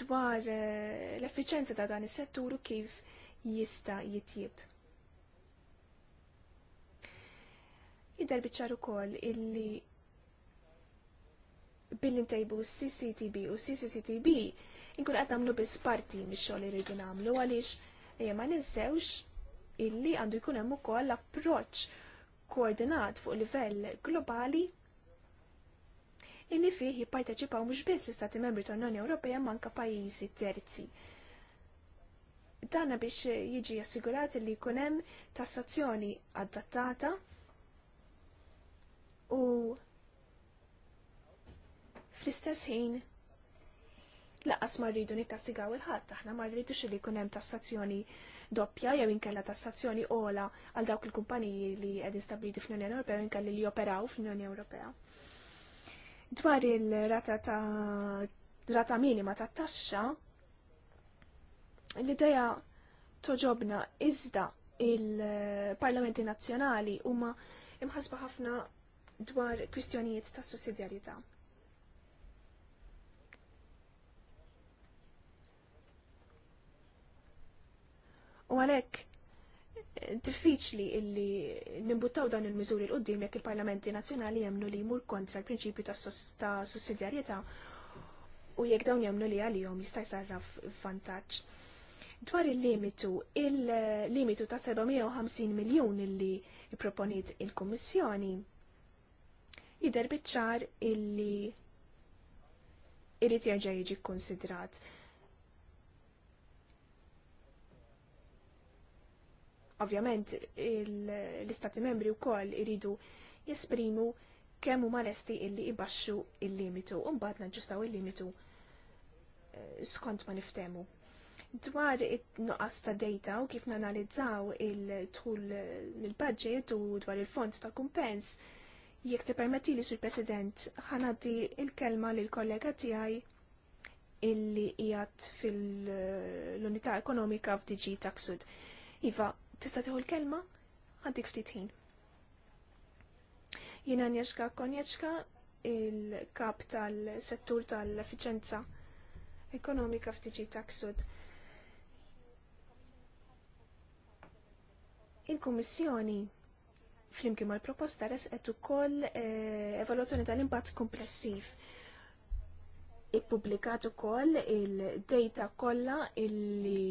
dwar eh, l-effiċenza ta' dan is-settur u kif jista' jitjib. Jidher biċċar ukoll illi billi ntejbu CCTB u CCTB inkun qed nagħmlu biss parti mix-xogħol iridu nagħmlu għaliex ejja ma ninsewx illi għandu jkun hemm ukoll approċċ koordinat fuq livell globali illi fih jipparteċipaw mhux biss l-Istati Membri tal-Unjoni Ewropea manka pajjiżi terzi. Danna biex jiġi assigurat li jkun hemm tassazzjoni adattata u fl-istess ħin laqas ma rridu nikkastigaw il-ħadd, aħna ma rridux li jkun hemm tassazzjoni doppja jew inkella tassazzjoni ola għal dawk il-kumpaniji li qegħdin stabbiti fl-Unjoni Ewropea jew inkella li joperaw fl-Unjoni Ewropea. Dwar il-rata ta' rata minima ta' taxxa, l-idea toġobna iżda il-parlamenti nazzjonali huma imħasba ħafna dwar kwistjonijiet ta' sussidjarjetà. U għalhekk diffiċli illi nimbuttaw dan il-miżuri l-qoddim jekk il-parlamenti nazzjonali jemnu li jmur kontra l-prinċipju ta' sussidjarjetà u jekk dawn jemnu li għalihom jista' jsarraf vantaġġ. Dwar il-limitu, il-limitu ta' 750 miljun illi proponiet il-Kummissjoni, jider bitċar illi irrit jaġa jiġi konsidrat. Ovvjament, l-istati membri u koll iridu jesprimu kemm huma lesti illi ibaxxu il-limitu, u mbagħad naġġustaw il-limitu eh, skont ma niftemu. Dwar it-nuqqas ta' data u kif nanalizzaw il-tul il-budget u dwar il-font ta' kumpens, Jek ti permetti li sur President ħanaddi il-kelma l kollega tiegħi illi jgħat fil-Unità Ekonomika f'DG Taksud. Iva, tista' tieħu l-kelma? Għaddik ftit ħin. Jiena Konjeċka, il-kap tal-settur tal-efficienza ekonomika f'DG Taksud. Il-Kummissjoni Flimkien mal-proposta res qed ukoll eh, evalwazzjoni tal-impatt komplessiv. Ippubblikat ukoll il-data kollha illi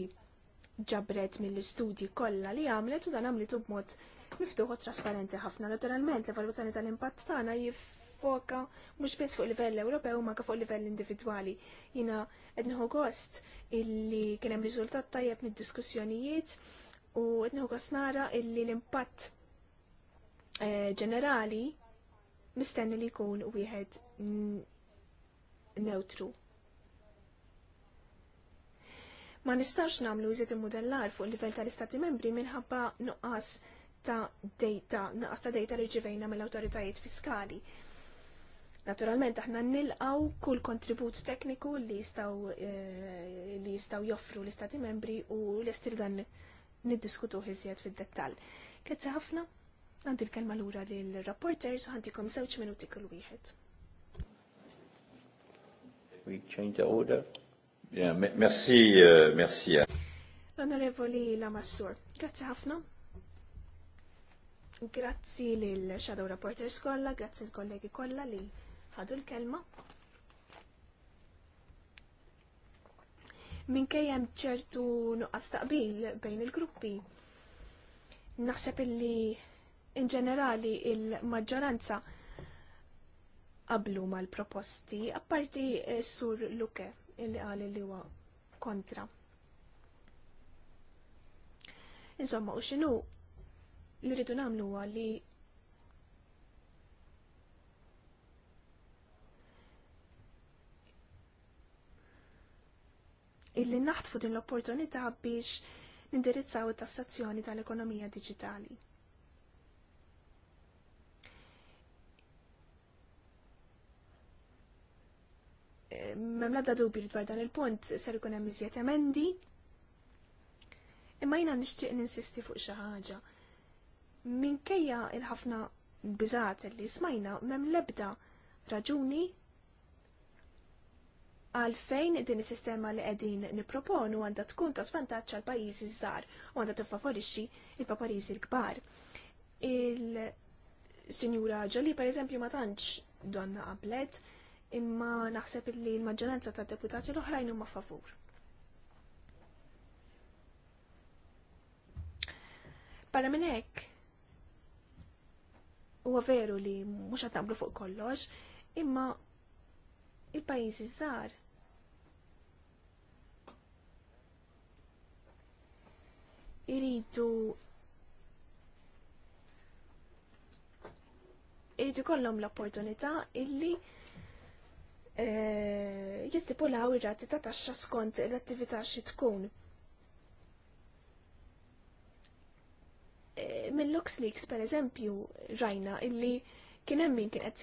ġabret mill-istudji kollha li għamlet u dan għamlitu b'mod miftuħ u trasparenti ħafna. Naturalment l-evalwazzjoni tal-impatt tagħna jiffoka mhux biss fuq livell Ewropew ma fuq livell individwali. Jiena qed nieħu gost illi kien hemm riżultat tajjeb mid-diskussjonijiet u qed nieħu gost nara illi l-impatt Eh, ġenerali mistenni li jkun wieħed neutru. Ma nistax namlu iżiet modellar fuq il-livell tal-Istati membri minħabba nuqqas ta' data, nuqqas ta' data li ġivejna mill-autoritajiet fiskali. Naturalment aħna nilqaw kull kontribut tekniku li jistaw, eh, li jistaw joffru l-Istati membri u l-estir dan niddiskutu iżjed fid-dettall. Grazzi ħafna. Għandi l-kelma l-ura l-rapporters, għandikom zewċ minuti kull wieħed. We change the order. Yeah, merci, uh, merci. Euh. L-Onorevoli Lamassur, grazzi ħafna. Grazzi l-Shadow Reporters kolla, grazie l-kollegi kolla li ħadu l-kelma. kajem ċertu nuqqas taqbil bejn il-gruppi, naħseb illi in ġenerali il-maġġoranza qablu mal-proposti, apparti eh, sur Luke illi qal li huwa kontra. Insomma, u xinu li rridu nagħmlu li illi naħtfu din l-opportunità biex nindirizzaw it-tassazzjoni tal-ekonomija diġitali. Mem labda dubju dwar dan il-punt ser ikun hemm iżjed emendi. Imma jiena nixtieq ninsisti fuq xi ħaġa. Minkejja il-ħafna biżat li smajna mem lebda raġuni għalfejn din is-sistema li qegħdin nipproponu għandha tkun ta' svantaġġ għal pajjiżi żgħar u għandha tiffavorixxi il-pajjiżi l-kbar. Il-Sinjura Ġoli pereżempju ma tantx donna qablet imma naħseb li l-maġġoranza ta' deputati l-oħrajn huma favur. Barra minn hekk, huwa veru li mhux qed naqblu fuq kollox, imma il-pajjiżi żgħar iridu iridu kollhom l-opportunità illi E, jistipulaw ir-rati ta' taxxa skont l-attività xi tkun. E, Mill-Lux Leaks, per eżempju, rajna illi kien hemm min kien qed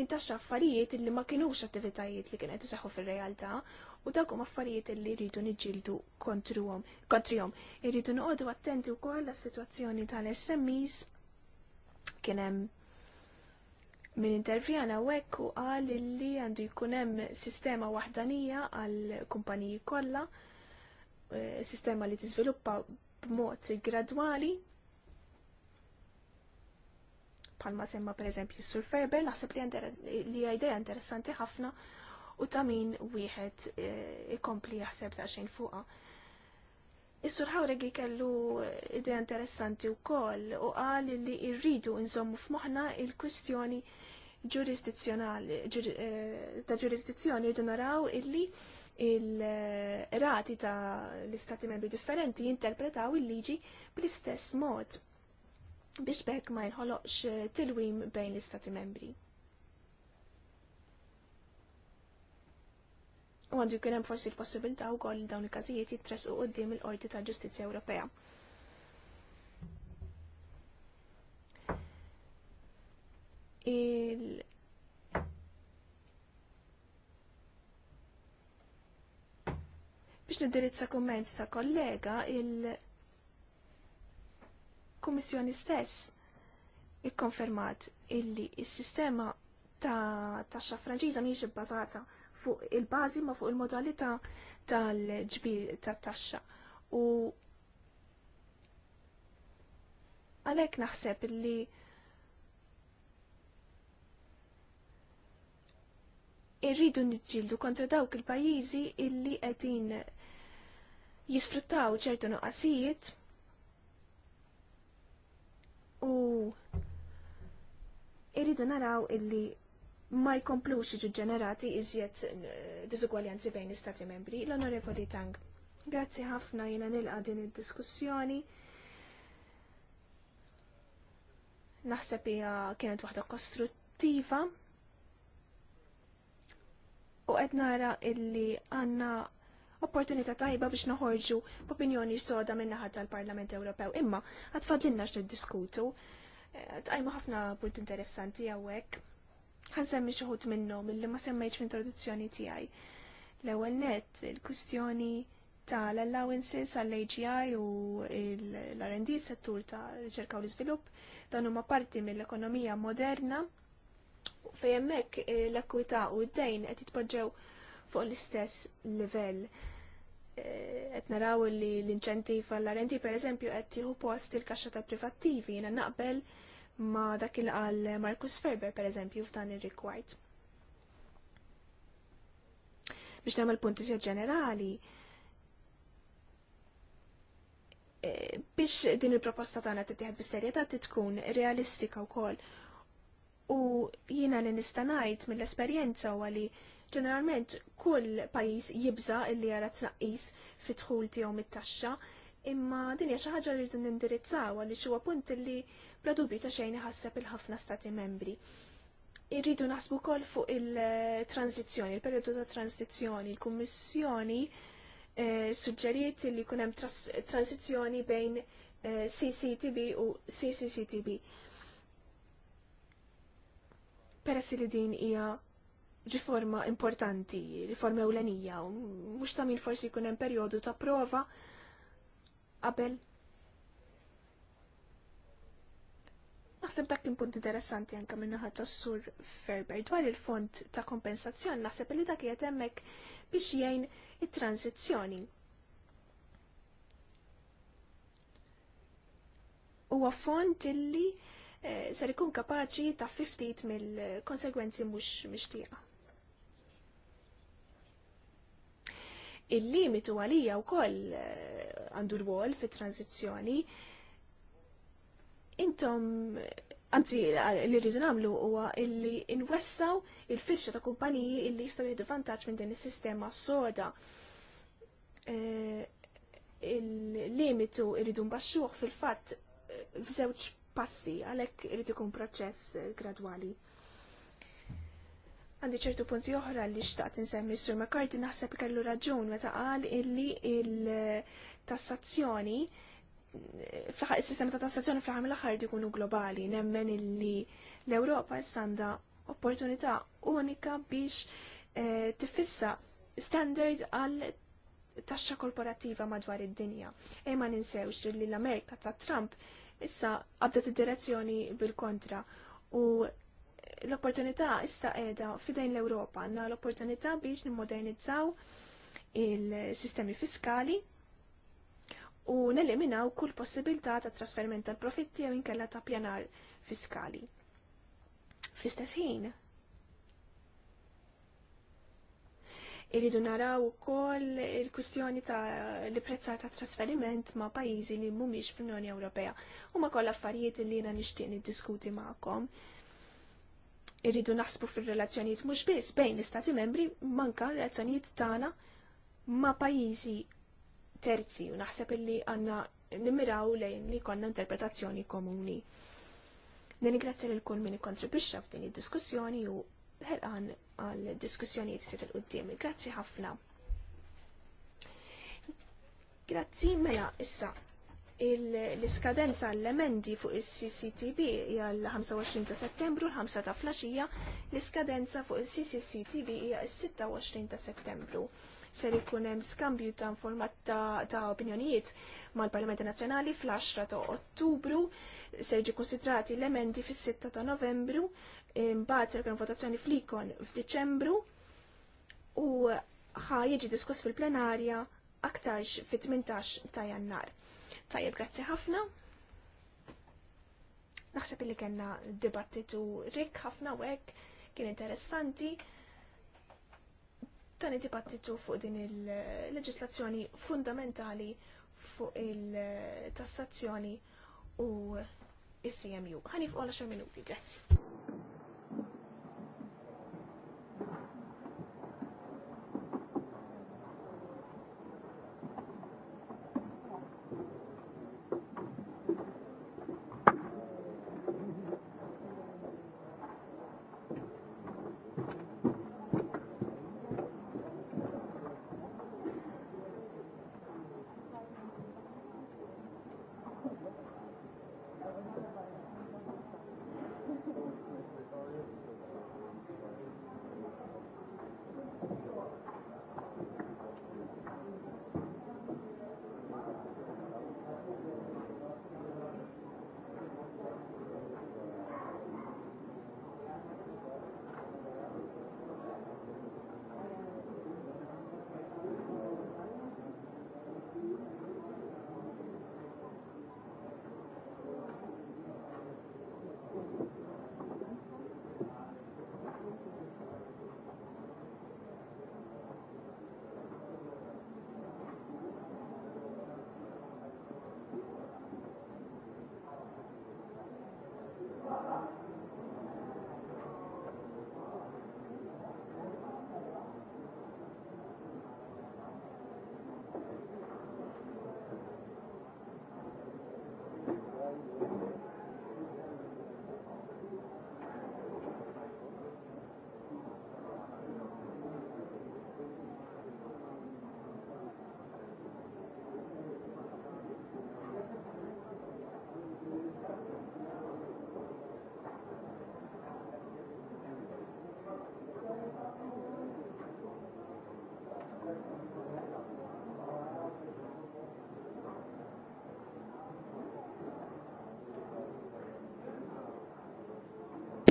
jintaxxa affarijiet illi ma kienux attivitajiet li kien qed isaħħu fir-realtà u dawk huma affarijiet illi rridu niġġieldu kontruhom kontrihom. Irridu noqogħdu attenti wkoll għas-sitwazzjoni tal-SMEs kien hemm Min intervjana wekk u qal li għandu jkun hemm sistema waħdanija għal kumpaniji kollha, eh, sistema li tiżviluppa b'mod gradwali palma semma per eżempju Sur Ferber, naħseb li li idea interessanti ħafna u ta' min wieħed eh, ikompli jaħseb ta' xejn fuqha. Is-sur Hawregi kellu idea interessanti u koll u qal li irridu nżommu f'moħna il-kwistjoni ġurisdizzjonali eh, ta' ġurisdizzjoni rridu naraw illi il-rati ta' l-istati membri differenti jinterpretaw il-liġi bl-istess mod biex bekk ma jħoloqx tilwim bejn l-istati membri. U għandu kien hemm forsi l-possibilità wkoll li dawn il-każijiet jitresqu quddiem il-Qorti ta' Ġustizzja Ewropea. Il... biex nidirizza kumment ta' kollega il-Kummissjoni stess ikkonfermat illi il-sistema ta' taxxa franċiża mhijiex ibbażata fuq il-bażi ma fuq il-modalità tal-ġbir tat-taxxa. U għalhekk naħseb li irridu nġildu kontra dawk il-pajjiżi illi qegħdin jisfruttaw ċertu nuqqasijiet u irridu naraw illi ma jkomplux iġu ġenerati iżjed eh, diżugwaljanzi bejn l-Istati membri. L-Onorevoli Tang, grazzi ħafna jena nilqa din id-diskussjoni. Naħseb hija kienet waħda kostruttiva u qed nara illi għandna opportunità tajba biex naħorġu b'opinjoni soda minn naħat tal-Parlament Ewropew. Imma għatfadlinna niddiskutu. Eh, Tajma ħafna punt interessanti hawnhekk ħansemmi xuħut ħut minnhom illi ma semmejtx fl-introduzzjoni tiegħi. L-ewwel nett il-kwistjoni tal-allowances għall-AGI u l-R&D settur ta' riċerka u l-iżvilupp dan huma parti mill-ekonomija moderna fejn hemmhekk eh, l-ekwità u d-dejn qed jitpoġġew fuq l-istess livell. Eh, qed naraw li l-inċentiv għall-R&D pereżempju qed jieħu post il-kaxxa ta' privattivi jiena naqbel ma dak il qal Marcus Ferber per eżempju f'dan ir-rigward. Biex nagħmel punti ġenerali, e, biex din il-proposta tagħna tittieħed bis-serjetà tkun realistika wkoll. U jiena li nista' ngħid mill-esperjenza huwa li ġeneralment kull pajjiż jibża li jara tnaqqis fit-dħul tiegħu mit-taxxa, imma din hija xi ħaġa li rridu nindirizzaw għaliex huwa punt li bla dubju ta' xejn ħasseb il-ħafna stati membri. Irridu naħsbu kol fuq il-tranzizjoni, il-periodu ta' tranzizjoni, il-Kummissjoni eh, suġġeriet li kunem tranzizjoni bejn eh, CCTB u CCCTB. Peress li din hija riforma importanti, riforma ewlenija, u mux ta' min forsi kunem periodu ta' prova qabel Naħseb dak kien punt interessanti anke minn naħa tas-sur Ferber dwar il-fond ta' kompensazzjoni naħseb li dak qiegħed hemmhekk biex jgħin it-tranzizzjoni. huwa fond illi eh, ser ikun kapaċi ta' ftit mill-konsegwenzi mhux mixtieqa. Il-limitu għalija wkoll eh, għandu rwol fit-tranzizzjoni intom Anzi, li rridu nagħmlu huwa illi inwessaw il-firxa ta' kumpaniji illi jistaw jihdu vantaġġ minn din is-sistema soda. Eh, il-limitu irridu mbaxxuh fil-fatt eh, f'żewġ passi għalhekk irid ikun proċess eh, gradwali. Għandi ċertu punti oħra li xtaqt insemmi Sur McCarthy naħseb kellu raġun meta qal illi il-tassazzjoni il tassazzjoni fl-ħar is-sistema ta' tassazzjoni fl-ħar mill-ħar jkunu globali, nemmen illi l-Ewropa għanda opportunità unika biex eh, tifissa standard għal taxxa korporattiva madwar id-dinja. Ema ma ninsewx li l-Amerika ta' Trump issa għabdat id-direzzjoni bil-kontra u l-opportunità issa qiegħda fidejn l-Ewropa għandna l-opportunità biex nimmodernizzaw il-sistemi fiskali u neliminaw kull possibilità ta' trasferment tal-profitti jew inkella ta' pjanar fiskali. Fl-istess ħin, irridu naraw ukoll il-kwistjoni ta' li prezzar ta' trasferiment ma' pajjiżi li mhumiex fl-Unjoni Ewropea u ma' koll affarijiet li jiena nixtieq niddiskuti magħkom irridu naħsbu fil-relazzjonijiet mhux biss bejn l-istati membri manka relazzjonijiet tagħna ma' pajjiżi terzi u naħseb illi għanna nimmiraw lejn li konna interpretazzjoni komuni. Ninigrazzja lil kull min ikkontribwixxa f'din id-diskussjoni u ħelqan għal diskussjonijiet sit il-qudiem. Grazzi ħafna. Grazzi mela issa l-iskadenza l-emendi fuq il-CCTB hija l-25 ta' settembru l-5 ta' flaxija, l-iskadenza fuq il cctb hija l-26 ta' settembru ser ikun hemm skambju ta' informat ta', opinjonijiet mal-Parlamenti Nazzjonali fl-10 ta' Ottubru, se jiġu konsidrati l-emendi fis-6 ta' Novembru, imbagħad ser ikun votazzjoni flikon f'Diċembru u ħa jiġi diskuss fil-plenarja aktarx fit-18 ta' Jannar. Tajjeb, grazzi ħafna. Naħseb li kena dibattitu rik ħafna wek, kien interessanti tani dibattitu fuq din il-leġislazzjoni fundamentali fuq il-tassazzjoni u il-CMU. Ħanif u 10 minuti, grazzi.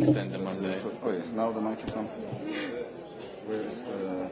extend them now the mic is on. Where is the...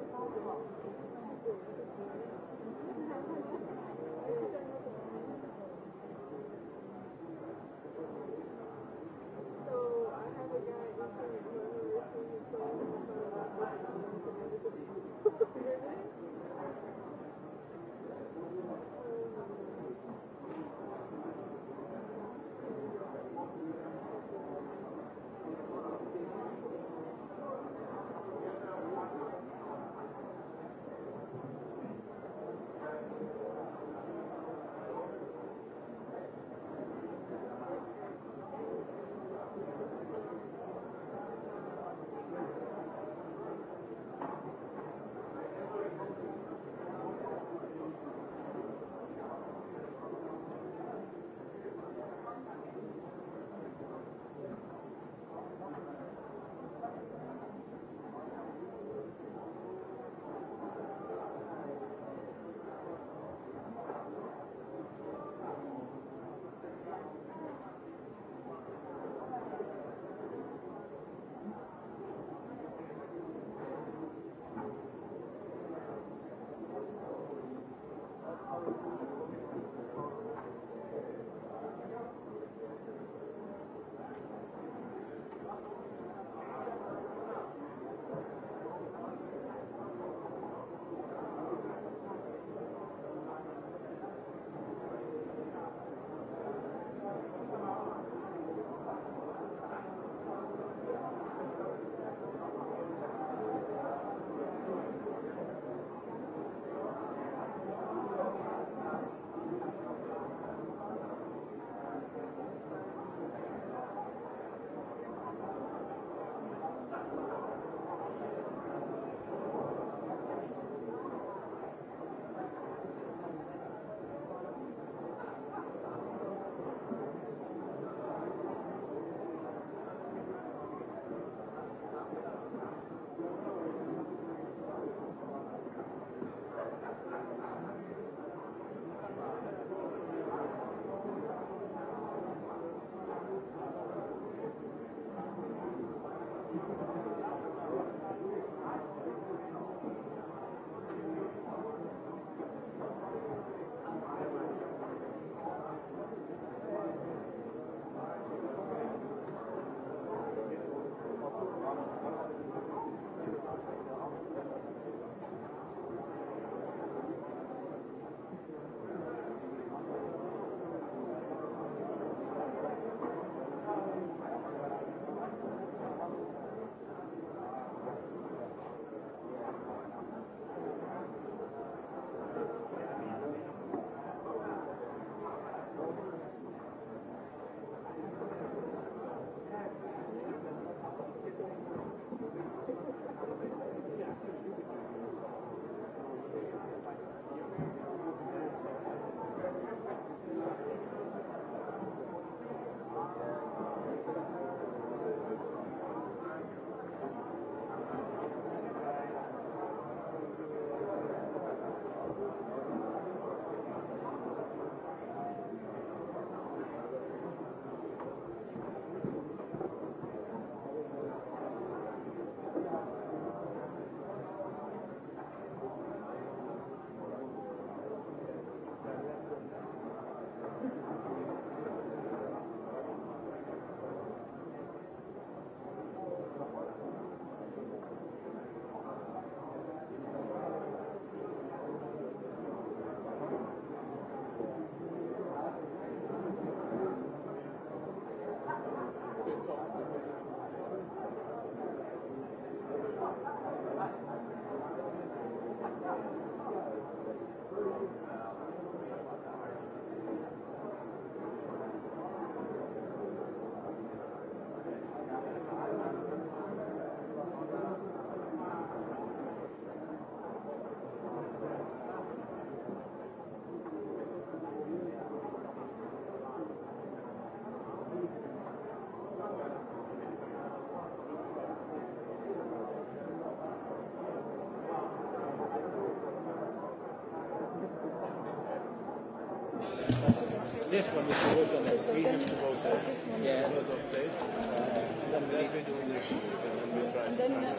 then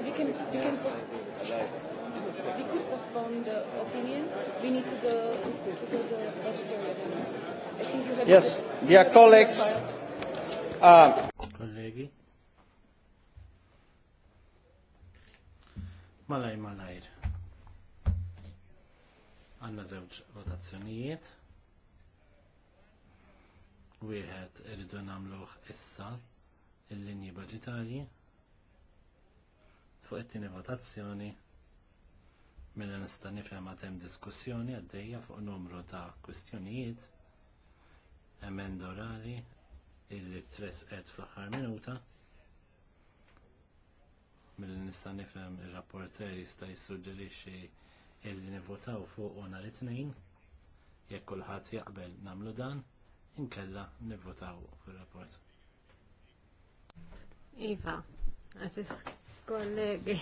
we can we can We could postpone the opinion. We need to go to go the budgetary I think you have. Yes, dear colleagues. Uh, Kollegi. Malaj, malajr. Għanna zewġ votazzjonijiet wieħed irridu nagħmluh issa il-linji budgetarji fuq it-tieni votazzjoni mela nista' nifhem għad hemm diskussjoni għaddejja fuq numru ta' kwistjonijiet emenda orali illi tres qed fl-aħħar minuta mill mela nista' nifhem ir-rapporter jista' jissuġġerixxi illi nivvotaw fuq nhar it-tnejn jekk kulħadd jaqbel nagħmlu dan inkella nivvotaw fil-rapport. Iva, għazis kollegi,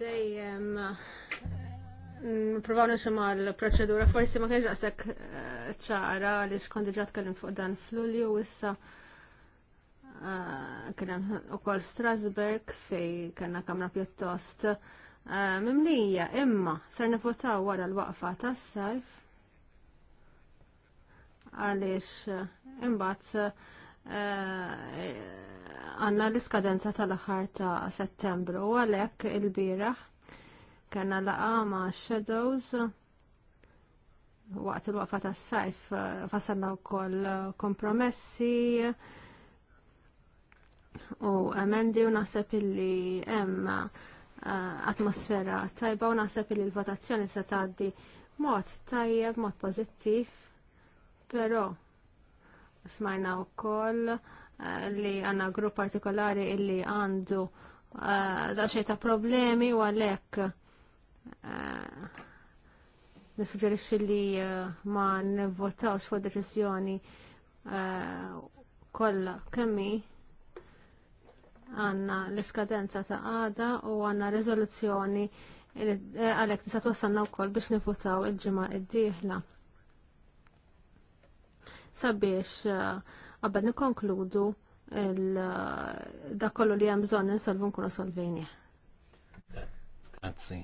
dejjem eh, Nipprovaw nisema l-proċedura, forsi ma kienx għasek eh, ċara li xkont diġà tkellim fuq dan f'Lulju issa eh, kien hemm ukoll Strasberg fej kellna kamra pjuttost mimlija imma ser nivvotaw wara l-waqfa tas-sajf għaliex eh, imbagħad eh, għandna l-iskadenza tal-aħħar ta' Settembru u għalhekk il-bieraħ kena laqa ma' Shadows waqt il-waqfa tas sajf eh, fassalna wkoll kompromessi u emendi u naħseb illi hemm atmosfera tajba u naħseb illi l-votazzjoni se tgħaddi mod tajjeb, mod pożittiv Però smajna wkoll eh, li għandna grupp partikolari illi għandu eh, daċċej ta' problemi u għalhekk eh, nissuġġerixxi li ma nivvotawx fuq deċiżjoni kollha kemmi għanna l-iskadenza ta' għada u għanna rezoluzzjoni għalek tista' u wkoll biex nifutaw il-ġimgħa id-dieħla sabiex eh, qabel nikkonkludu eh, dakollu li hemm bżonn salvu nkunu solvejni. Grazzi.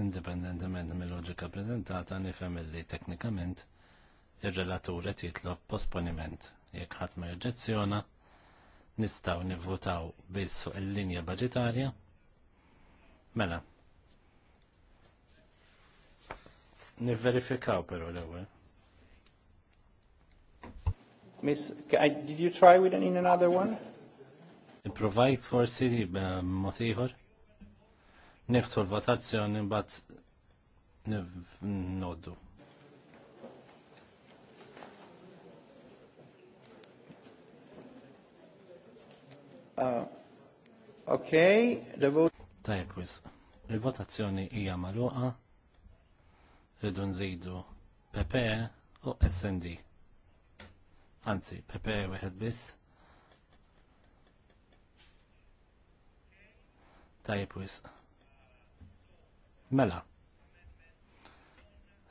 Indipendentement mill-loġika preżentata nifhem li teknikament ir-relatur qed jitlob posponiment jekk ħadd ma jġezzjona nistgħu nivvutaw biss fuq il-linja budġetarja mela. Nivverifikaw però l-ewwel. Miss, I, did you try with an, in another one? Provajt forsi um, motiħor. Niftu l-votazzjoni but noddu. Uh, okay, the vote. Tajb wis. Il-votazzjoni hija magħluqa. Ridu nżidu PP e u SND. Anzi, Pepe wieħed biss. Tajjeb wisq. Mela.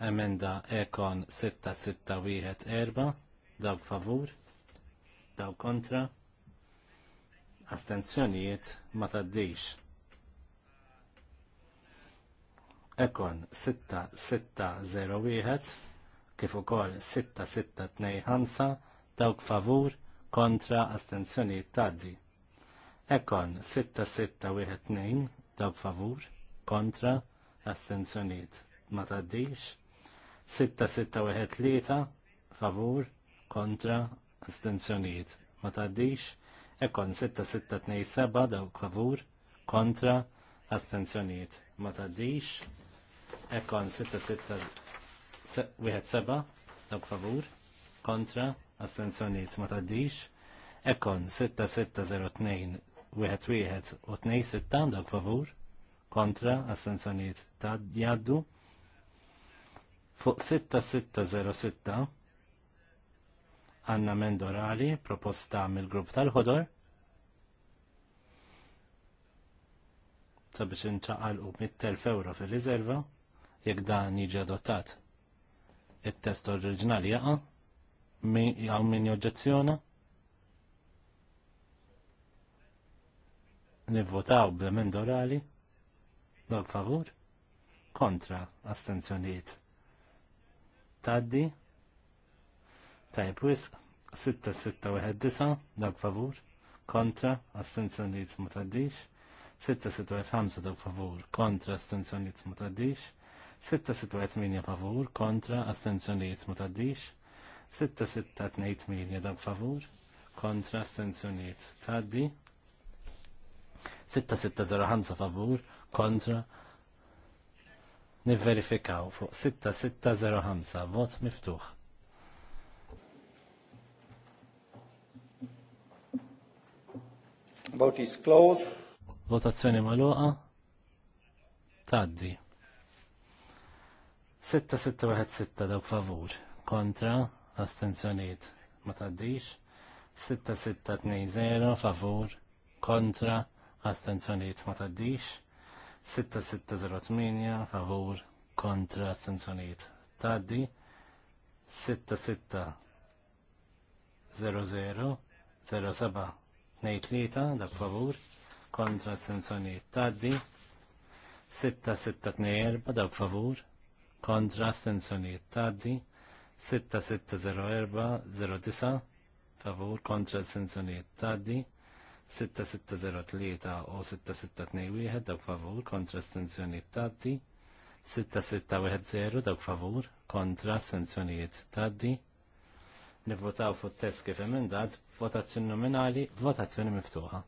Emenda ekon 6-6-1-4. Dawk favur. Dawk kontra. Astenzjonijiet ma taddix. Ekon 6-6-0-1 kif ukoll 6-6-2-5 dawk favur kontra astenzjonijiet taddi. Ekon 6612 dawk favur kontra astenzjonijiet ma taddix. 6613 favur kontra astenzjonijiet ma taddix. Ekon 6627 dawk favur kontra astenzjonijiet ma taddix. Ekon 6617 dawk favur kontra astenzjoniet ma taddix, Ekkon 6602 wieħed u tnej sitta dak favur, kontra astenzjoniet ta' jaddu, fuq 6606 għanna mendorali proposta mill-grupp tal-ħodor, sabiex inċaqal u 100.000 euro fil-rizerva, jekk dan jiġi adottat. Il-test oriġinali jaqa' Għaw minn joġġezzjona? Nivvotaw bl-emenda orali? Dog favur? Kontra astenzjoniet. Taddi? Tajb wisq 6-6-1-9, dog favur? Kontra astenzjoniet mutaddix? taddix? 6-6-5 dog favur? Kontra astenzjoniet mutaddix taddix? 6-6-8 favur? Kontra astenzjoniet ma 6-6-2-8 dak favur kontra stenzjoniet taddi 6-6-0-5 favur kontra nivverifikaw fuq 6-6-0-5 vot miftuħ Vote is closed. Votazzjoni maluqa. Taddi. 6-6-1-6 dawk favur. Kontra astenzjoniet ma taddix 6620 favur kontra astenzjoniet ma taddix 6608 favur kontra astenzjoniet taddi 6600 07 23 da favur kontra astenzjoniet taddi 6624 da favur kontra astenzjoniet taddi 6604-09 favur kontra sensonijiet taddi 6603 o 6621 dak favur kontra sensonijiet tadi 6610 dak favur kontra sensonijiet tadi nivvotaw fuq test kif emendat votazzjoni nominali, votazzjoni miftuħa.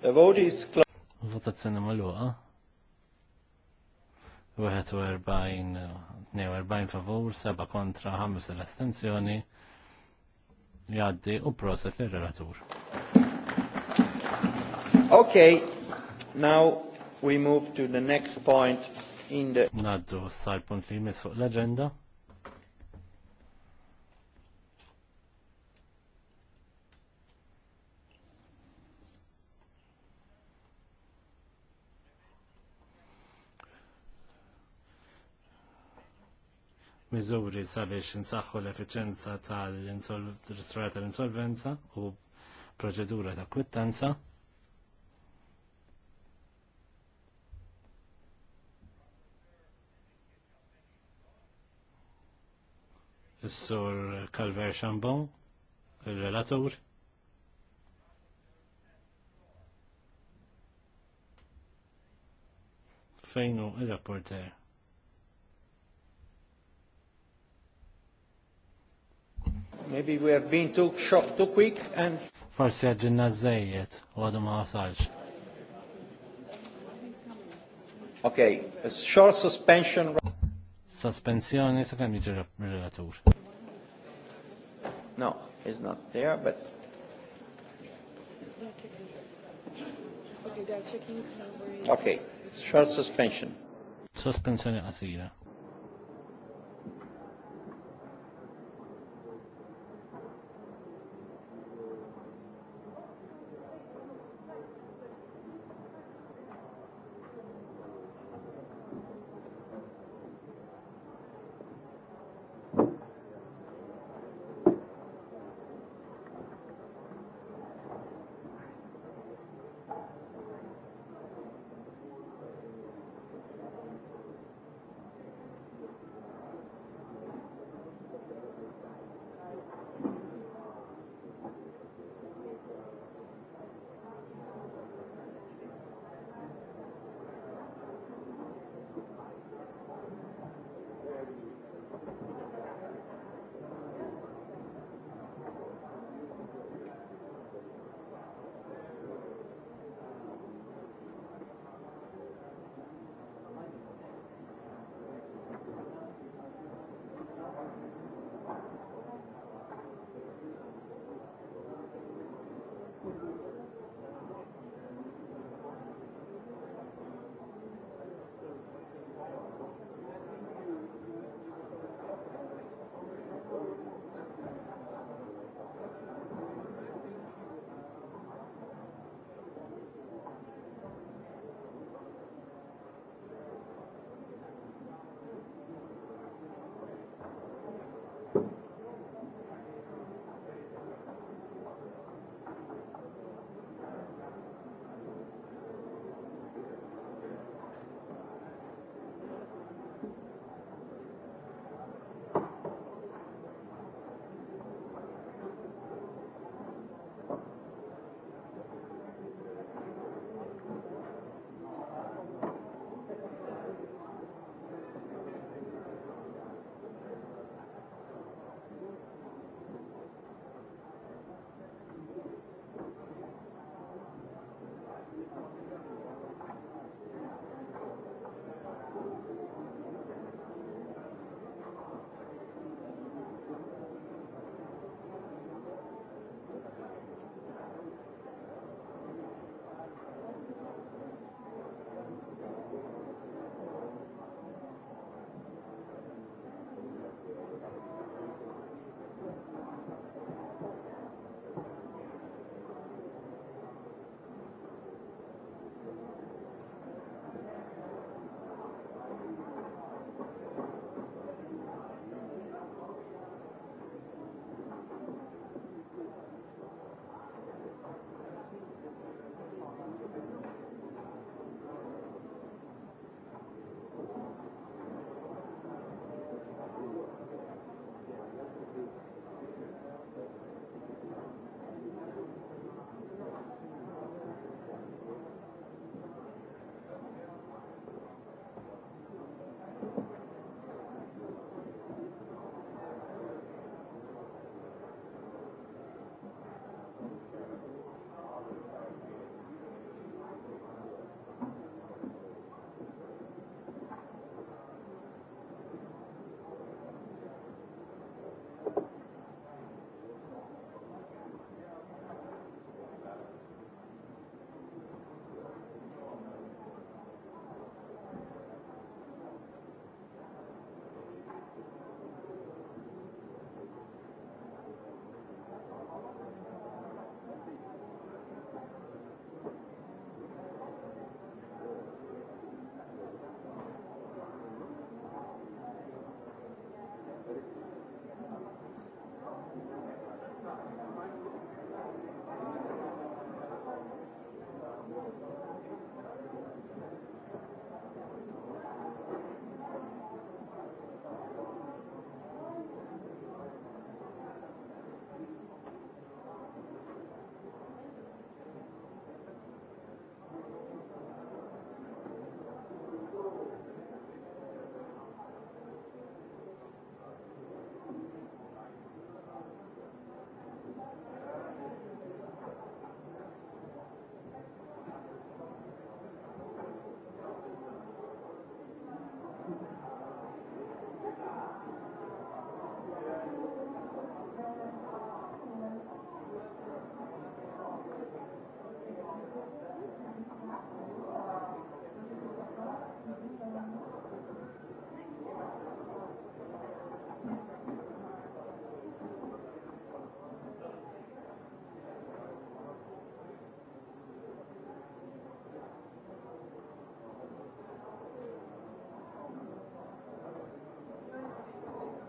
The vote is closed votazzjoni maluqa. 42 favur, 7 kontra, 5 l-astenzjoni, jaddi u proset l-relatur. Ok, now we move to the next point in the... Naddu s-sal punt li jmiss l-agenda. miżuri sabiex insaħħu l-efficienza tal-ristorar tal-insolvenza u proċedura ta' kwittanza. Is-sur Calver Chambon, il-relatur. Fejnu il-rapporter. Maybe we have been too short too quick and forse għadġinna zzejiet, u għadu ma wasalx. Okay, a short suspension. Sospensjoni sa' kemm jiġi relatur. No, it's not there, but Okay, short suspension. Suspensione qasira.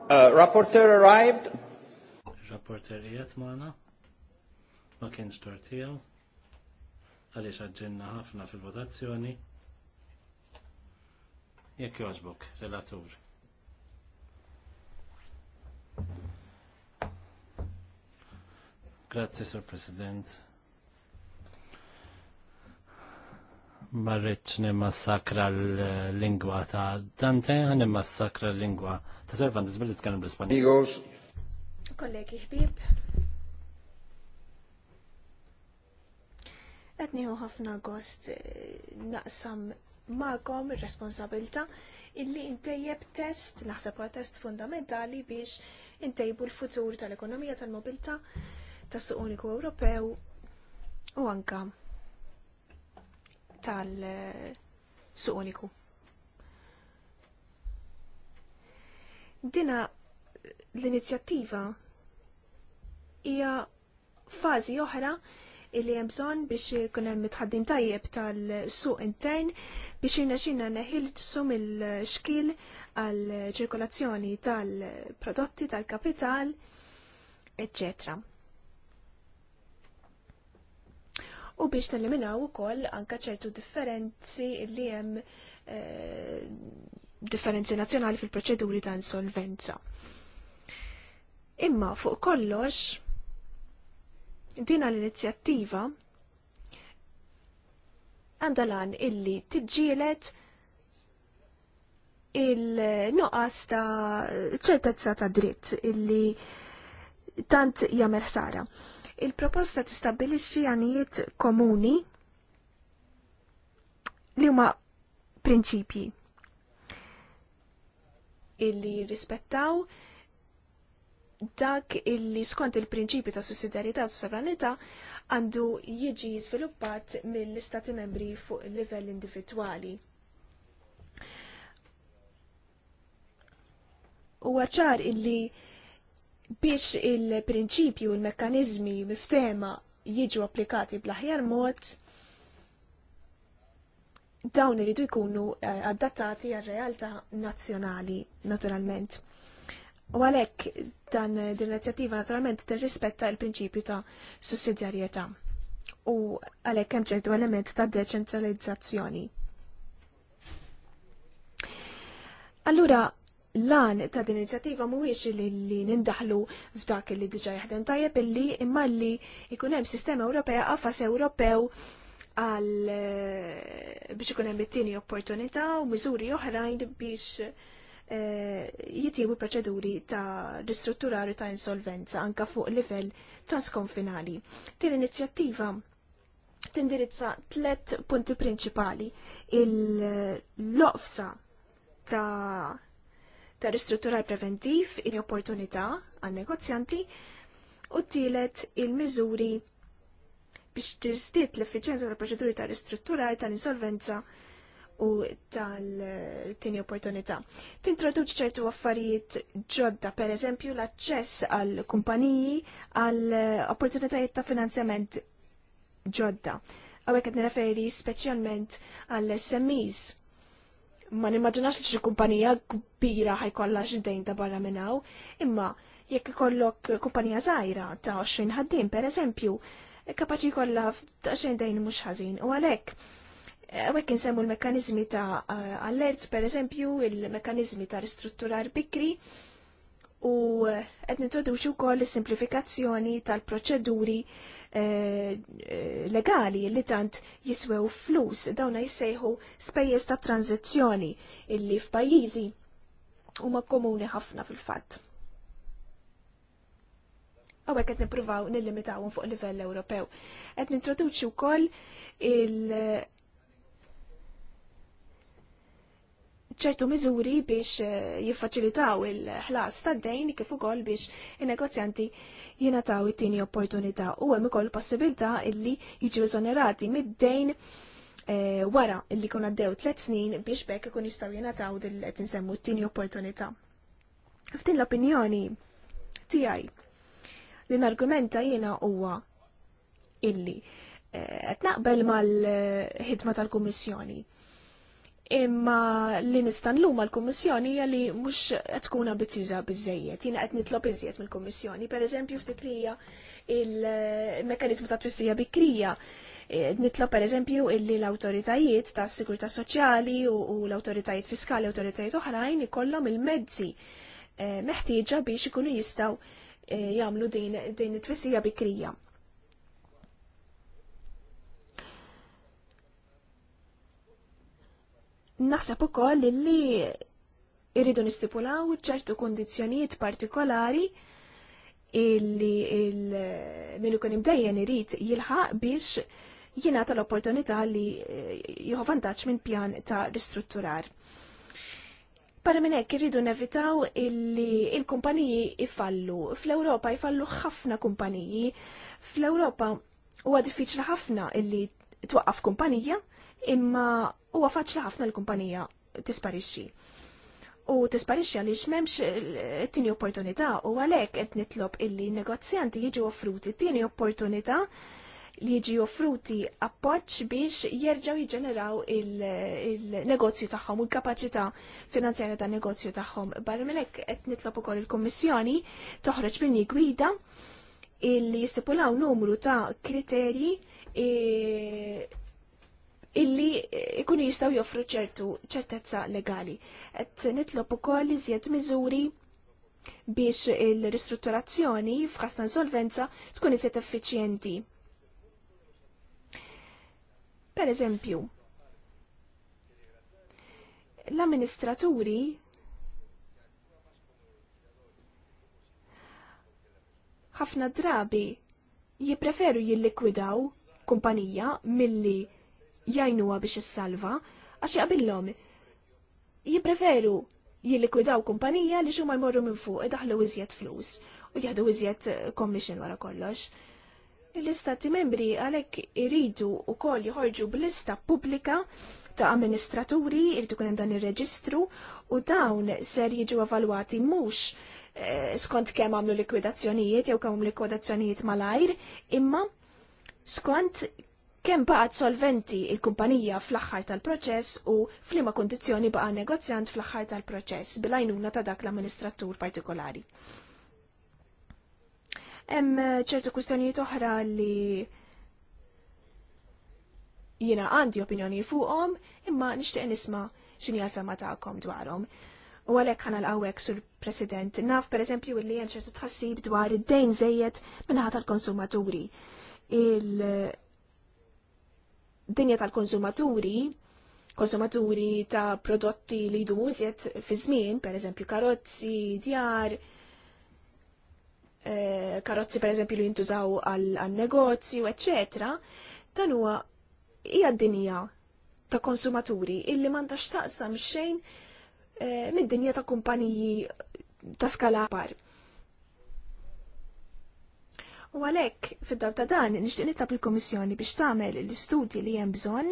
Uh, rapporteur arrived. Rapporteur jiet maħna. Ma kien tortijaw. Għalix għadġinna ħafna fil-votazzjoni. Jekk joġbok, relatur. Grazie, Sir President. marriċ nimmassakra l-lingwa ta' Dante, għan nimmassakra l-lingwa ta' Cervantes billi tkellem bl-Ispanjol. Amigos. Kollegi ħbib. Etniħu ħafna gost eh, naqsam ma'kom responsabilta illi intejjeb test, naħseb test fundamentali biex intejbu l-futur tal-ekonomija tal-mobilta tas-suq uniku Ewropew u anka tal-suq uniku. Dina l-inizjattiva hija fażi oħra illi hemm bżonn biex ikun hemm mitħaddim tajjeb tal-suq intern biex jiena xina neħilsu mill-xkil għal ċirkolazzjoni tal-prodotti tal-kapital, eccetera. u biex teliminaw ukoll anka ċertu differenzi li hemm eh, differenzi nazzjonali fil-proċeduri ta' insolvenza. Imma fuq kollox dina l-inizjattiva għandalan illi tiġġielet il-nuqqas ta' ċertezza ta' dritt illi tant jagħmel ħsara. Il-proposta tistabbilixxi għanijiet komuni li huma prinċipji illi rispettaw dak illi skont il-prinċipju ta' sussidjarjetà u sovranità għandu jiġi sviluppat mill-istati membri fuq livell individwali. U għacċar illi biex il-prinċipju, il-mekkanizmi miftema jiġu applikati bl-aħjar mod, dawn iridu jkunu eh, adattati għal realtà nazzjonali, naturalment. U għalhekk dan din inizjattiva naturalment tirrispetta l-prinċipju ta' sussidjarjetà u għalhekk hemm ċertu element ta' deċentralizzazzjoni. Allura, lan ta' din inizjattiva mhuwiex li, li nindaħlu f'dak li diġà jaħdem tajjeb illi imma li jkun hemm sistema Ewropea qafas Ewropew għal eh, biex ikun hemm it-tieni opportunità u miżuri oħrajn biex e, eh, jitibu proċeduri ta' ristrutturari ta' insolvenza anka fuq livell transkonfinali. Tin inizjattiva tindirizza tlet punti prinċipali il-loqfsa ta' ta' ristrutturar preventiv in opportunità għan negozjanti u tielet il-miżuri biex tiżdied l-effiċenza tal proċeduri ta' ristrutturar tal-insolvenza u tal-tini opportunità. Tintroduċ ċertu affarijiet ġodda, per eżempju, l-aċċess għal kumpaniji għal opportunitajiet ta' finanzjament ġodda. Għawek għedni referi specialment għall SMEs ma nimmaġinax li xi kumpanija kbira ħajkollha xi dejn ta' barra minnaw, imma jekk ikollok kumpanija żgħira ta' 20 ħaddiem pereżempju, kapaċi jkollha ta' xejn dejn mhux ħażin u għalhekk. Għek nsemmu l-mekanizmi ta' alert per eżempju, il-mekanizmi ta' ristrutturar bikri u għed nintroduċu kol l-simplifikazzjoni tal-proċeduri Eh, eh, legali li tant jiswew flus dawna jissejħu spejjeż ta' tranzizzjoni illi f'pajjiżi huma komuni ħafna fil-fatt. Għawek qed nippruvaw nillimitawhom fuq livell Ewropew. Qed nintroduċi wkoll il- ċertu miżuri biex eh, jiffaċilitaw il-ħlas tad-dejn kif ukoll biex in-negozjanti jingħataw it-tieni opportunità u hemm ukoll possibilità illi jiġu eżonerati mid-dejn eh, wara illi kun għaddew tliet snin biex bekk ikun jistgħu jingħataw din qed insemmu t-tieni opportunità. F'din l-opinjoni tiegħi li n-argumenta jiena huwa illi eh, qed naqbel mal-ħidma tal-Kummissjoni imma li nistan l-lum għal-Kommissjoni li mux tkun ambizjuża bizzejiet. Jina qed nitlob iżjed mill-Kommissjoni, per eżempju ftit il mekanizmu ta' twissija bikrija. Eh, nitlob per eżempju illi l-autoritajiet ta' sigurta soċjali u l-autoritajiet fiskali, l autoritajiet oħrajn ikollhom il-mezzi eh, meħtieġa biex ikunu jistaw eh, jagħmlu din it-twissija bikrija. Naħseb ukoll li irridu nistipulaw ċertu kondizjoniet partikolari illi il min ikun imdejjen irid jilħaq biex jingħata l-opportunità li eh, jieħu vantaċ minn pjan ta' ristrutturar. Para minn hekk irridu nevitaw illi il-kumpaniji ifallu. Fl-Ewropa jfallu ħafna kumpaniji. Fl-Ewropa huwa diffiċli ħafna illi twaqqaf kumpanija imma huwa faċli ħafna l-kumpanija tisparixxi. U tisparixxi għaliex m'hemmx eh, tieni opportunità u għalhekk qed nitlob illi negozjanti jiġu offruti tieni opportunità li jiġi offruti appoġġ biex jerġgħu jiġġeneraw il-negozju il tagħhom u l-kapaċità finanzjarja tan negozju tagħhom. Barra minn hekk qed nitlob ukoll il-Kummissjoni toħroġ minni gwida illi jistipulaw numru ta' kriterji eh, illi ikunu jistaw joffru ċertu ċertezza legali. Et nitlob ukoll iżjed miżuri biex il-ristrutturazzjoni f'ħasna ta' insolvenza tkun iżjed effiċjenti. Per eżempju, l-amministraturi ħafna drabi jipreferu jillikwidaw kumpanija milli jajnuha biex issalva għax jaqbillhom jippreferu jillikwidaw kumpanija li xumma jmorru minn fuq daħlu iżjed flus u jgħadu iżjed eh, commission wara kollox. L-istati membri għalek iridu u koll jħorġu b'lista publika ta' amministraturi irridu kunem dan ir-reġistru u dawn ser jiġu evalwati mhux eh, skont kemm għamlu likwidazzjonijiet jew kemm likwidazzjonijiet malajr, imma skont kemm baqgħet solventi il-kumpanija fl-aħħar tal-proċess u f'liema kundizzjoni baqa' negozjant fl-aħħar tal-proċess bil-għajnuna ta' dak l-amministratur partikolari. Hemm eh, ċertu kwistjonijiet oħra li jina għandi opinjoni fuqhom, imma nixtieq nisma' x'inhi għal-fema tagħkom dwarhom. U għalek ħana l-għawek sur president naf per eżempju li jem ċertu tħassib dwar id-dejn zejjed minnaħat tal-konsumaturi dinja tal-konsumaturi, konsumaturi ta' prodotti li jdu mużjet fi żmien, per eżempju karozzi, djar, eh, karozzi per eżempju li jintużaw għal negozju, eccetera, dan huwa hija d-dinja ta' konsumaturi illi m'għandax taqsam xejn eh, mid-dinja ta' kumpaniji ta' skala par. U għalek, fid-dar ta' dan, nishtiq nitlob il-Komissjoni biex tagħmel l-istudji li hemm bżonn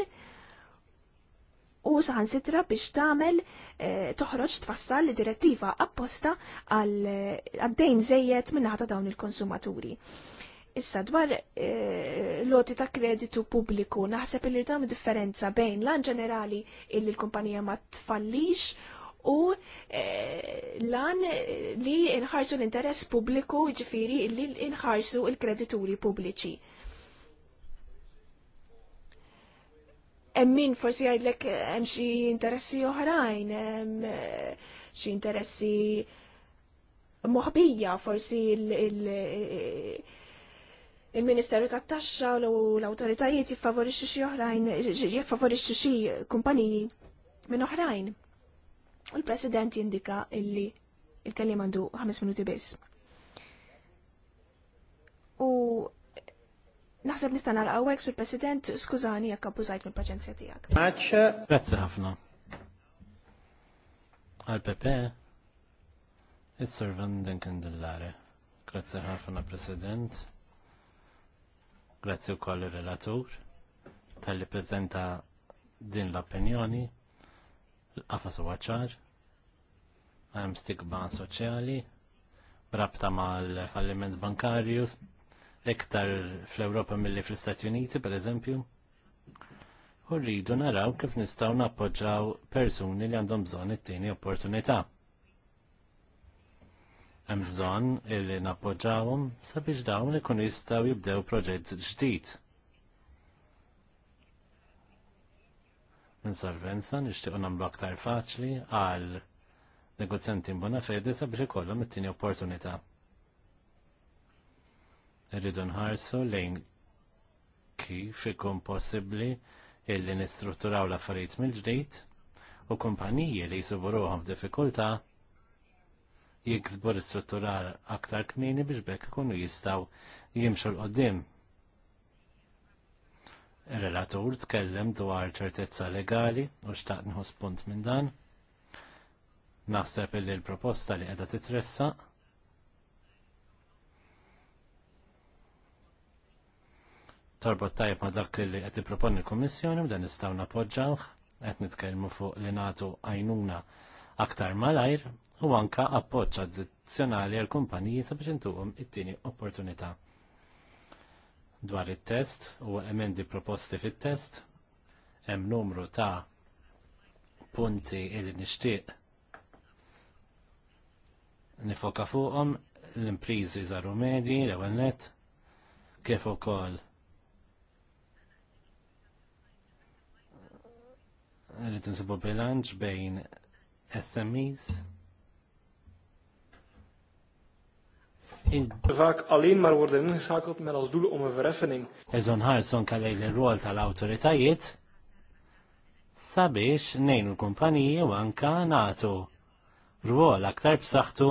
u saħan sitra biex tagħmel eh, toħroġ tfassal direttiva apposta għal-dejn żejjed minnaħa ta' dawn il-konsumaturi. Issa dwar eh, loti ta' kreditu pubbliku, naħseb li dam differenza bejn lan ġenerali illi l-kumpanija ma tfallix u eh, lan li inħarsu l-interess pubbliku ġifiri li inħarsu il-kredituri pubbliċi. Emmin forsi għajdlek eh, hemm xi interessi oħrajn, eh, xi interessi moħbija forsi il-Ministeru tat taxxa u l-awtoritajiet jiffavorixxu xi oħrajn, jiffavorixxu xi kumpaniji minn oħrajn. U l-President jindika illi il-kellim għandu 5 minuti biss. U naħseb nista' nagħlaq sur President, skużani jekk abbużajt mill-paċenzja tiegħek. Grazzi ħafna. Għal Pepe, is servan din Dinkendillare. Grazzi ħafna President. Grazzi wkoll ir-relatur tal-li prezenta din l-opinjoni l-qafas huwa ċar, hemm stigma soċjali, brabta mal-falliment bankarju, iktar fl-Ewropa milli fl-Istati Uniti, per eżempju. U rridu naraw kif nistgħu nappoġġaw persuni li għandhom bżonn it-tieni opportunità. Hemm bżonn li nappoġġawhom sabiex dawn ikunu jistgħu jibdew proġett ġdid insolvenza nixtiequ nagħmlu aktar faċli għal negozjanti mbona fede sabiex ikollhom it-tieni opportunità. Irridu nħarsu lejn kif ikun possibbli illi nistrutturaw l-affarijiet mill-ġdid u kumpaniji li jsibu ruħhom f'diffikultà jiksbu ristrutturar aktar kmieni biex bekk ikunu jistgħu jimxu l-qoddim Il-relatur tkellem dwar ċertezza legali u xtaqt nħu spunt minn dan. Naħseb li l-proposta li qiegħda titressa torbot tajb ma dak li qed proponni l-Kummissjoni u dan nistgħu napoġġawh qed nitkellmu fuq li nagħtu għajnuna aktar malajr u anka appoġġ addizzjonali għal kumpaniji sabiex intuhom it-tieni opportunità dwar it-test u emendi proposti fit-test. Hemm numru ta' punti li nixtieq nifoka fuqhom l-imprizi żaru medji, l-ewwel net, kif ukoll rrid nsibu bilanċ bejn SMEs Vaak alleen maar worden ingeschakeld met als doel om een Eżon ħarson kalej l-rol tal-autoritajiet sabiex nejnu l-kumpaniji u anka natu rwol aktar b'saħħtu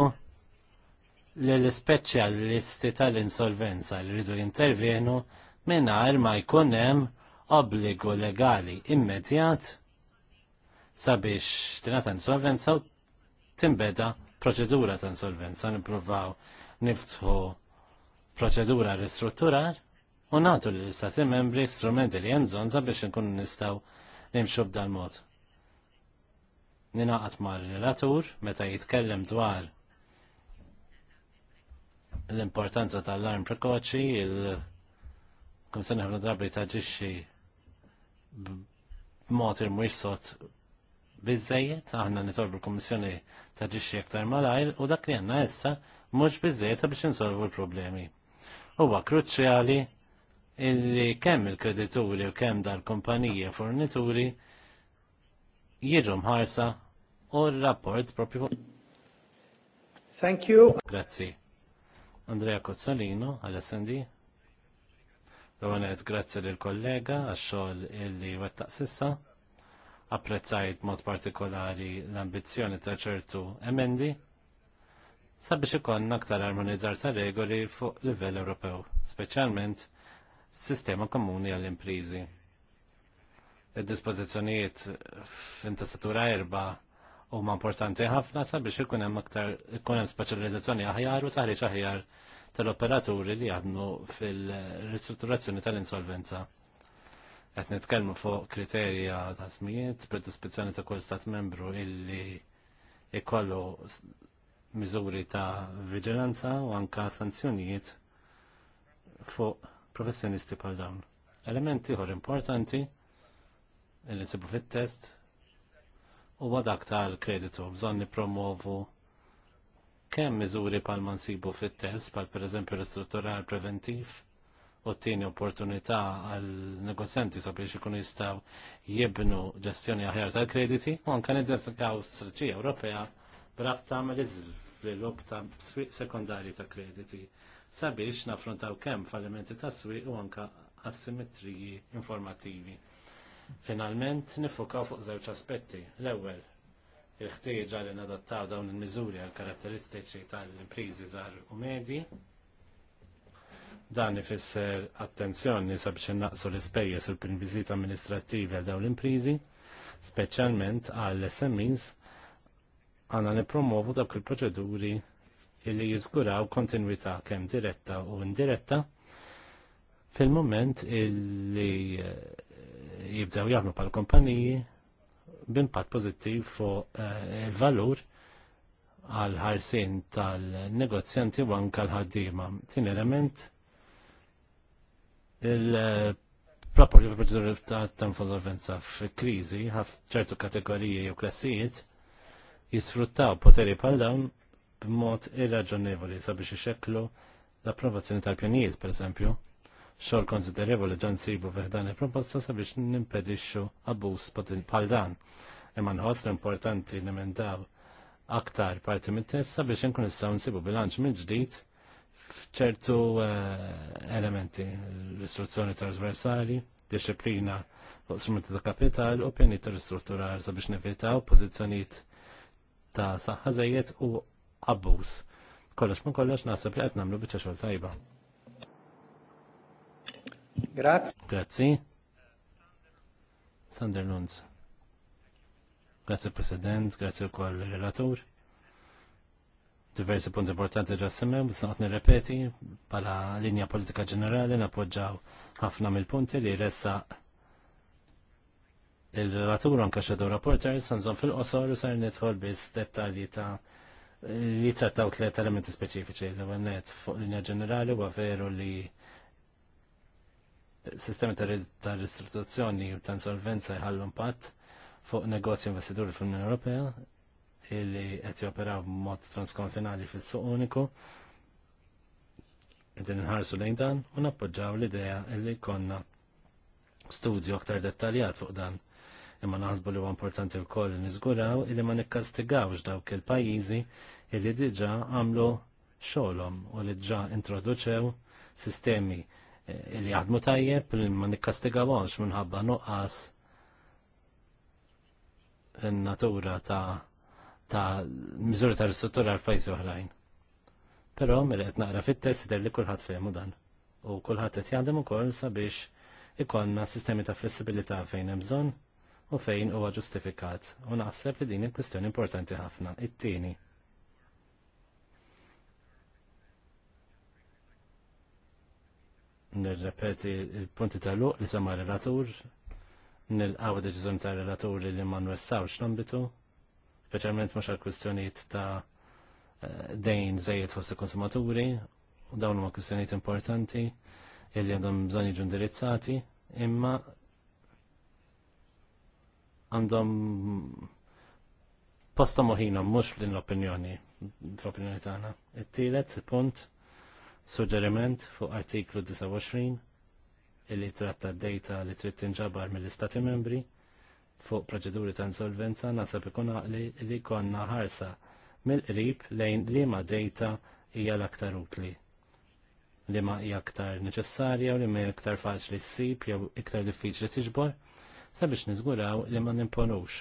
l-speċjalisti tal-insolvenza li rridu jintervjenu mingħajr ma jkun hemm obbligu legali immedjat sabiex tingħata insolvenza u timbeda proċedura ta' insolvenza nippruvaw niftħu proċedura ristrutturar u natu l istati membri strumenti li jemżon biex nkun nistaw nimxu b'dal mod. Ninaqat ma' relatur meta jitkellem dwar l-importanza tal-arm prekoċi, il-kumsen ħafna drabi taġiċi b'mod il-mwirsot bizzejiet, aħna nitolbu l-Kommissjoni ta' ġiġi aktar malajl u dak li għanna issa mhux bizzejiet biex insolvu l-problemi. Huwa kruċjali illi kemm il-kredituri u kemm dal-kumpanija fornituri jiġu mħarsa u r-rapport propju. Thank you. Grazzi. Andrea Cozzolino, għal-SND. Għonet, grazzi l-kollega, għax-xol illi wettaq sissa apprezzajt mod partikolari l-ambizzjoni ta' ċertu emendi sabiex ikonna aktar armonizzar ta' regoli fuq livell Ewropew, speċjalment sistema komuni għall-imprizi. Id-dispożizzjonijiet f'intestatura erba huma importanti ħafna sabiex ikun hemm aktar ikun hemm speċjalizzazzjoni aħjar u taħriġ aħjar tal-operaturi li għadnu fil-ristrutturazzjoni tal-insolvenza. Qed nitkellmu fuq kriterja ta' smijiet per ta' kull stat membru illi ikollu miżuri ta' vigilanza u anka sanzjonijiet fuq professjonisti bħal dawn. Elementi ieħor importanti li nsibu fit-test huwa dak tal-kreditu bżonn nippromovu kemm miżuri pal-mansibu nsibu fit-test bħal pereżempju ristrutturar preventiv u t-tieni opportunità għal negozjanti sabiex ikunu jistaw jibnu ġestjoni aħjar tal-krediti u anka nidentifikaw strategija Ewropea b'rabta mal iżvilupp ta' swieq sekondarji ta' krediti sabiex naffrontaw kemm fallimenti ta' swiq u anka asimetriji informattivi. Finalment nifukaw fuq żewġ aspetti. L-ewwel il-ħtieġa li nadattaw dawn il-miżuri għal karatteristiċi tal-imprizi żgħar u medji Dan ifisser attenzjoni sabiex innaqsu l-ispejjeż u l-pinviżit amministrattivi għal dawn l-imprizi, speċjalment għall SMEs għandna nippromovu dawk il-proċeduri illi jiżguraw kontinwità kemm diretta u indiretta fil-moment illi eh, jibdew jaħdmu pal kompaniji b'impatt pożittiv fuq eh, il-valur għal ħarsin tal-negozjanti u anke l-ħaddiema. Tin element il-rapport li proċedura ta' insolvenza f'kriżi ħaf ċertu kategoriji jew klassijiet jisfruttaw poteri bħal dawn b'mod irraġonevoli sabiex ixekklu l-approvazzjoni tal-pjanijiet, per eżempju, xogħol konsiderevoli ġan sibu f'dan il-proposta sabiex nimpedixxu abbuż bħal dan. Imma nħoss l-importanti nemendaw aktar parti mit-test sabiex nkun nistgħu nsibu bilanċ mill-ġdid f'ċertu eh, elementi, l-istruzzjoni trasversali, disciplina fuq strumenti ta' kapital u pjani ta' ristrutturar sabiex nevitaw pozizjoniet ta' saħħa zejiet u abbuż. Kollox minn kollox naħseb li qed nagħmlu biċċa xogħol tajba. Grazzi. Grazzi. Sander Lunz. Grazzi President, grazzi wkoll relatur diversi punti importanti ġa semmew, bis noqt nirrepeti, bħala linja politika ġenerali napoġġaw ħafna mill-punti li ressa il-relatur anka xedu rapporter sanżon fil-qosor u sar nitħol biss dettalji ta' li trattaw tliet elementi speċifiċi li għannet fuq linja ġenerali huwa veru li sistemi ta' ristrutturazzjoni u ta' insolvenza jħallu impatt fuq negozju investituri fl-Unjoni Ewropea, illi qed joperaw b'mod transkonfinali fis-suq uniku. Qegħdin inħarsu lejn dan u nappoġġaw l-idea illi konna studju aktar dettaljat fuq dan. Imma naħsbu li huwa importanti wkoll niżguraw illi ma nikkastigawx dawk il-pajjiżi illi diġà għamlu xogħolhom u li diġà introduċew sistemi eh, illi jaħdmu tajjeb li ma nikkastigawhomx minħabba nuqqas in-natura ta' ta' miżuri ta' ristruttura għal pajzi oħrajn. Però mele qed naqra fit-test li kulħadd fehmu dan u kulħadd qed u koll sabiex ikonna sistemi ta' flessibilità fejn hemm bżonn u fejn huwa ġustifikat u naħseb li din il-kwistjoni importanti ħafna. It-tieni. nirrepeti il-punti tal-luq li sema relatur, nil-għaw deċizjoni tal-relatur li ma nwessawx l-ambitu, speċjalment mhux għal kwistjonijiet ta' eh, dejn żejjed fost il-konsumaturi u dawn huma kwistjonijiet importanti illi għandhom bżonn jiġu indirizzati imma għandhom posta moħina mhux din l-opinjoni fl-opinjoni tagħna. It-tielet punt suġġeriment fuq artiklu 29 illi tratta d-data li trid tinġabar mill-Istati membri fuq proċeduri ta' insolvenza nasab ikun li, li konna ħarsa mill-qrib lejn li ma dejta hija l-aktar utli li ma hija aktar neċessarja u li ma aktar faċli ssib jew iktar diffiċli tiġbor sabiex niżguraw li ma nimponux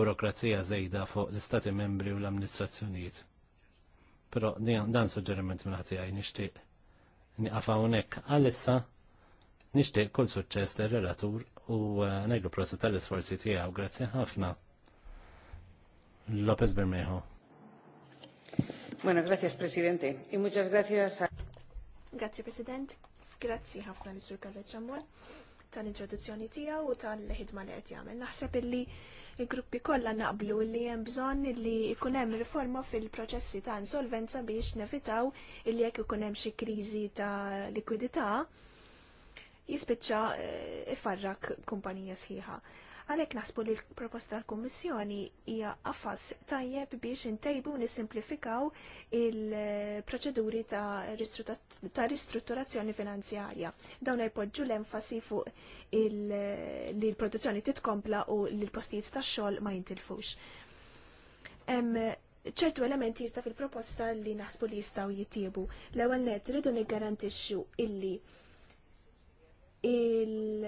burokrazija żejda fuq l-istati membri u l-amministrazzjonijiet. Però dan suġġeriment minn ħati għaj nixtieq. Niqafa hawnhekk għalissa Nixtieq kull suċċess lir-relatur u eh, ngħidu prosa tal-isforzi tiegħu grazzi ħafna. López Bermejo. Bueno, gracias, Presidente. Y muchas gracias a... Grazie, President. Grazie ħafna li sur Karlo Ġammur tal-introduzzjoni tiegħu u tal-ħidma li qed jagħmel. Naħseb illi il-gruppi kollha naqblu li hemm bżonn li jkun hemm riforma fil-proċessi ta' insolvenza biex nevitaw illi jekk ikun hemm xi kriżi ta' likwidità jispiċċa eh, ifarrak kumpanija sħiħa. Għalhekk naħsbu li l-proposta tal-Kummissjoni hija qafas tajjeb biex intejbu nisimplifikaw il-proċeduri ta' ristrutturazzjoni finanzjarja. Dawn jpoġġu l-enfasi fuq li l-produzzjoni titkompla u li l-postijiet tax-xogħol ma jintilfux ċertu elementi jista fil-proposta li naħsbu li jistaw jitiebu. L-ewwel net rridu niggarantixxu illi il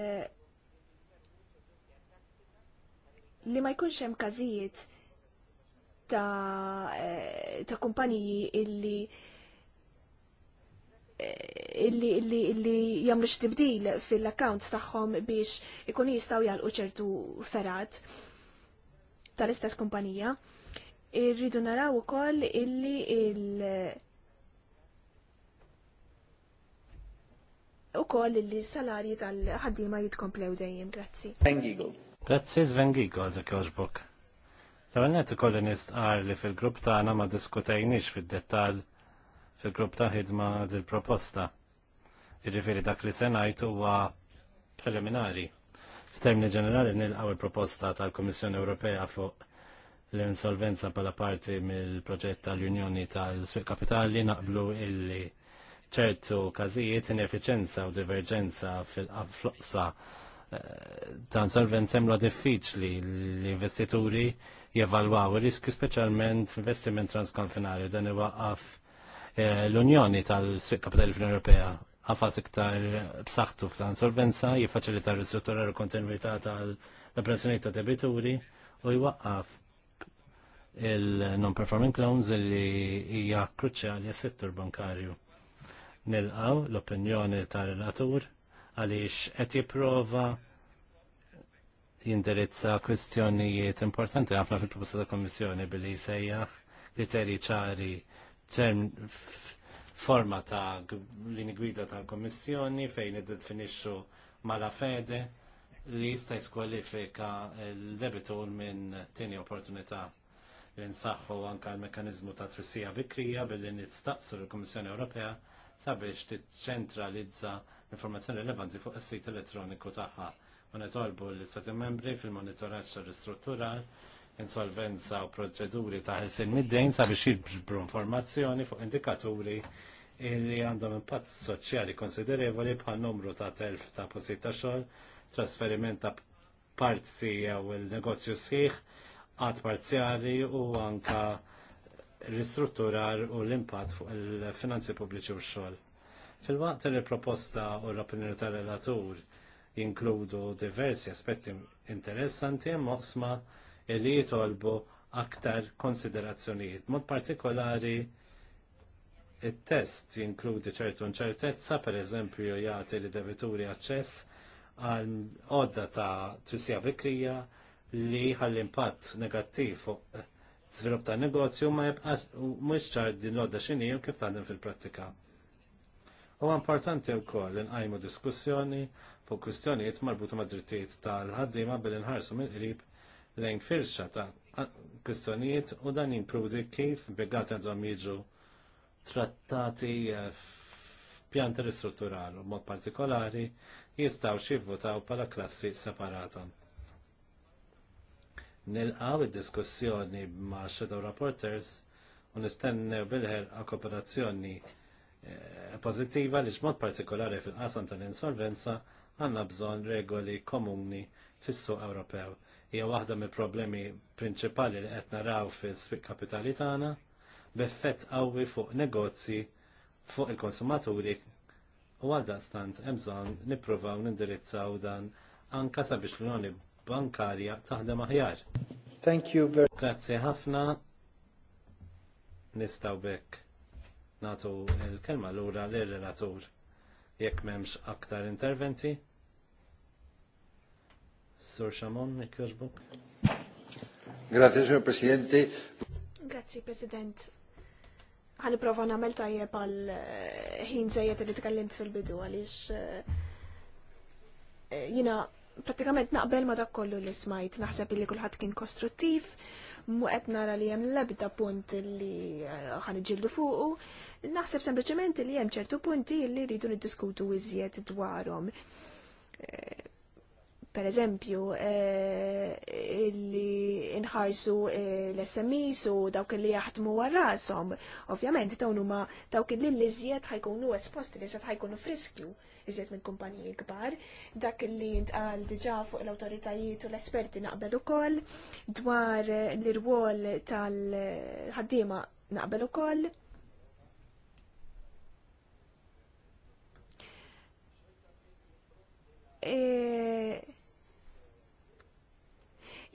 li ma jkunx hemm każijiet ta', eh, ta kumpaniji illi eh, illi illi illi jagħmlu tibdil fil-accounts tagħhom biex ikun jistgħu jalqu ċertu ferat tal-istess kumpanija. Irridu naraw ukoll illi il- u koll li salarji tal-ħaddima jitkomplew dejjem, grazzi. Vengigol. Grazzi Svengigol, dak joġbok. Għalnet u koll nistqar li fil-grupp ta' għana ma diskutajnix fil detal fil-grupp ta' ħidma dil-proposta. Iġifiri dak li senajt huwa preliminari. F'termini ġenerali nilqaw il-proposta tal-Komissjoni Ewropea fuq l-insolvenza pala parti mill-proġett tal-Unjoni tal-Swiq Kapitali naqblu illi ċertu każijiet ineffiċenza u diverġenza fil-qafloqsa eh, ta' insolvenza mla diffiċli l-investituri jevalwaw il-riski speċjalment investiment transkonfinarju dan iwaqqaf eh, l-Unjoni tal swit Kapitali fl Ewropea għafas iktar b'saħħtu f'dan solvenza jiffaċilita r-istruttura u kontinuità tal-operazzjoni ta' debituri u jwaqqaf il-non-performing loans li hija kruċjali għas-settur bankarju nilqaw l-opinjoni tal-relatur għaliex qed jipprova jindirizza kwistjonijiet importanti ħafna fil-proposta ta' Kommissjoni billi jsejjaħ kriterji ċari ċerm forma ta' lini gwida ta' Kommissjoni fejn id-definixxu mala fede li jista' jiskwalifika l-debitur minn tieni opportunità li nsaħħu anke l-mekanizmu ta' trissija bikrija billi nistaqsu l-Kummissjoni Ewropea sabiex tiċċentralizza informazzjoni rilevanti fuq is-sit elettroniku tagħha Ma netolbu l-Istati membri fil-monitoraġġ tal-istruttural, insolvenza u proċeduri ta' ħelsin mid-dejn sabiex jiġbru informazzjoni fuq indikaturi li għandhom impatt soċjali konsiderevoli bħal numru ta' telf ta' posit ta' xogħol, trasferiment ta' parti jew il-negozju sħiħ, għad parzjali u anka ristrutturar u l-impatt fuq il-finanzi pubbliċi u x-xogħol. Fil-waqt li proposta u l-opinjoni tal-relatur jinkludu diversi aspetti interessanti moqsma li jitolbu aktar konsiderazzjonijiet. Mod partikolari il-test jinkludi ċertu nċertezza, per eżempju, jgħati li debituri aċċess għal odda ta' twissija bikrija li ħall impatt negattiv fuq svilup ta' negozju ma jibqax mhux ċar din l-għodda xini u kif tagħmel fil-prattika. Huwa importanti wkoll inqajmu diskussjoni fuq kwistjonijiet marbuta ma' drittijiet tal-ħaddiema billi nħarsu mill-qrib lejn firxa ta' kwistjonijiet u dan jinkludi kif begħat għandhom jiġu trattati eh, f'pjan ristrutturali u mod partikolari jistgħu xivvutaw bħala klassi separata nilqaw id-diskussjoni ma' Shadow Reporters u nistennew bil-ħerqa kooperazzjoni eh, pozittiva li x'mod partikolari fil-qasam tal-insolvenza għandna bżonn regoli komuni fis-suq Ewropew. Hija waħda mill-problemi prinċipali li qed naraw fis-swieq kapitali tagħna b'effett qawwi fuq negozji fuq il-konsumaturi u għal hemm bżonn nippruvaw nindirizzaw dan anka sabiex l-Unjoni bankarja taħdem aħjar. Thank you very much. Grazie ħafna. Nistaw bekk natu il-kelma l-ura l-relatur jekk memx aktar interventi. Sur Xamon, ikjoġbuk. Grazie, Signor Presidente. Grazie, President. Għan prova namel tajjeb għal eh, ħin zejiet li tkellimt fil-bidu għalix eh, eh, jina pratikament naqbel ma dak kollu li smajt, naħseb li kulħadd kien kostruttiv, mu qed nara li hemm l-ebda punt li eh, ħanġillu fuqu, naħseb sempliċement li hemm ċertu punti li rridu niddiskutu iżjed dwarhom. Eh, per eżempju, eh, li inħarsu l-SMIs u dawk li jaħdmu warrasom, ovvjament dawn huma dawk li l-iżjed ħajkunu esposti li se ħajkunu friskju iżjed minn kumpaniji kbar. Dak li jintqal diġà fuq l-awtoritajiet u l-esperti naqbel ukoll dwar l-irwol tal-ħaddiema naqbel ukoll. E...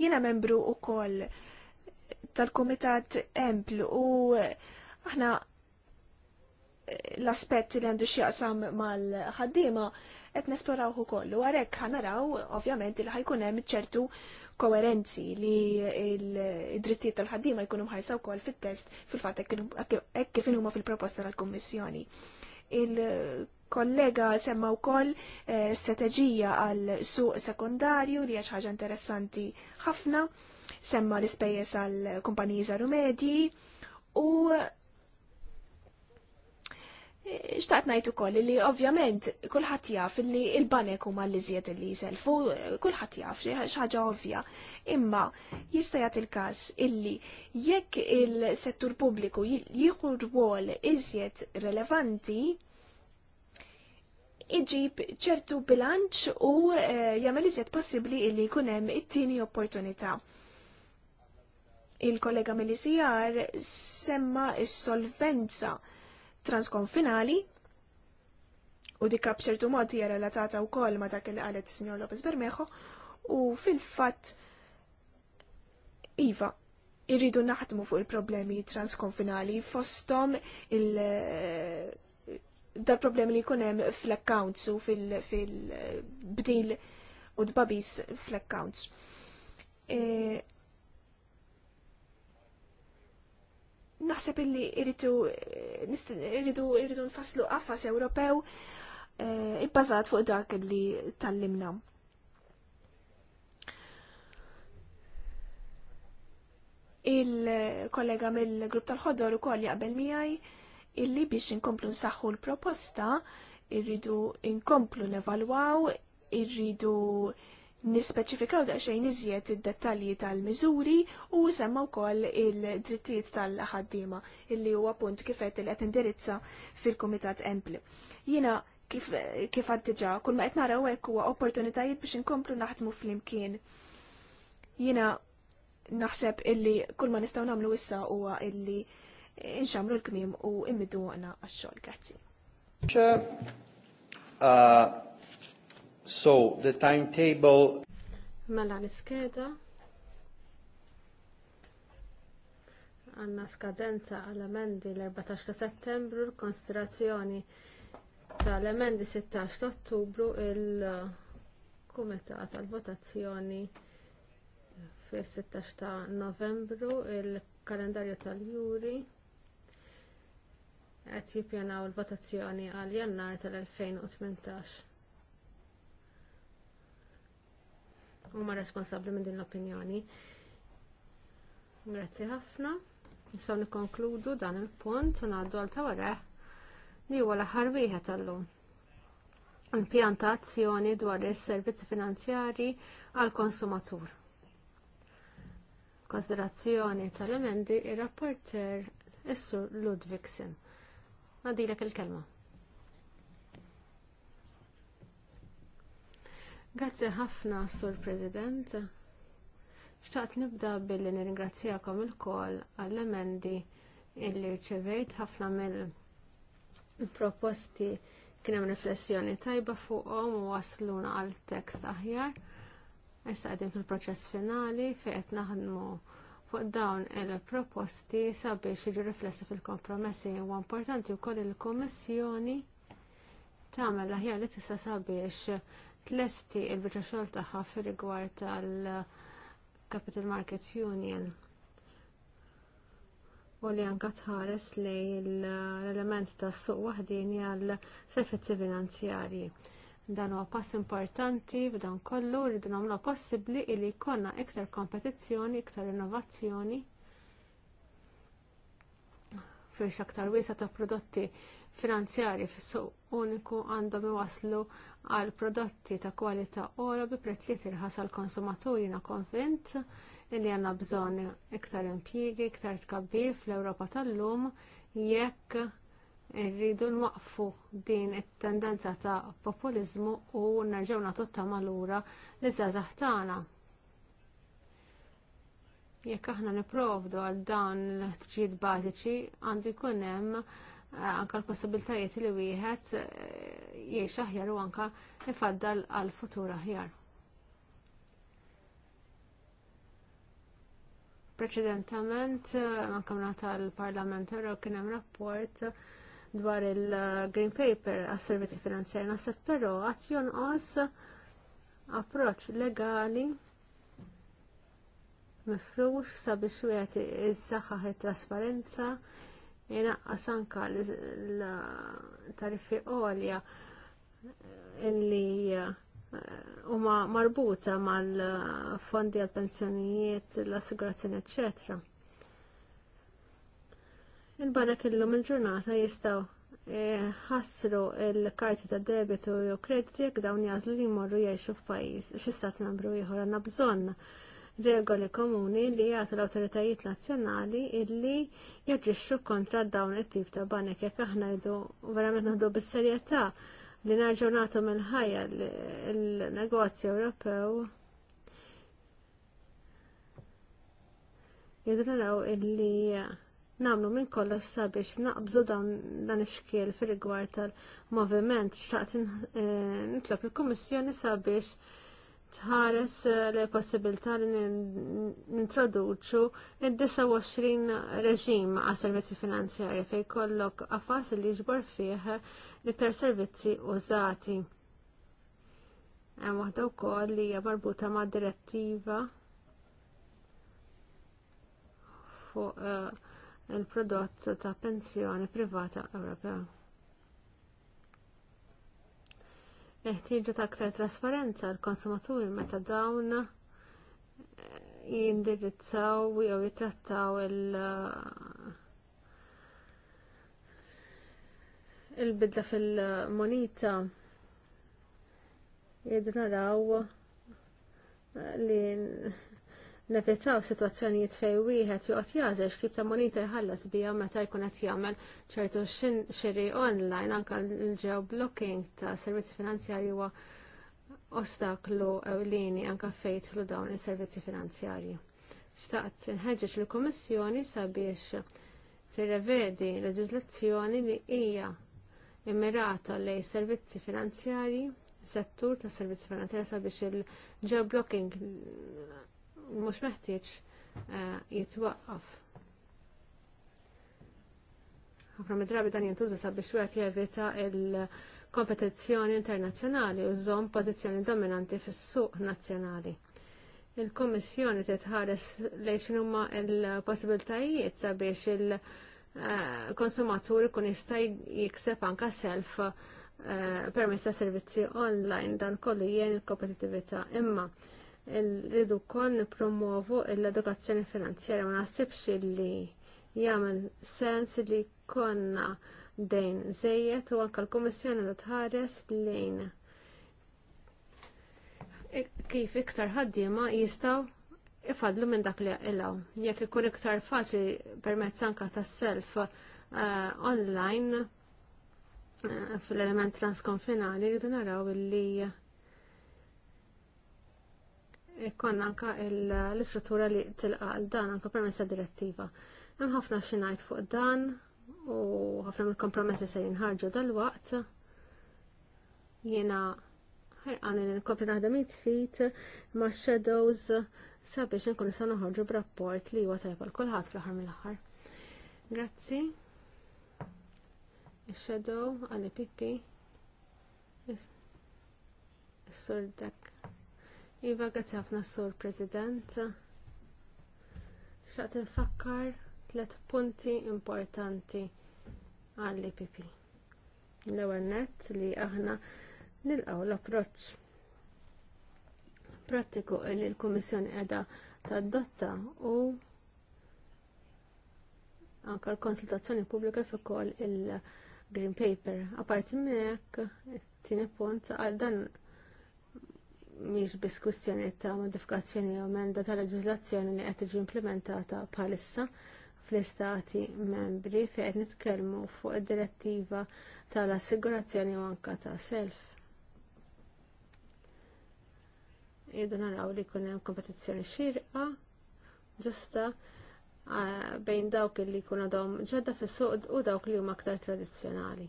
Jiena membru u koll tal-Komitat Empl u aħna l aspetti li għandu xieqsam mal-ħaddima qed nesplorawh ukoll. U għalhekk ħanaraw ovvjament il ħajkun hemm ċertu koerenzi li id-drittijiet tal-ħaddima jkunu mħarsa wkoll fit-test fil-fatt hekk kif huma fil-proposta tal-Kummissjoni. Il-kollega semma wkoll eh, strateġija għal suq sekundarju li hija ħaġa interessanti ħafna, semma l-ispejjeż għal kumpaniji żaru medji u Xtaqt najtu koll li ovvjament kullħat jaf li il-banek huma li iżjed li jiselfu, kullħat jaf xaġa ovvja. Imma jista' jagħti il-każ illi jekk il-settur pubbliku jieħu rwol iżjed relevanti, iġib ċertu bilanċ u eh, jagħmel iżjed possibbli illi jkun hemm it-tieni opportunità il-kollega mill-ICR semma is-solvenza. il kollega mill semma is solvenza il transkonfinali u dik b'ċertu mod hija relatata wkoll ma dak li qalet is Lopez Bermejo u fil-fatt iva irridu naħdmu fuq il-problemi transkonfinali fostom il- eh, dal problemi li kunem fl-accounts u fil-bdil u dbabis fl-accounts. Eh, naħseb illi eh, irridu irridu nfasslu qafas Ewropew eh, ibbażat fuq dak li tallimna. Il-kollega mill-grupp tal-ħodor ukoll jaqbel miegħi illi biex inkomplu nsaħħu l-proposta irridu inkomplu nevalwaw, irridu nispeċifikaw daqsxejn iżjed id-dettalji tal-miżuri u semma wkoll il-drittijiet tal-ħaddiema illi huwa punt kif il qed indirizza fil-Kumitat Empli. Jiena kif kif diġà kull ma qed naraw hekk huwa opportunitajiet biex inkomplu naħdmu flimkien. Jiena naħseb illi kull ma nistgħu nagħmlu issa huwa illi inxamlu l-kmim u immidu għana għax-xogħol. Grazzi. Uh, So, the timetable... Mela l-iskeda. Għanna skadenza għal-emendi l-14 ta' settembru, l-konsiderazzjoni tal-emendi 16 ta' ottubru, il kumeta tal-votazzjoni fil-16 ta' novembru, il-kalendarju tal-juri qed jippjanaw il-votazzjoni għal jannar tal-2018. huma responsabbli minn din l-opinjoni. Grazzi ħafna. Nistgħu nikkonkludu dan il-punt u ngħaddu għal tawareħ li huwa l-aħħar wieħed allum. Impjanta azzjoni dwar is-servizzi finanzjarji għall konsumatur. Konsiderazzjoni tal-emendi ir-rapporter is-sur Ludwigsen. Nadilek il-kelma. Grazzi ħafna, Sur President. Xtaqt nibda billi nirringrazzjakom il-kol għall-emendi illi ċevejt ħafna mill-proposti kien hemm riflessjoni tajba fuqhom u wasluna għal tekst aħjar. Issa qegħdin fil-proċess finali fejn qed naħdmu fuq dawn il-proposti sabiex jiġu riflessi fil-kompromessi huwa importanti wkoll il-Kummissjoni tagħmel aħjar li tista' sabiex tlesti il-bicċa xogħol tagħha fir-rigward tal-Capital Markets Union u li anka tħares lejn l-element tas suq waħdini għal servizzi finanzjarji. Dan huwa pass importanti b'dan kollu rridu nagħmlu possibbli li jkollna iktar kompetizzjoni, iktar innovazzjoni fiex aktar wiesa ta' prodotti finanzjarji fis-suq uniku għandhom iwasslu għal prodotti ta' kwalità ora bi prezzijiet irħas għal konsumaturi na konvint li għandna bżonn iktar impjiegi, iktar tkabbir fl-Ewropa tal-lum jekk irridu nwaqfu din it-tendenza ta' populiżmu u nerġgħu nagħtu malura liż żgħażagħ tagħna. Jekk aħna nipprovdu għal dawn l-ħtiġijiet bażiċi għandu jkun hemm anka l-possibiltajiet li wieħed eh, jgħix aħjar u anka ifaddal għal futur aħjar. Preċedentament, man eh, kamra tal-Parlament Ewro kien hemm rapport dwar il-Green Paper għas servizzi finanzjari naħseb però għat jonqos approċċ legali mifrux sabiex wieħed iż it-trasparenza jena anka l-tariffi għolja eh, illi eh, huma marbuta mal-fondi għall pensjonijiet l-assigurazzjoni, etc. il bana illum il-ġurnata jistgħu eh, ħassru l karti ta' debitu jew krediti jekk dawn jażlu li jmorru jgħixu f'pajjiż xi stat membru ieħor għandna bżonn regoli komuni li jagħtu l-awtoritajiet nazzjonali illi jaġixxu kontra dawn it-tip ta' banek jekk aħna jdu verament naħdu bis-serjetà li nerġgħu nagħtu mill-ħajja l-negozju Ewropew. Jidru illi nagħmlu minn kollox sabiex naqbżu dawn dan ix-xkiel fir-rigward tal-moviment xtaqt eh, nitlob il-Kummissjoni sabiex tħares eh, le possibilità li nintroduċu id-29 reġim għas servizzi finanzjarji fej kollok għafas li jġbor fih l-iktar servizzi użati. Hemm waħda wkoll li hija marbuta ma' direttiva fuq eh, il-prodott ta' pensjoni privata Ewropea. Eħtieġu ta' aktar trasparenza l-konsumaturi meta dawn eh, jindirizzaw jew jitrattaw il- bidla fil-monita jidnaraw eh, li nevitaw situazzjonijiet fej wieħed joqgħod jażel x'tip ta' monita jħallas biha meta jkun qed jagħmel ċertu xiri online anke l-ġew blocking ta' servizzi finanzjarji huwa ostaklu ewlieni anke fejtlu dawn is-servizzi finanzjarji. Xtaqt inħeġġeġ l-Kummissjoni sabiex tirrevedi leġiżlazzjoni li hija immirata lejn servizzi finanzjarji settur ta' servizzi finanzjarji sabiex il-geoblocking mhux meħtieġ eh, jitwaqqaf. Għafra mid-drabi dan jintuża sabiex wieħed jevita il-kompetizzjoni internazzjonali u żomm pożizzjoni dominanti fis-suq nazzjonali. Il-Kummissjoni titħares lejn x'inhuma l-possibiltajiet sabiex il-konsumatur kun jista' jikseb anke self eh, permezz ta' servizzi online dan kollu jien il-kompetitività imma rridu kon nippromovu l-edukazzjoni finanzjarja ma naħsibx li jagħmel sens li jkollna dejn żejjed u anke l-Kummissjoni li tħares lejn kif iktar ħaddiema jistgħu ifadlu minn dak li għilaw. Jekk ikun iktar faċli permezz anke tas-self eh, online eh, fl-element transkonfinali jridu naraw li ikkonna anka l-istruttura li tilqal dan anka permessa direttiva. Hemm ħafna xinajt fuq dan u ħafna mill-kompromessi se jinħarġu dal-waqt. Jiena ħerqan li nkopri naħdem it-tfit ma' shadows sabiex nkun sa noħorġu b'rapport li huwa tajba l-kulħadd fl-aħħar mill-aħħar. Grazzi. Shadow għal Pippi. Is-sur Iva, grazzi ħafna sur President. Xaqt nfakkar tliet punti importanti għall-IPP. L-ewwel nett li aħna nilqaw l-approċċ prattiku li l-Kummissjoni qiegħda tadotta u anka l-konsultazzjoni pubblika fi ukoll il-Green Paper. Apparti minn hekk, tieni punt għal dan miex kwistjoni ta' modifikazzjoni u emenda ta' leġislazzjoni li qed tiġi implementata bħalissa fl-istati membri fejn qed nitkellmu fuq id-direttiva tal-assigurazzjoni u Anka ta' self. Jidu naraw li jkun hemm kompetizzjoni xirqa ġusta bejn dawk li jkunu għadhom ġodda fis-suq u dawk li huma aktar tradizzjonali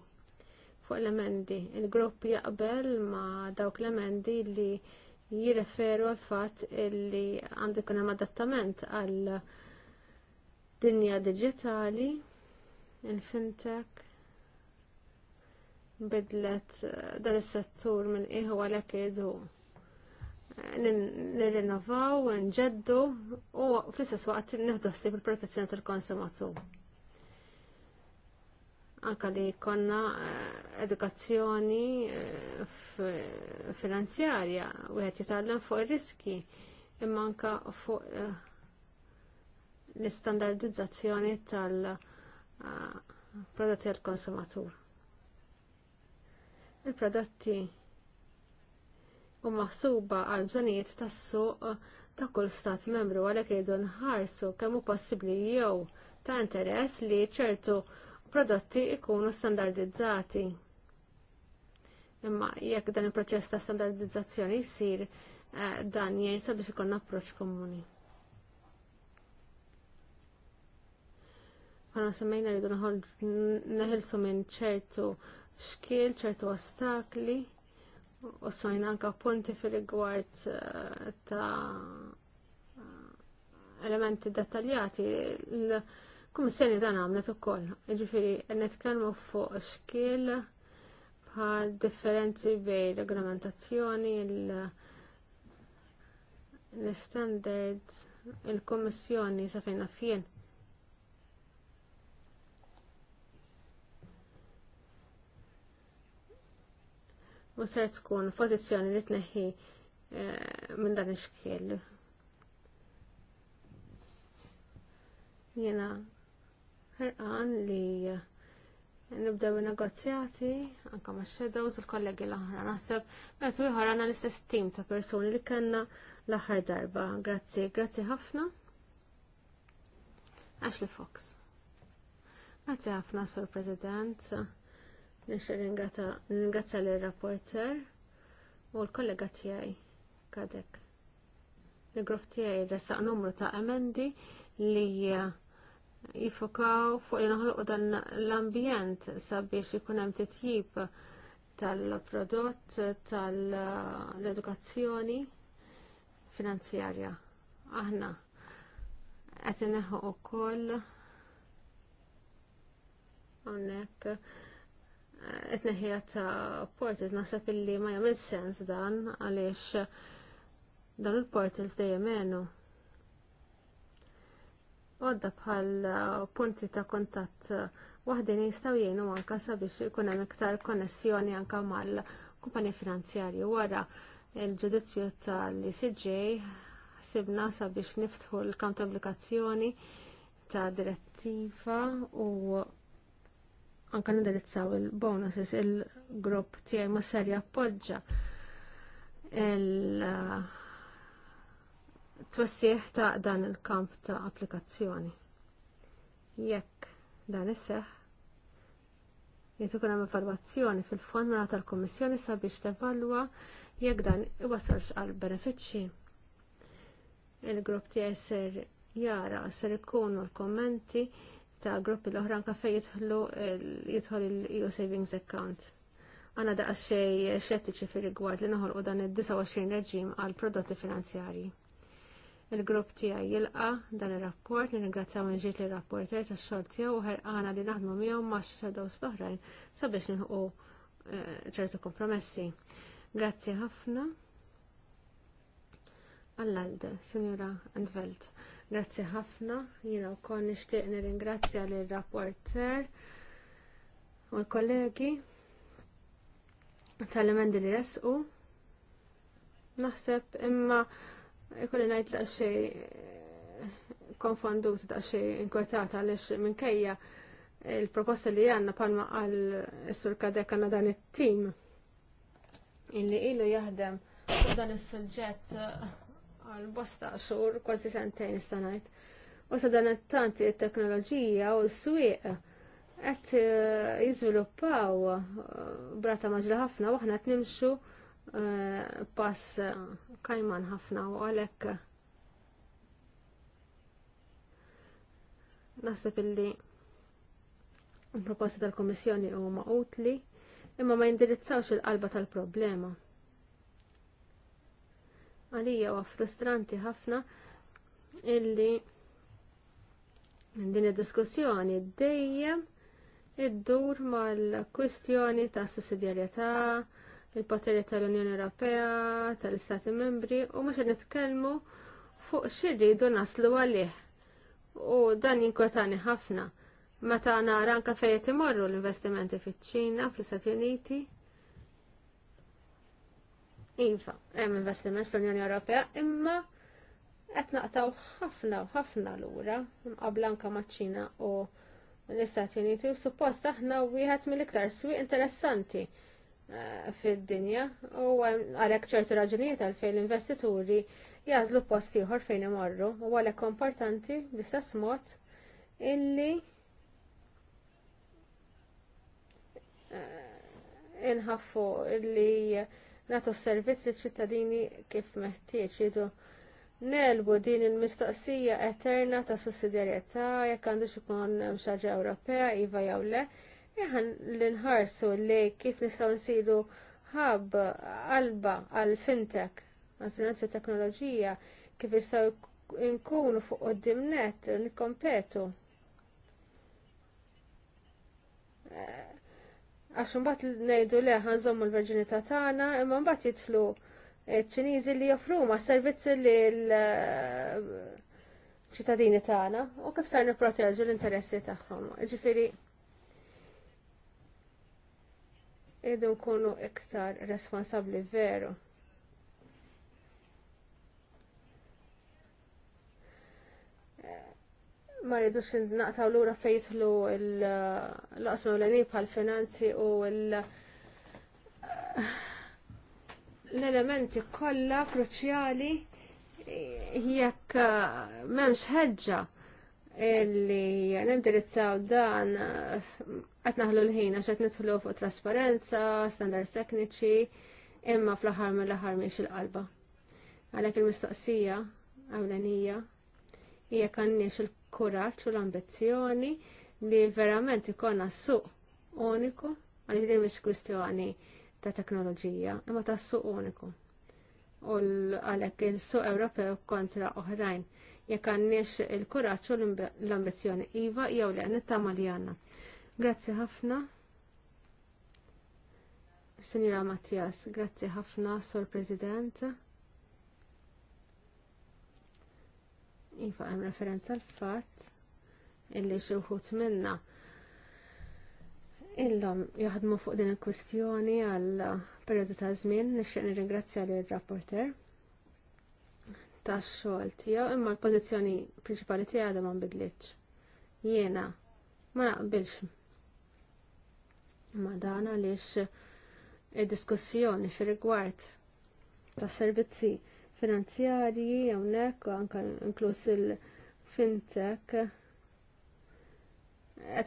fuq l-emendi. Il-grupp jaqbel ma dawk l-emendi li jirreferu għal fatt li għandu jkun hemm adattament għal dinja digitali, il-fintech, bidlet eh, dan is-settur minn iħu għalhekk irdu eh, nirrinnovaw, nġeddu u fl-istess waqt nieħdu ssib il-protezzjoni tal-konsumatur anka li jkollna eh, edukazzjoni eh, finanzjarja u għet jitallem fuq riski imma anka fuq eh, l-istandardizzazzjoni tal-prodotti għal konsumatur Il-prodotti u maħsuba għal bżonijiet tas-suq ta' kull stat membru għalhekk jridu nħarsu kemm hu possibbli jew ta' interess li ċertu prodotti ikunu standardizzati. Imma jekk dan il-proċess ta' standardizzazzjoni jsir eh, dan jinsa biex ikun approċċ komuni. Għana semmejna rridu neħilsu minn ċertu xkil, ċertu ostakli, u smajna anka punti fil-rigward eh, ta' eh, elementi dettaljati. L Kummissjoni dan għamlet ukoll, ġifiri, n-netkelmu fuq xkiel bħal differenzi bej regolamentazzjoni, l-standards, il-Kommissjoni sa fejn fien. U ser tkun pożizzjoni li tneħħi eh, minn dan ix-xkiel. Jena ħerqan li nibdew negozjati anka ma' shadows u l-kollegi l-oħra. Naħseb metu ieħor għandna l-istess tim ta' persuni li kellna l-aħħar darba. Grazzi, grazzi ħafna. Ashley Fox. Grazzi ħafna, Sur President. Nixxer ringrazzja l-rapporter u l-kollega tiegħi kadek. Il-grupp tiegħi ressaq numru ta' emendi li jifokaw fuq li noħloqu dan l-ambjent sabiex ikun hemm titjib tal-prodott tal-edukazzjoni finanzjarja. Aħna qed ineħħu wkoll hawnhekk qed neħija ta' portals naħseb illi ma jagħmel sens dan għaliex dan il-portals dejjem għenu għodda bħal uh, punti ta' kontatt uh, waħdin jistaw jgħinu anka sabiex ikun hemm iktar konnessjoni anka mal-kumpani finanzjarji wara il-ġudizzju tal-ICJ sibna sabiex niftħu l kant obbligazzjoni ta' direttiva u anka nindirizzaw il-bonuses il-grupp tiegħi ma ser jappoġġa il-, -bonus, twassieħ ta' dan il-kamp ta' applikazzjoni. Jekk dan isseħ, jizu kuna evalwazzjoni fil-fond minna tal-Komissjoni sabiex tevalwa jekk dan iwasalx għal benefiċċji. Il-grupp tiegħi ser jara ser ikunu l-kommenti ta' gruppi l-oħran kafe jidħlu jidħol il-EU Savings Account. Għana daqqa xej xettiċi fil-rigward li noħolqu dan id-29 reġim għal prodotti finanzjarji. Il-grupp tiegħi jilqa dan ir-rapport, nirringrazzjaw ġiet lir rapporter tax-xogħol tiegħu u ħerqana li naħdmu miegħu ma' shadows l-oħrajn sabiex nilħu eh, ċertu kompromessi. Grazzi ħafna. All'Alde, Signora Antveld. Grazzi ħafna, jiena wkoll nixtieq nirringrazzja lir rapporter u l-kollegi tal-emendi li resqu. Naħseb imma Ikolli xej daqsxej eh, ta' xej inkwetata għaliex minkejja il-proposta li għandna palma għal sur kadek għanna dan it-tim illi ilu jaħdem fuq dan is-suġġett għal bosta xhur kważi sentejn stanajt. U sa dan it-tanti il teknoloġija u l swieq qed eh, jiżviluppaw eh, brata maġra ħafna u għahna qed nimxu Eh, pass eh, kajman ħafna u għalhekk eh, naħseb illi proposti tal kummissjoni huma utli imma ma jindirizzawx il-qalba tal-problema. Għalija huwa frustranti ħafna illi din id-diskussjoni dejjem iddur mal-kwistjoni ta' sussidjarjetà, il-poteri tal-Unjoni Ewropea, tal-Istati Membri u mhux nitkellmu fuq xirridu naslu għalih. U dan jinkwetani ħafna. Meta nara anka fejn imorru l-investimenti fiċ-Ċina, fl-Istati Uniti. Infa, hemm investiment fl-Unjoni Ewropea, imma qed naqtaw ħafna u ħafna lura mqabla anke maċ-Ċina u l-Istati Uniti u suppost aħna wieħed mill-iktar swieq interessanti fid-dinja u għalek ċertu raġunijiet għalfejn l-investituri jażlu post ieħor fejn imorru u għalhekk importanti bl-istess mod illi eh, inħaffu illi natu s-servizz liċ ċittadini kif meħtieġ jidu nelbu din il-mistoqsija eterna ta' sussidjarjetà jekk għandu ikun xaġa Ewropea iva jew le Eħan l-inħarsu li kif nistaw nsidu ħab qalba għal-fintech, għal finanza teknoloġija, kif jistaw nkunu fuq dimnet nikkompetu. Għax mbagħad ngħidu le ħanżommu l-verġinità tagħna, imma mbagħad jidħlu ċ-Ċiniżi li joffru ma servizzi li l-ċittadini eh, tagħna u kif sar nipproteġu l-interessi tagħhom. Ġifieri irridu nkunu iktar responsabbli veru. ma rridux naqtaw lura fejtlu l-qasma l bħal finanzi u l-elementi kollha kruċjali jekk m'hemmx ħeġġa illi nindirizzaw dan qed naħlu l-ħin għax qed fuq trasparenza, standards tekniċi, imma fl-aħħar mill-aħħar miex il-qalba. Għalhekk il-mistoqsija għawlenija hija kanniex il-kuraġġ u l-ambizzjoni li verament ikonna suq uniku għaliex din mhix kwistjoni ta' teknoloġija, imma ta' suq uniku. U għalhekk il-suq Ewropew kontra oħrajn jekk għandniex il-kuraġġ u l-ambizzjoni iva jew le nittama li għandna. Grazzi ħafna. Sinjora Mattias, grazzi ħafna, Sor President. Iva hemm referenza l fatt illi xi wħud minna illum jaħdmu fuq din il-kwistjoni għal perjodu ta' żmien nixtieq nirringrazzja lill rapporter tax-xogħol tiegħu imma l-pożizzjoni prinċipali tiegħu għadha ma nbidlitx. Jiena ma naqbilx ma dan għaliex id-diskussjoni fir-rigward tas servizzi finanzjarji hawnhekk anke inkluż il-fintech qed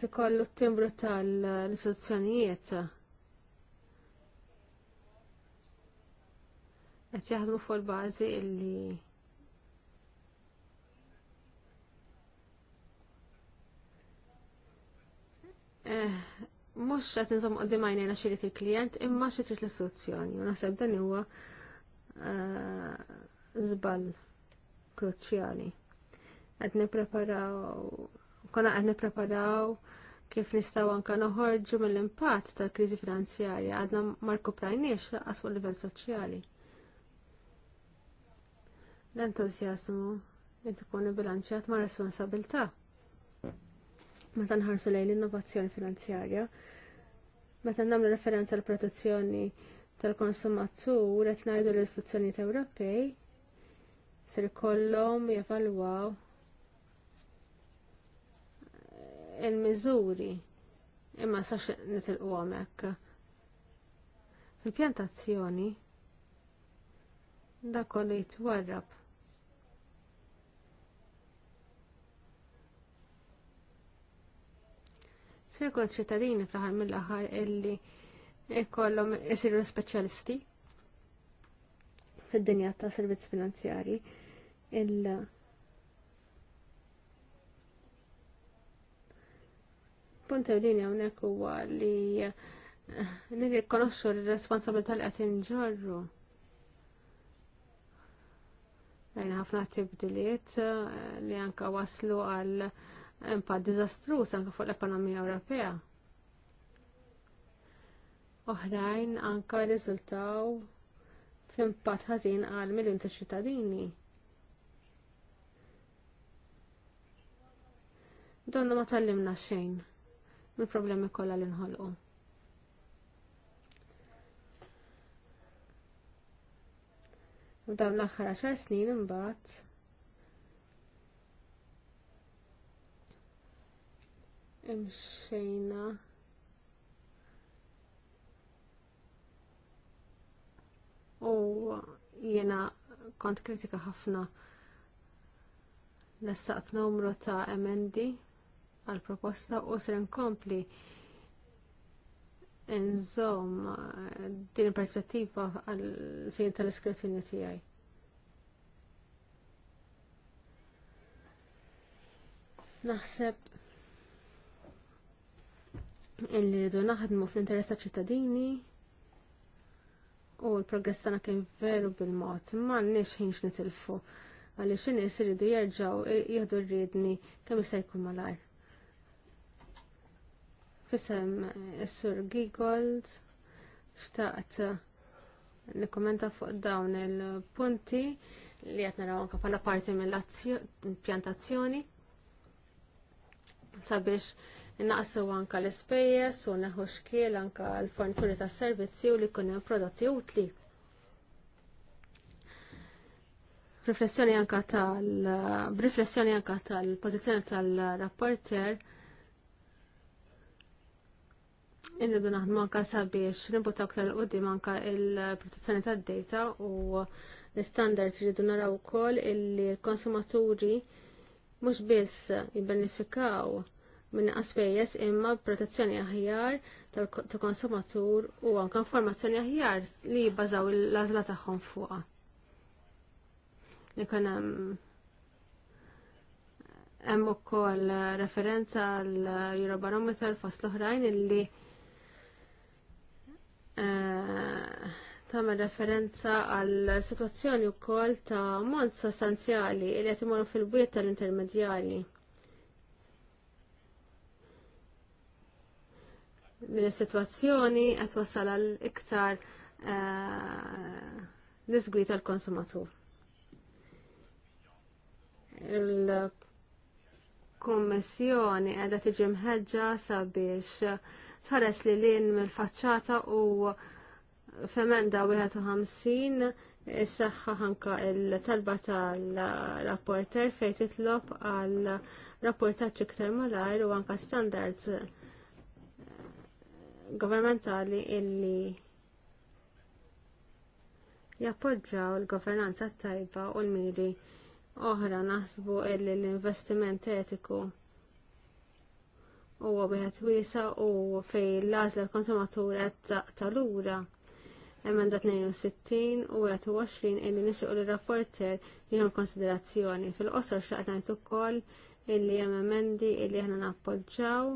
ikollu t-timbru tal-istituzzjonijiet qed jaħdmu fuq il-bażi illi Eh, mux għat nżom għoddim għajnejna xirrit il-klient imma xirrit l-istruzzjoni. U naħseb dan huwa zbal eh, kruċjali. Għed nipreparaw, konna għed nipreparaw kif nistaw anka noħorġu mill-impatt tal-krizi finanzjarja għadna marku prajniex laqqas l livell soċjali. L-entuzjasmu jkun bilanċjat ma' responsabilta' meta nħarsu lejn l-innovazzjoni finanzjarja, meta nagħmlu referenza għall protezzjoni tal-konsumatur qed ngħidu l-istituzzjonijiet Ewropej ser ikollhom jevalwaw eh, il-miżuri imma sax nitilqu hemmhekk. Fil-pjantazzjoni dak kollu jitwarrab se jkun ċittadini fl-aħħar mill-aħħar illi ikollhom isiru speċjalisti fid-dinja ta' servizz finanzjari il punt linja hawnhekk huwa li nirrikonoxxu eh, r-responsabilità li qed inġorru. Għajna ħafna tibdiliet eh, li anka waslu għal impatt diżastruż anke fuq l-ekonomija Ewropea. Oħrajn anke rriżultaw f'impatt ħażin għal miljun ta' ċittadini. Donna ma tallimna xejn mill-problemi kollha li nħolqu. U dawn l-aħħar għaxar snin imbagħad imxejna u jiena kont kritika ħafna Nestaqt numru ta' emendi għall proposta u ser inkompli inżom din il-perspettiva għal fin tal-iskrutinju tiegħi. Naħseb illi rridu naħdmu fl-interess ta' ċittadini u l-progress tagħna kien veru bil-mod, m'għandniex ħinx nitilfu għaliex in-nies iridu jerġgħu jieħdu rridni kemm jista' jkun malajr. Fisem is-Sur Gigold xtaqt nikkumenta fuq dawn il-punti li qed naraw anke bħala parti mill-pjantazzjoni sabiex Naqsu anka l-ispejjeż u neħu xkiel anka l-fornituri tas servizzi u li jkun prodotti utli. Riflessjoni anka tal riflessjoni anka tal-pożizzjoni tal-rapporter Irridu naħdmu anka sabiex nibuta aktar l-qoddim anka il-protezzjoni tad-data u l-standards rridu naraw ukoll illi l-konsumaturi mhux biss jibbenefikaw minn aspejjes imma protezzjoni aħjar tal-konsumatur u anke informazzjoni aħjar li jibbażaw l-għażla tagħhom fuqha. Li kien hemm ukoll referenza għal Eurobarometer fost l-oħrajn illi eh, tagħmel referenza għal sitwazzjoni wkoll ta' mod sostanzjali li qed imorru fil-bwiet tal-intermedjali. din is-sitwazzjoni qed wassal għal iktar eh, l-iżgwi tal-konsumatur. Il-Kommissjoni qiegħda tiġi mħeġġa sabiex tħares li lin mill-faċċata u femenda 51 Is-saħħa ħanka il-talba tal-rapporter fejn titlob għal rapportaċ iktar malajr u anka standards governmentali illi jappoġġaw il-governanza tajba u l-miri oħra naħsbu illi l-investiment etiku huwa wieħed wiesa u fej l-għażla l-konsumatur tal-ura emenda 62 u 20 illi nixuq l-rapporter jieħu konsiderazzjoni. Fil-qosor xaqtan ukoll illi hemm emendi illi aħna nappoġġaw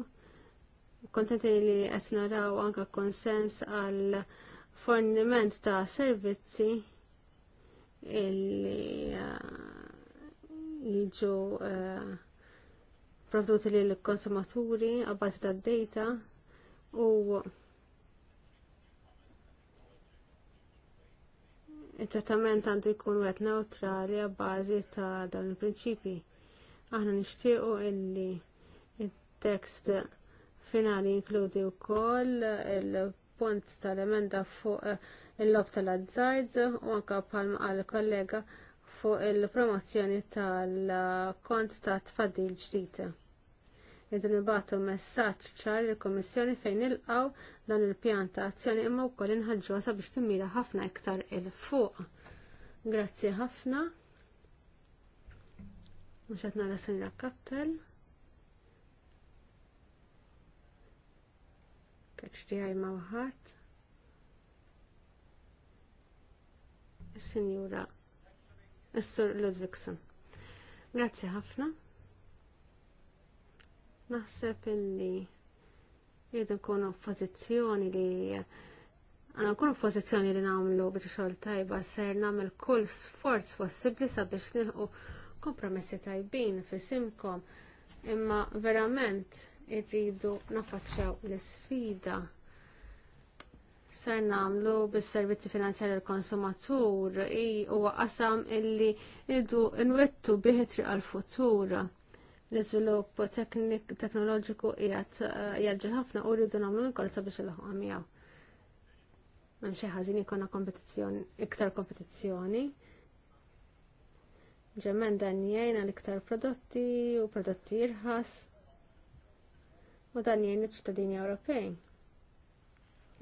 kontenti li qed naraw anke konsens għal forniment ta' servizzi illi uh, jiġu uh, li l-konsumaturi għabbazi ta' data u il-trattament għandu jkun wet neutrali għabbazi ta' dawn il-prinċipi. Aħna nixtiequ illi il-tekst finali inkludi wkoll il-punt tal-emenda fuq eh, il-lob tal-azzard u anke bħalma għal kollega fuq il-promozzjoni tal-kont ta' tfaddil ġdid. il-batu messaġġ ċar il kummissjoni fejn ilqgħu dan il-pjan ta' azzjoni imma wkoll inħaġġuha sabiex timmira ħafna iktar il-fuq. Grazzi ħafna. Mhux qed nara sinra Kattel. the eye għaj mawħat. Signora uh, Sur Ludwigson. Grazzi ħafna. Naħseb illi jgħidu u pozizjoni li għana nkunu pozizjoni li nagħmlu biex xogħol tajba ser nagħmel kull sforz possibbli sabiex nilħu kompromessi tajbin fisimkom imma verament irridu nafaċċaw l isfida Sar nagħmlu bis-servizzi finanzjari l-konsumatur i huwa qasam illi irridu nwettu biħitri għal-futur. L-iżvilupp teknoloġiku qiegħed jaġġel eh, ħafna u rridu nagħmlu l sabiex il-ħuqa miegħu. Hemm xi ħażin ikonna kompetizzjoni iktar kompetizzjoni ġemmen dan jgħin l-iktar prodotti u prodotti irħas u dan jgħin iċ-ċittadini Ewropej.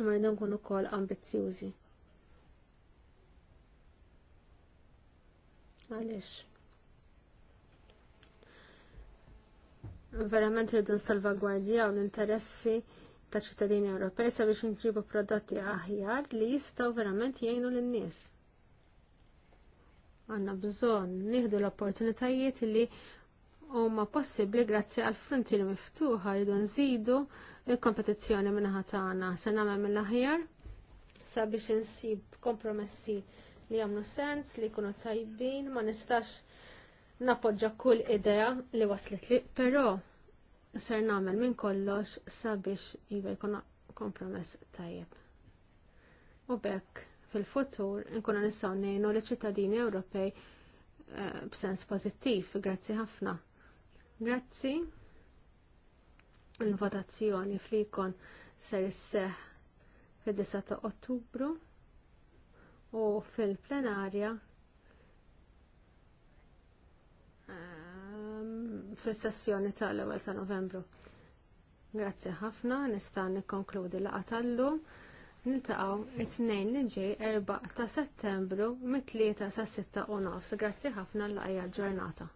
Ma rridu nkun ukoll ambizzjużi. Għaliex. Verament rridu nsalvagwardjaw l-interessi ta' ċittadini Ewropej sabiex nġibu prodotti aħjar li jistgħu verament jgħinu lin-nies. Għanna bżonn nieħdu l-opportunitajiet li huma possibbli grazzi għal frontieri miftuħa rridu nżidu il-kompetizzjoni minnaħa tagħna se nagħmel mill-aħjar sabiex insib kompromessi li jagħmlu sens li jkunu tajbin ma nistax nappoġġa kull idea li waslet li però ser nagħmel minn kollox sabiex iva jkunu kompromess tajjeb. U bekk fil-futur nkunu nistgħu ngħinu li ċittadini Ewropej eh, b'sens pożittiv, grazzi ħafna. Grazzi. Il-votazzjoni flikon ser seħ fil-9 ta' Ottubru u fil-plenarja ehm, fil-sessjoni tal-ewwel ta' Novembru. Grazzi ħafna, nista' nikkonkludi laqa tal-lum. Niltaqgħu it-tnejn li ġej 4 ta' Settembru mit-3 sa' 6 u nofs. Grazzi ħafna l għajja ġurnata.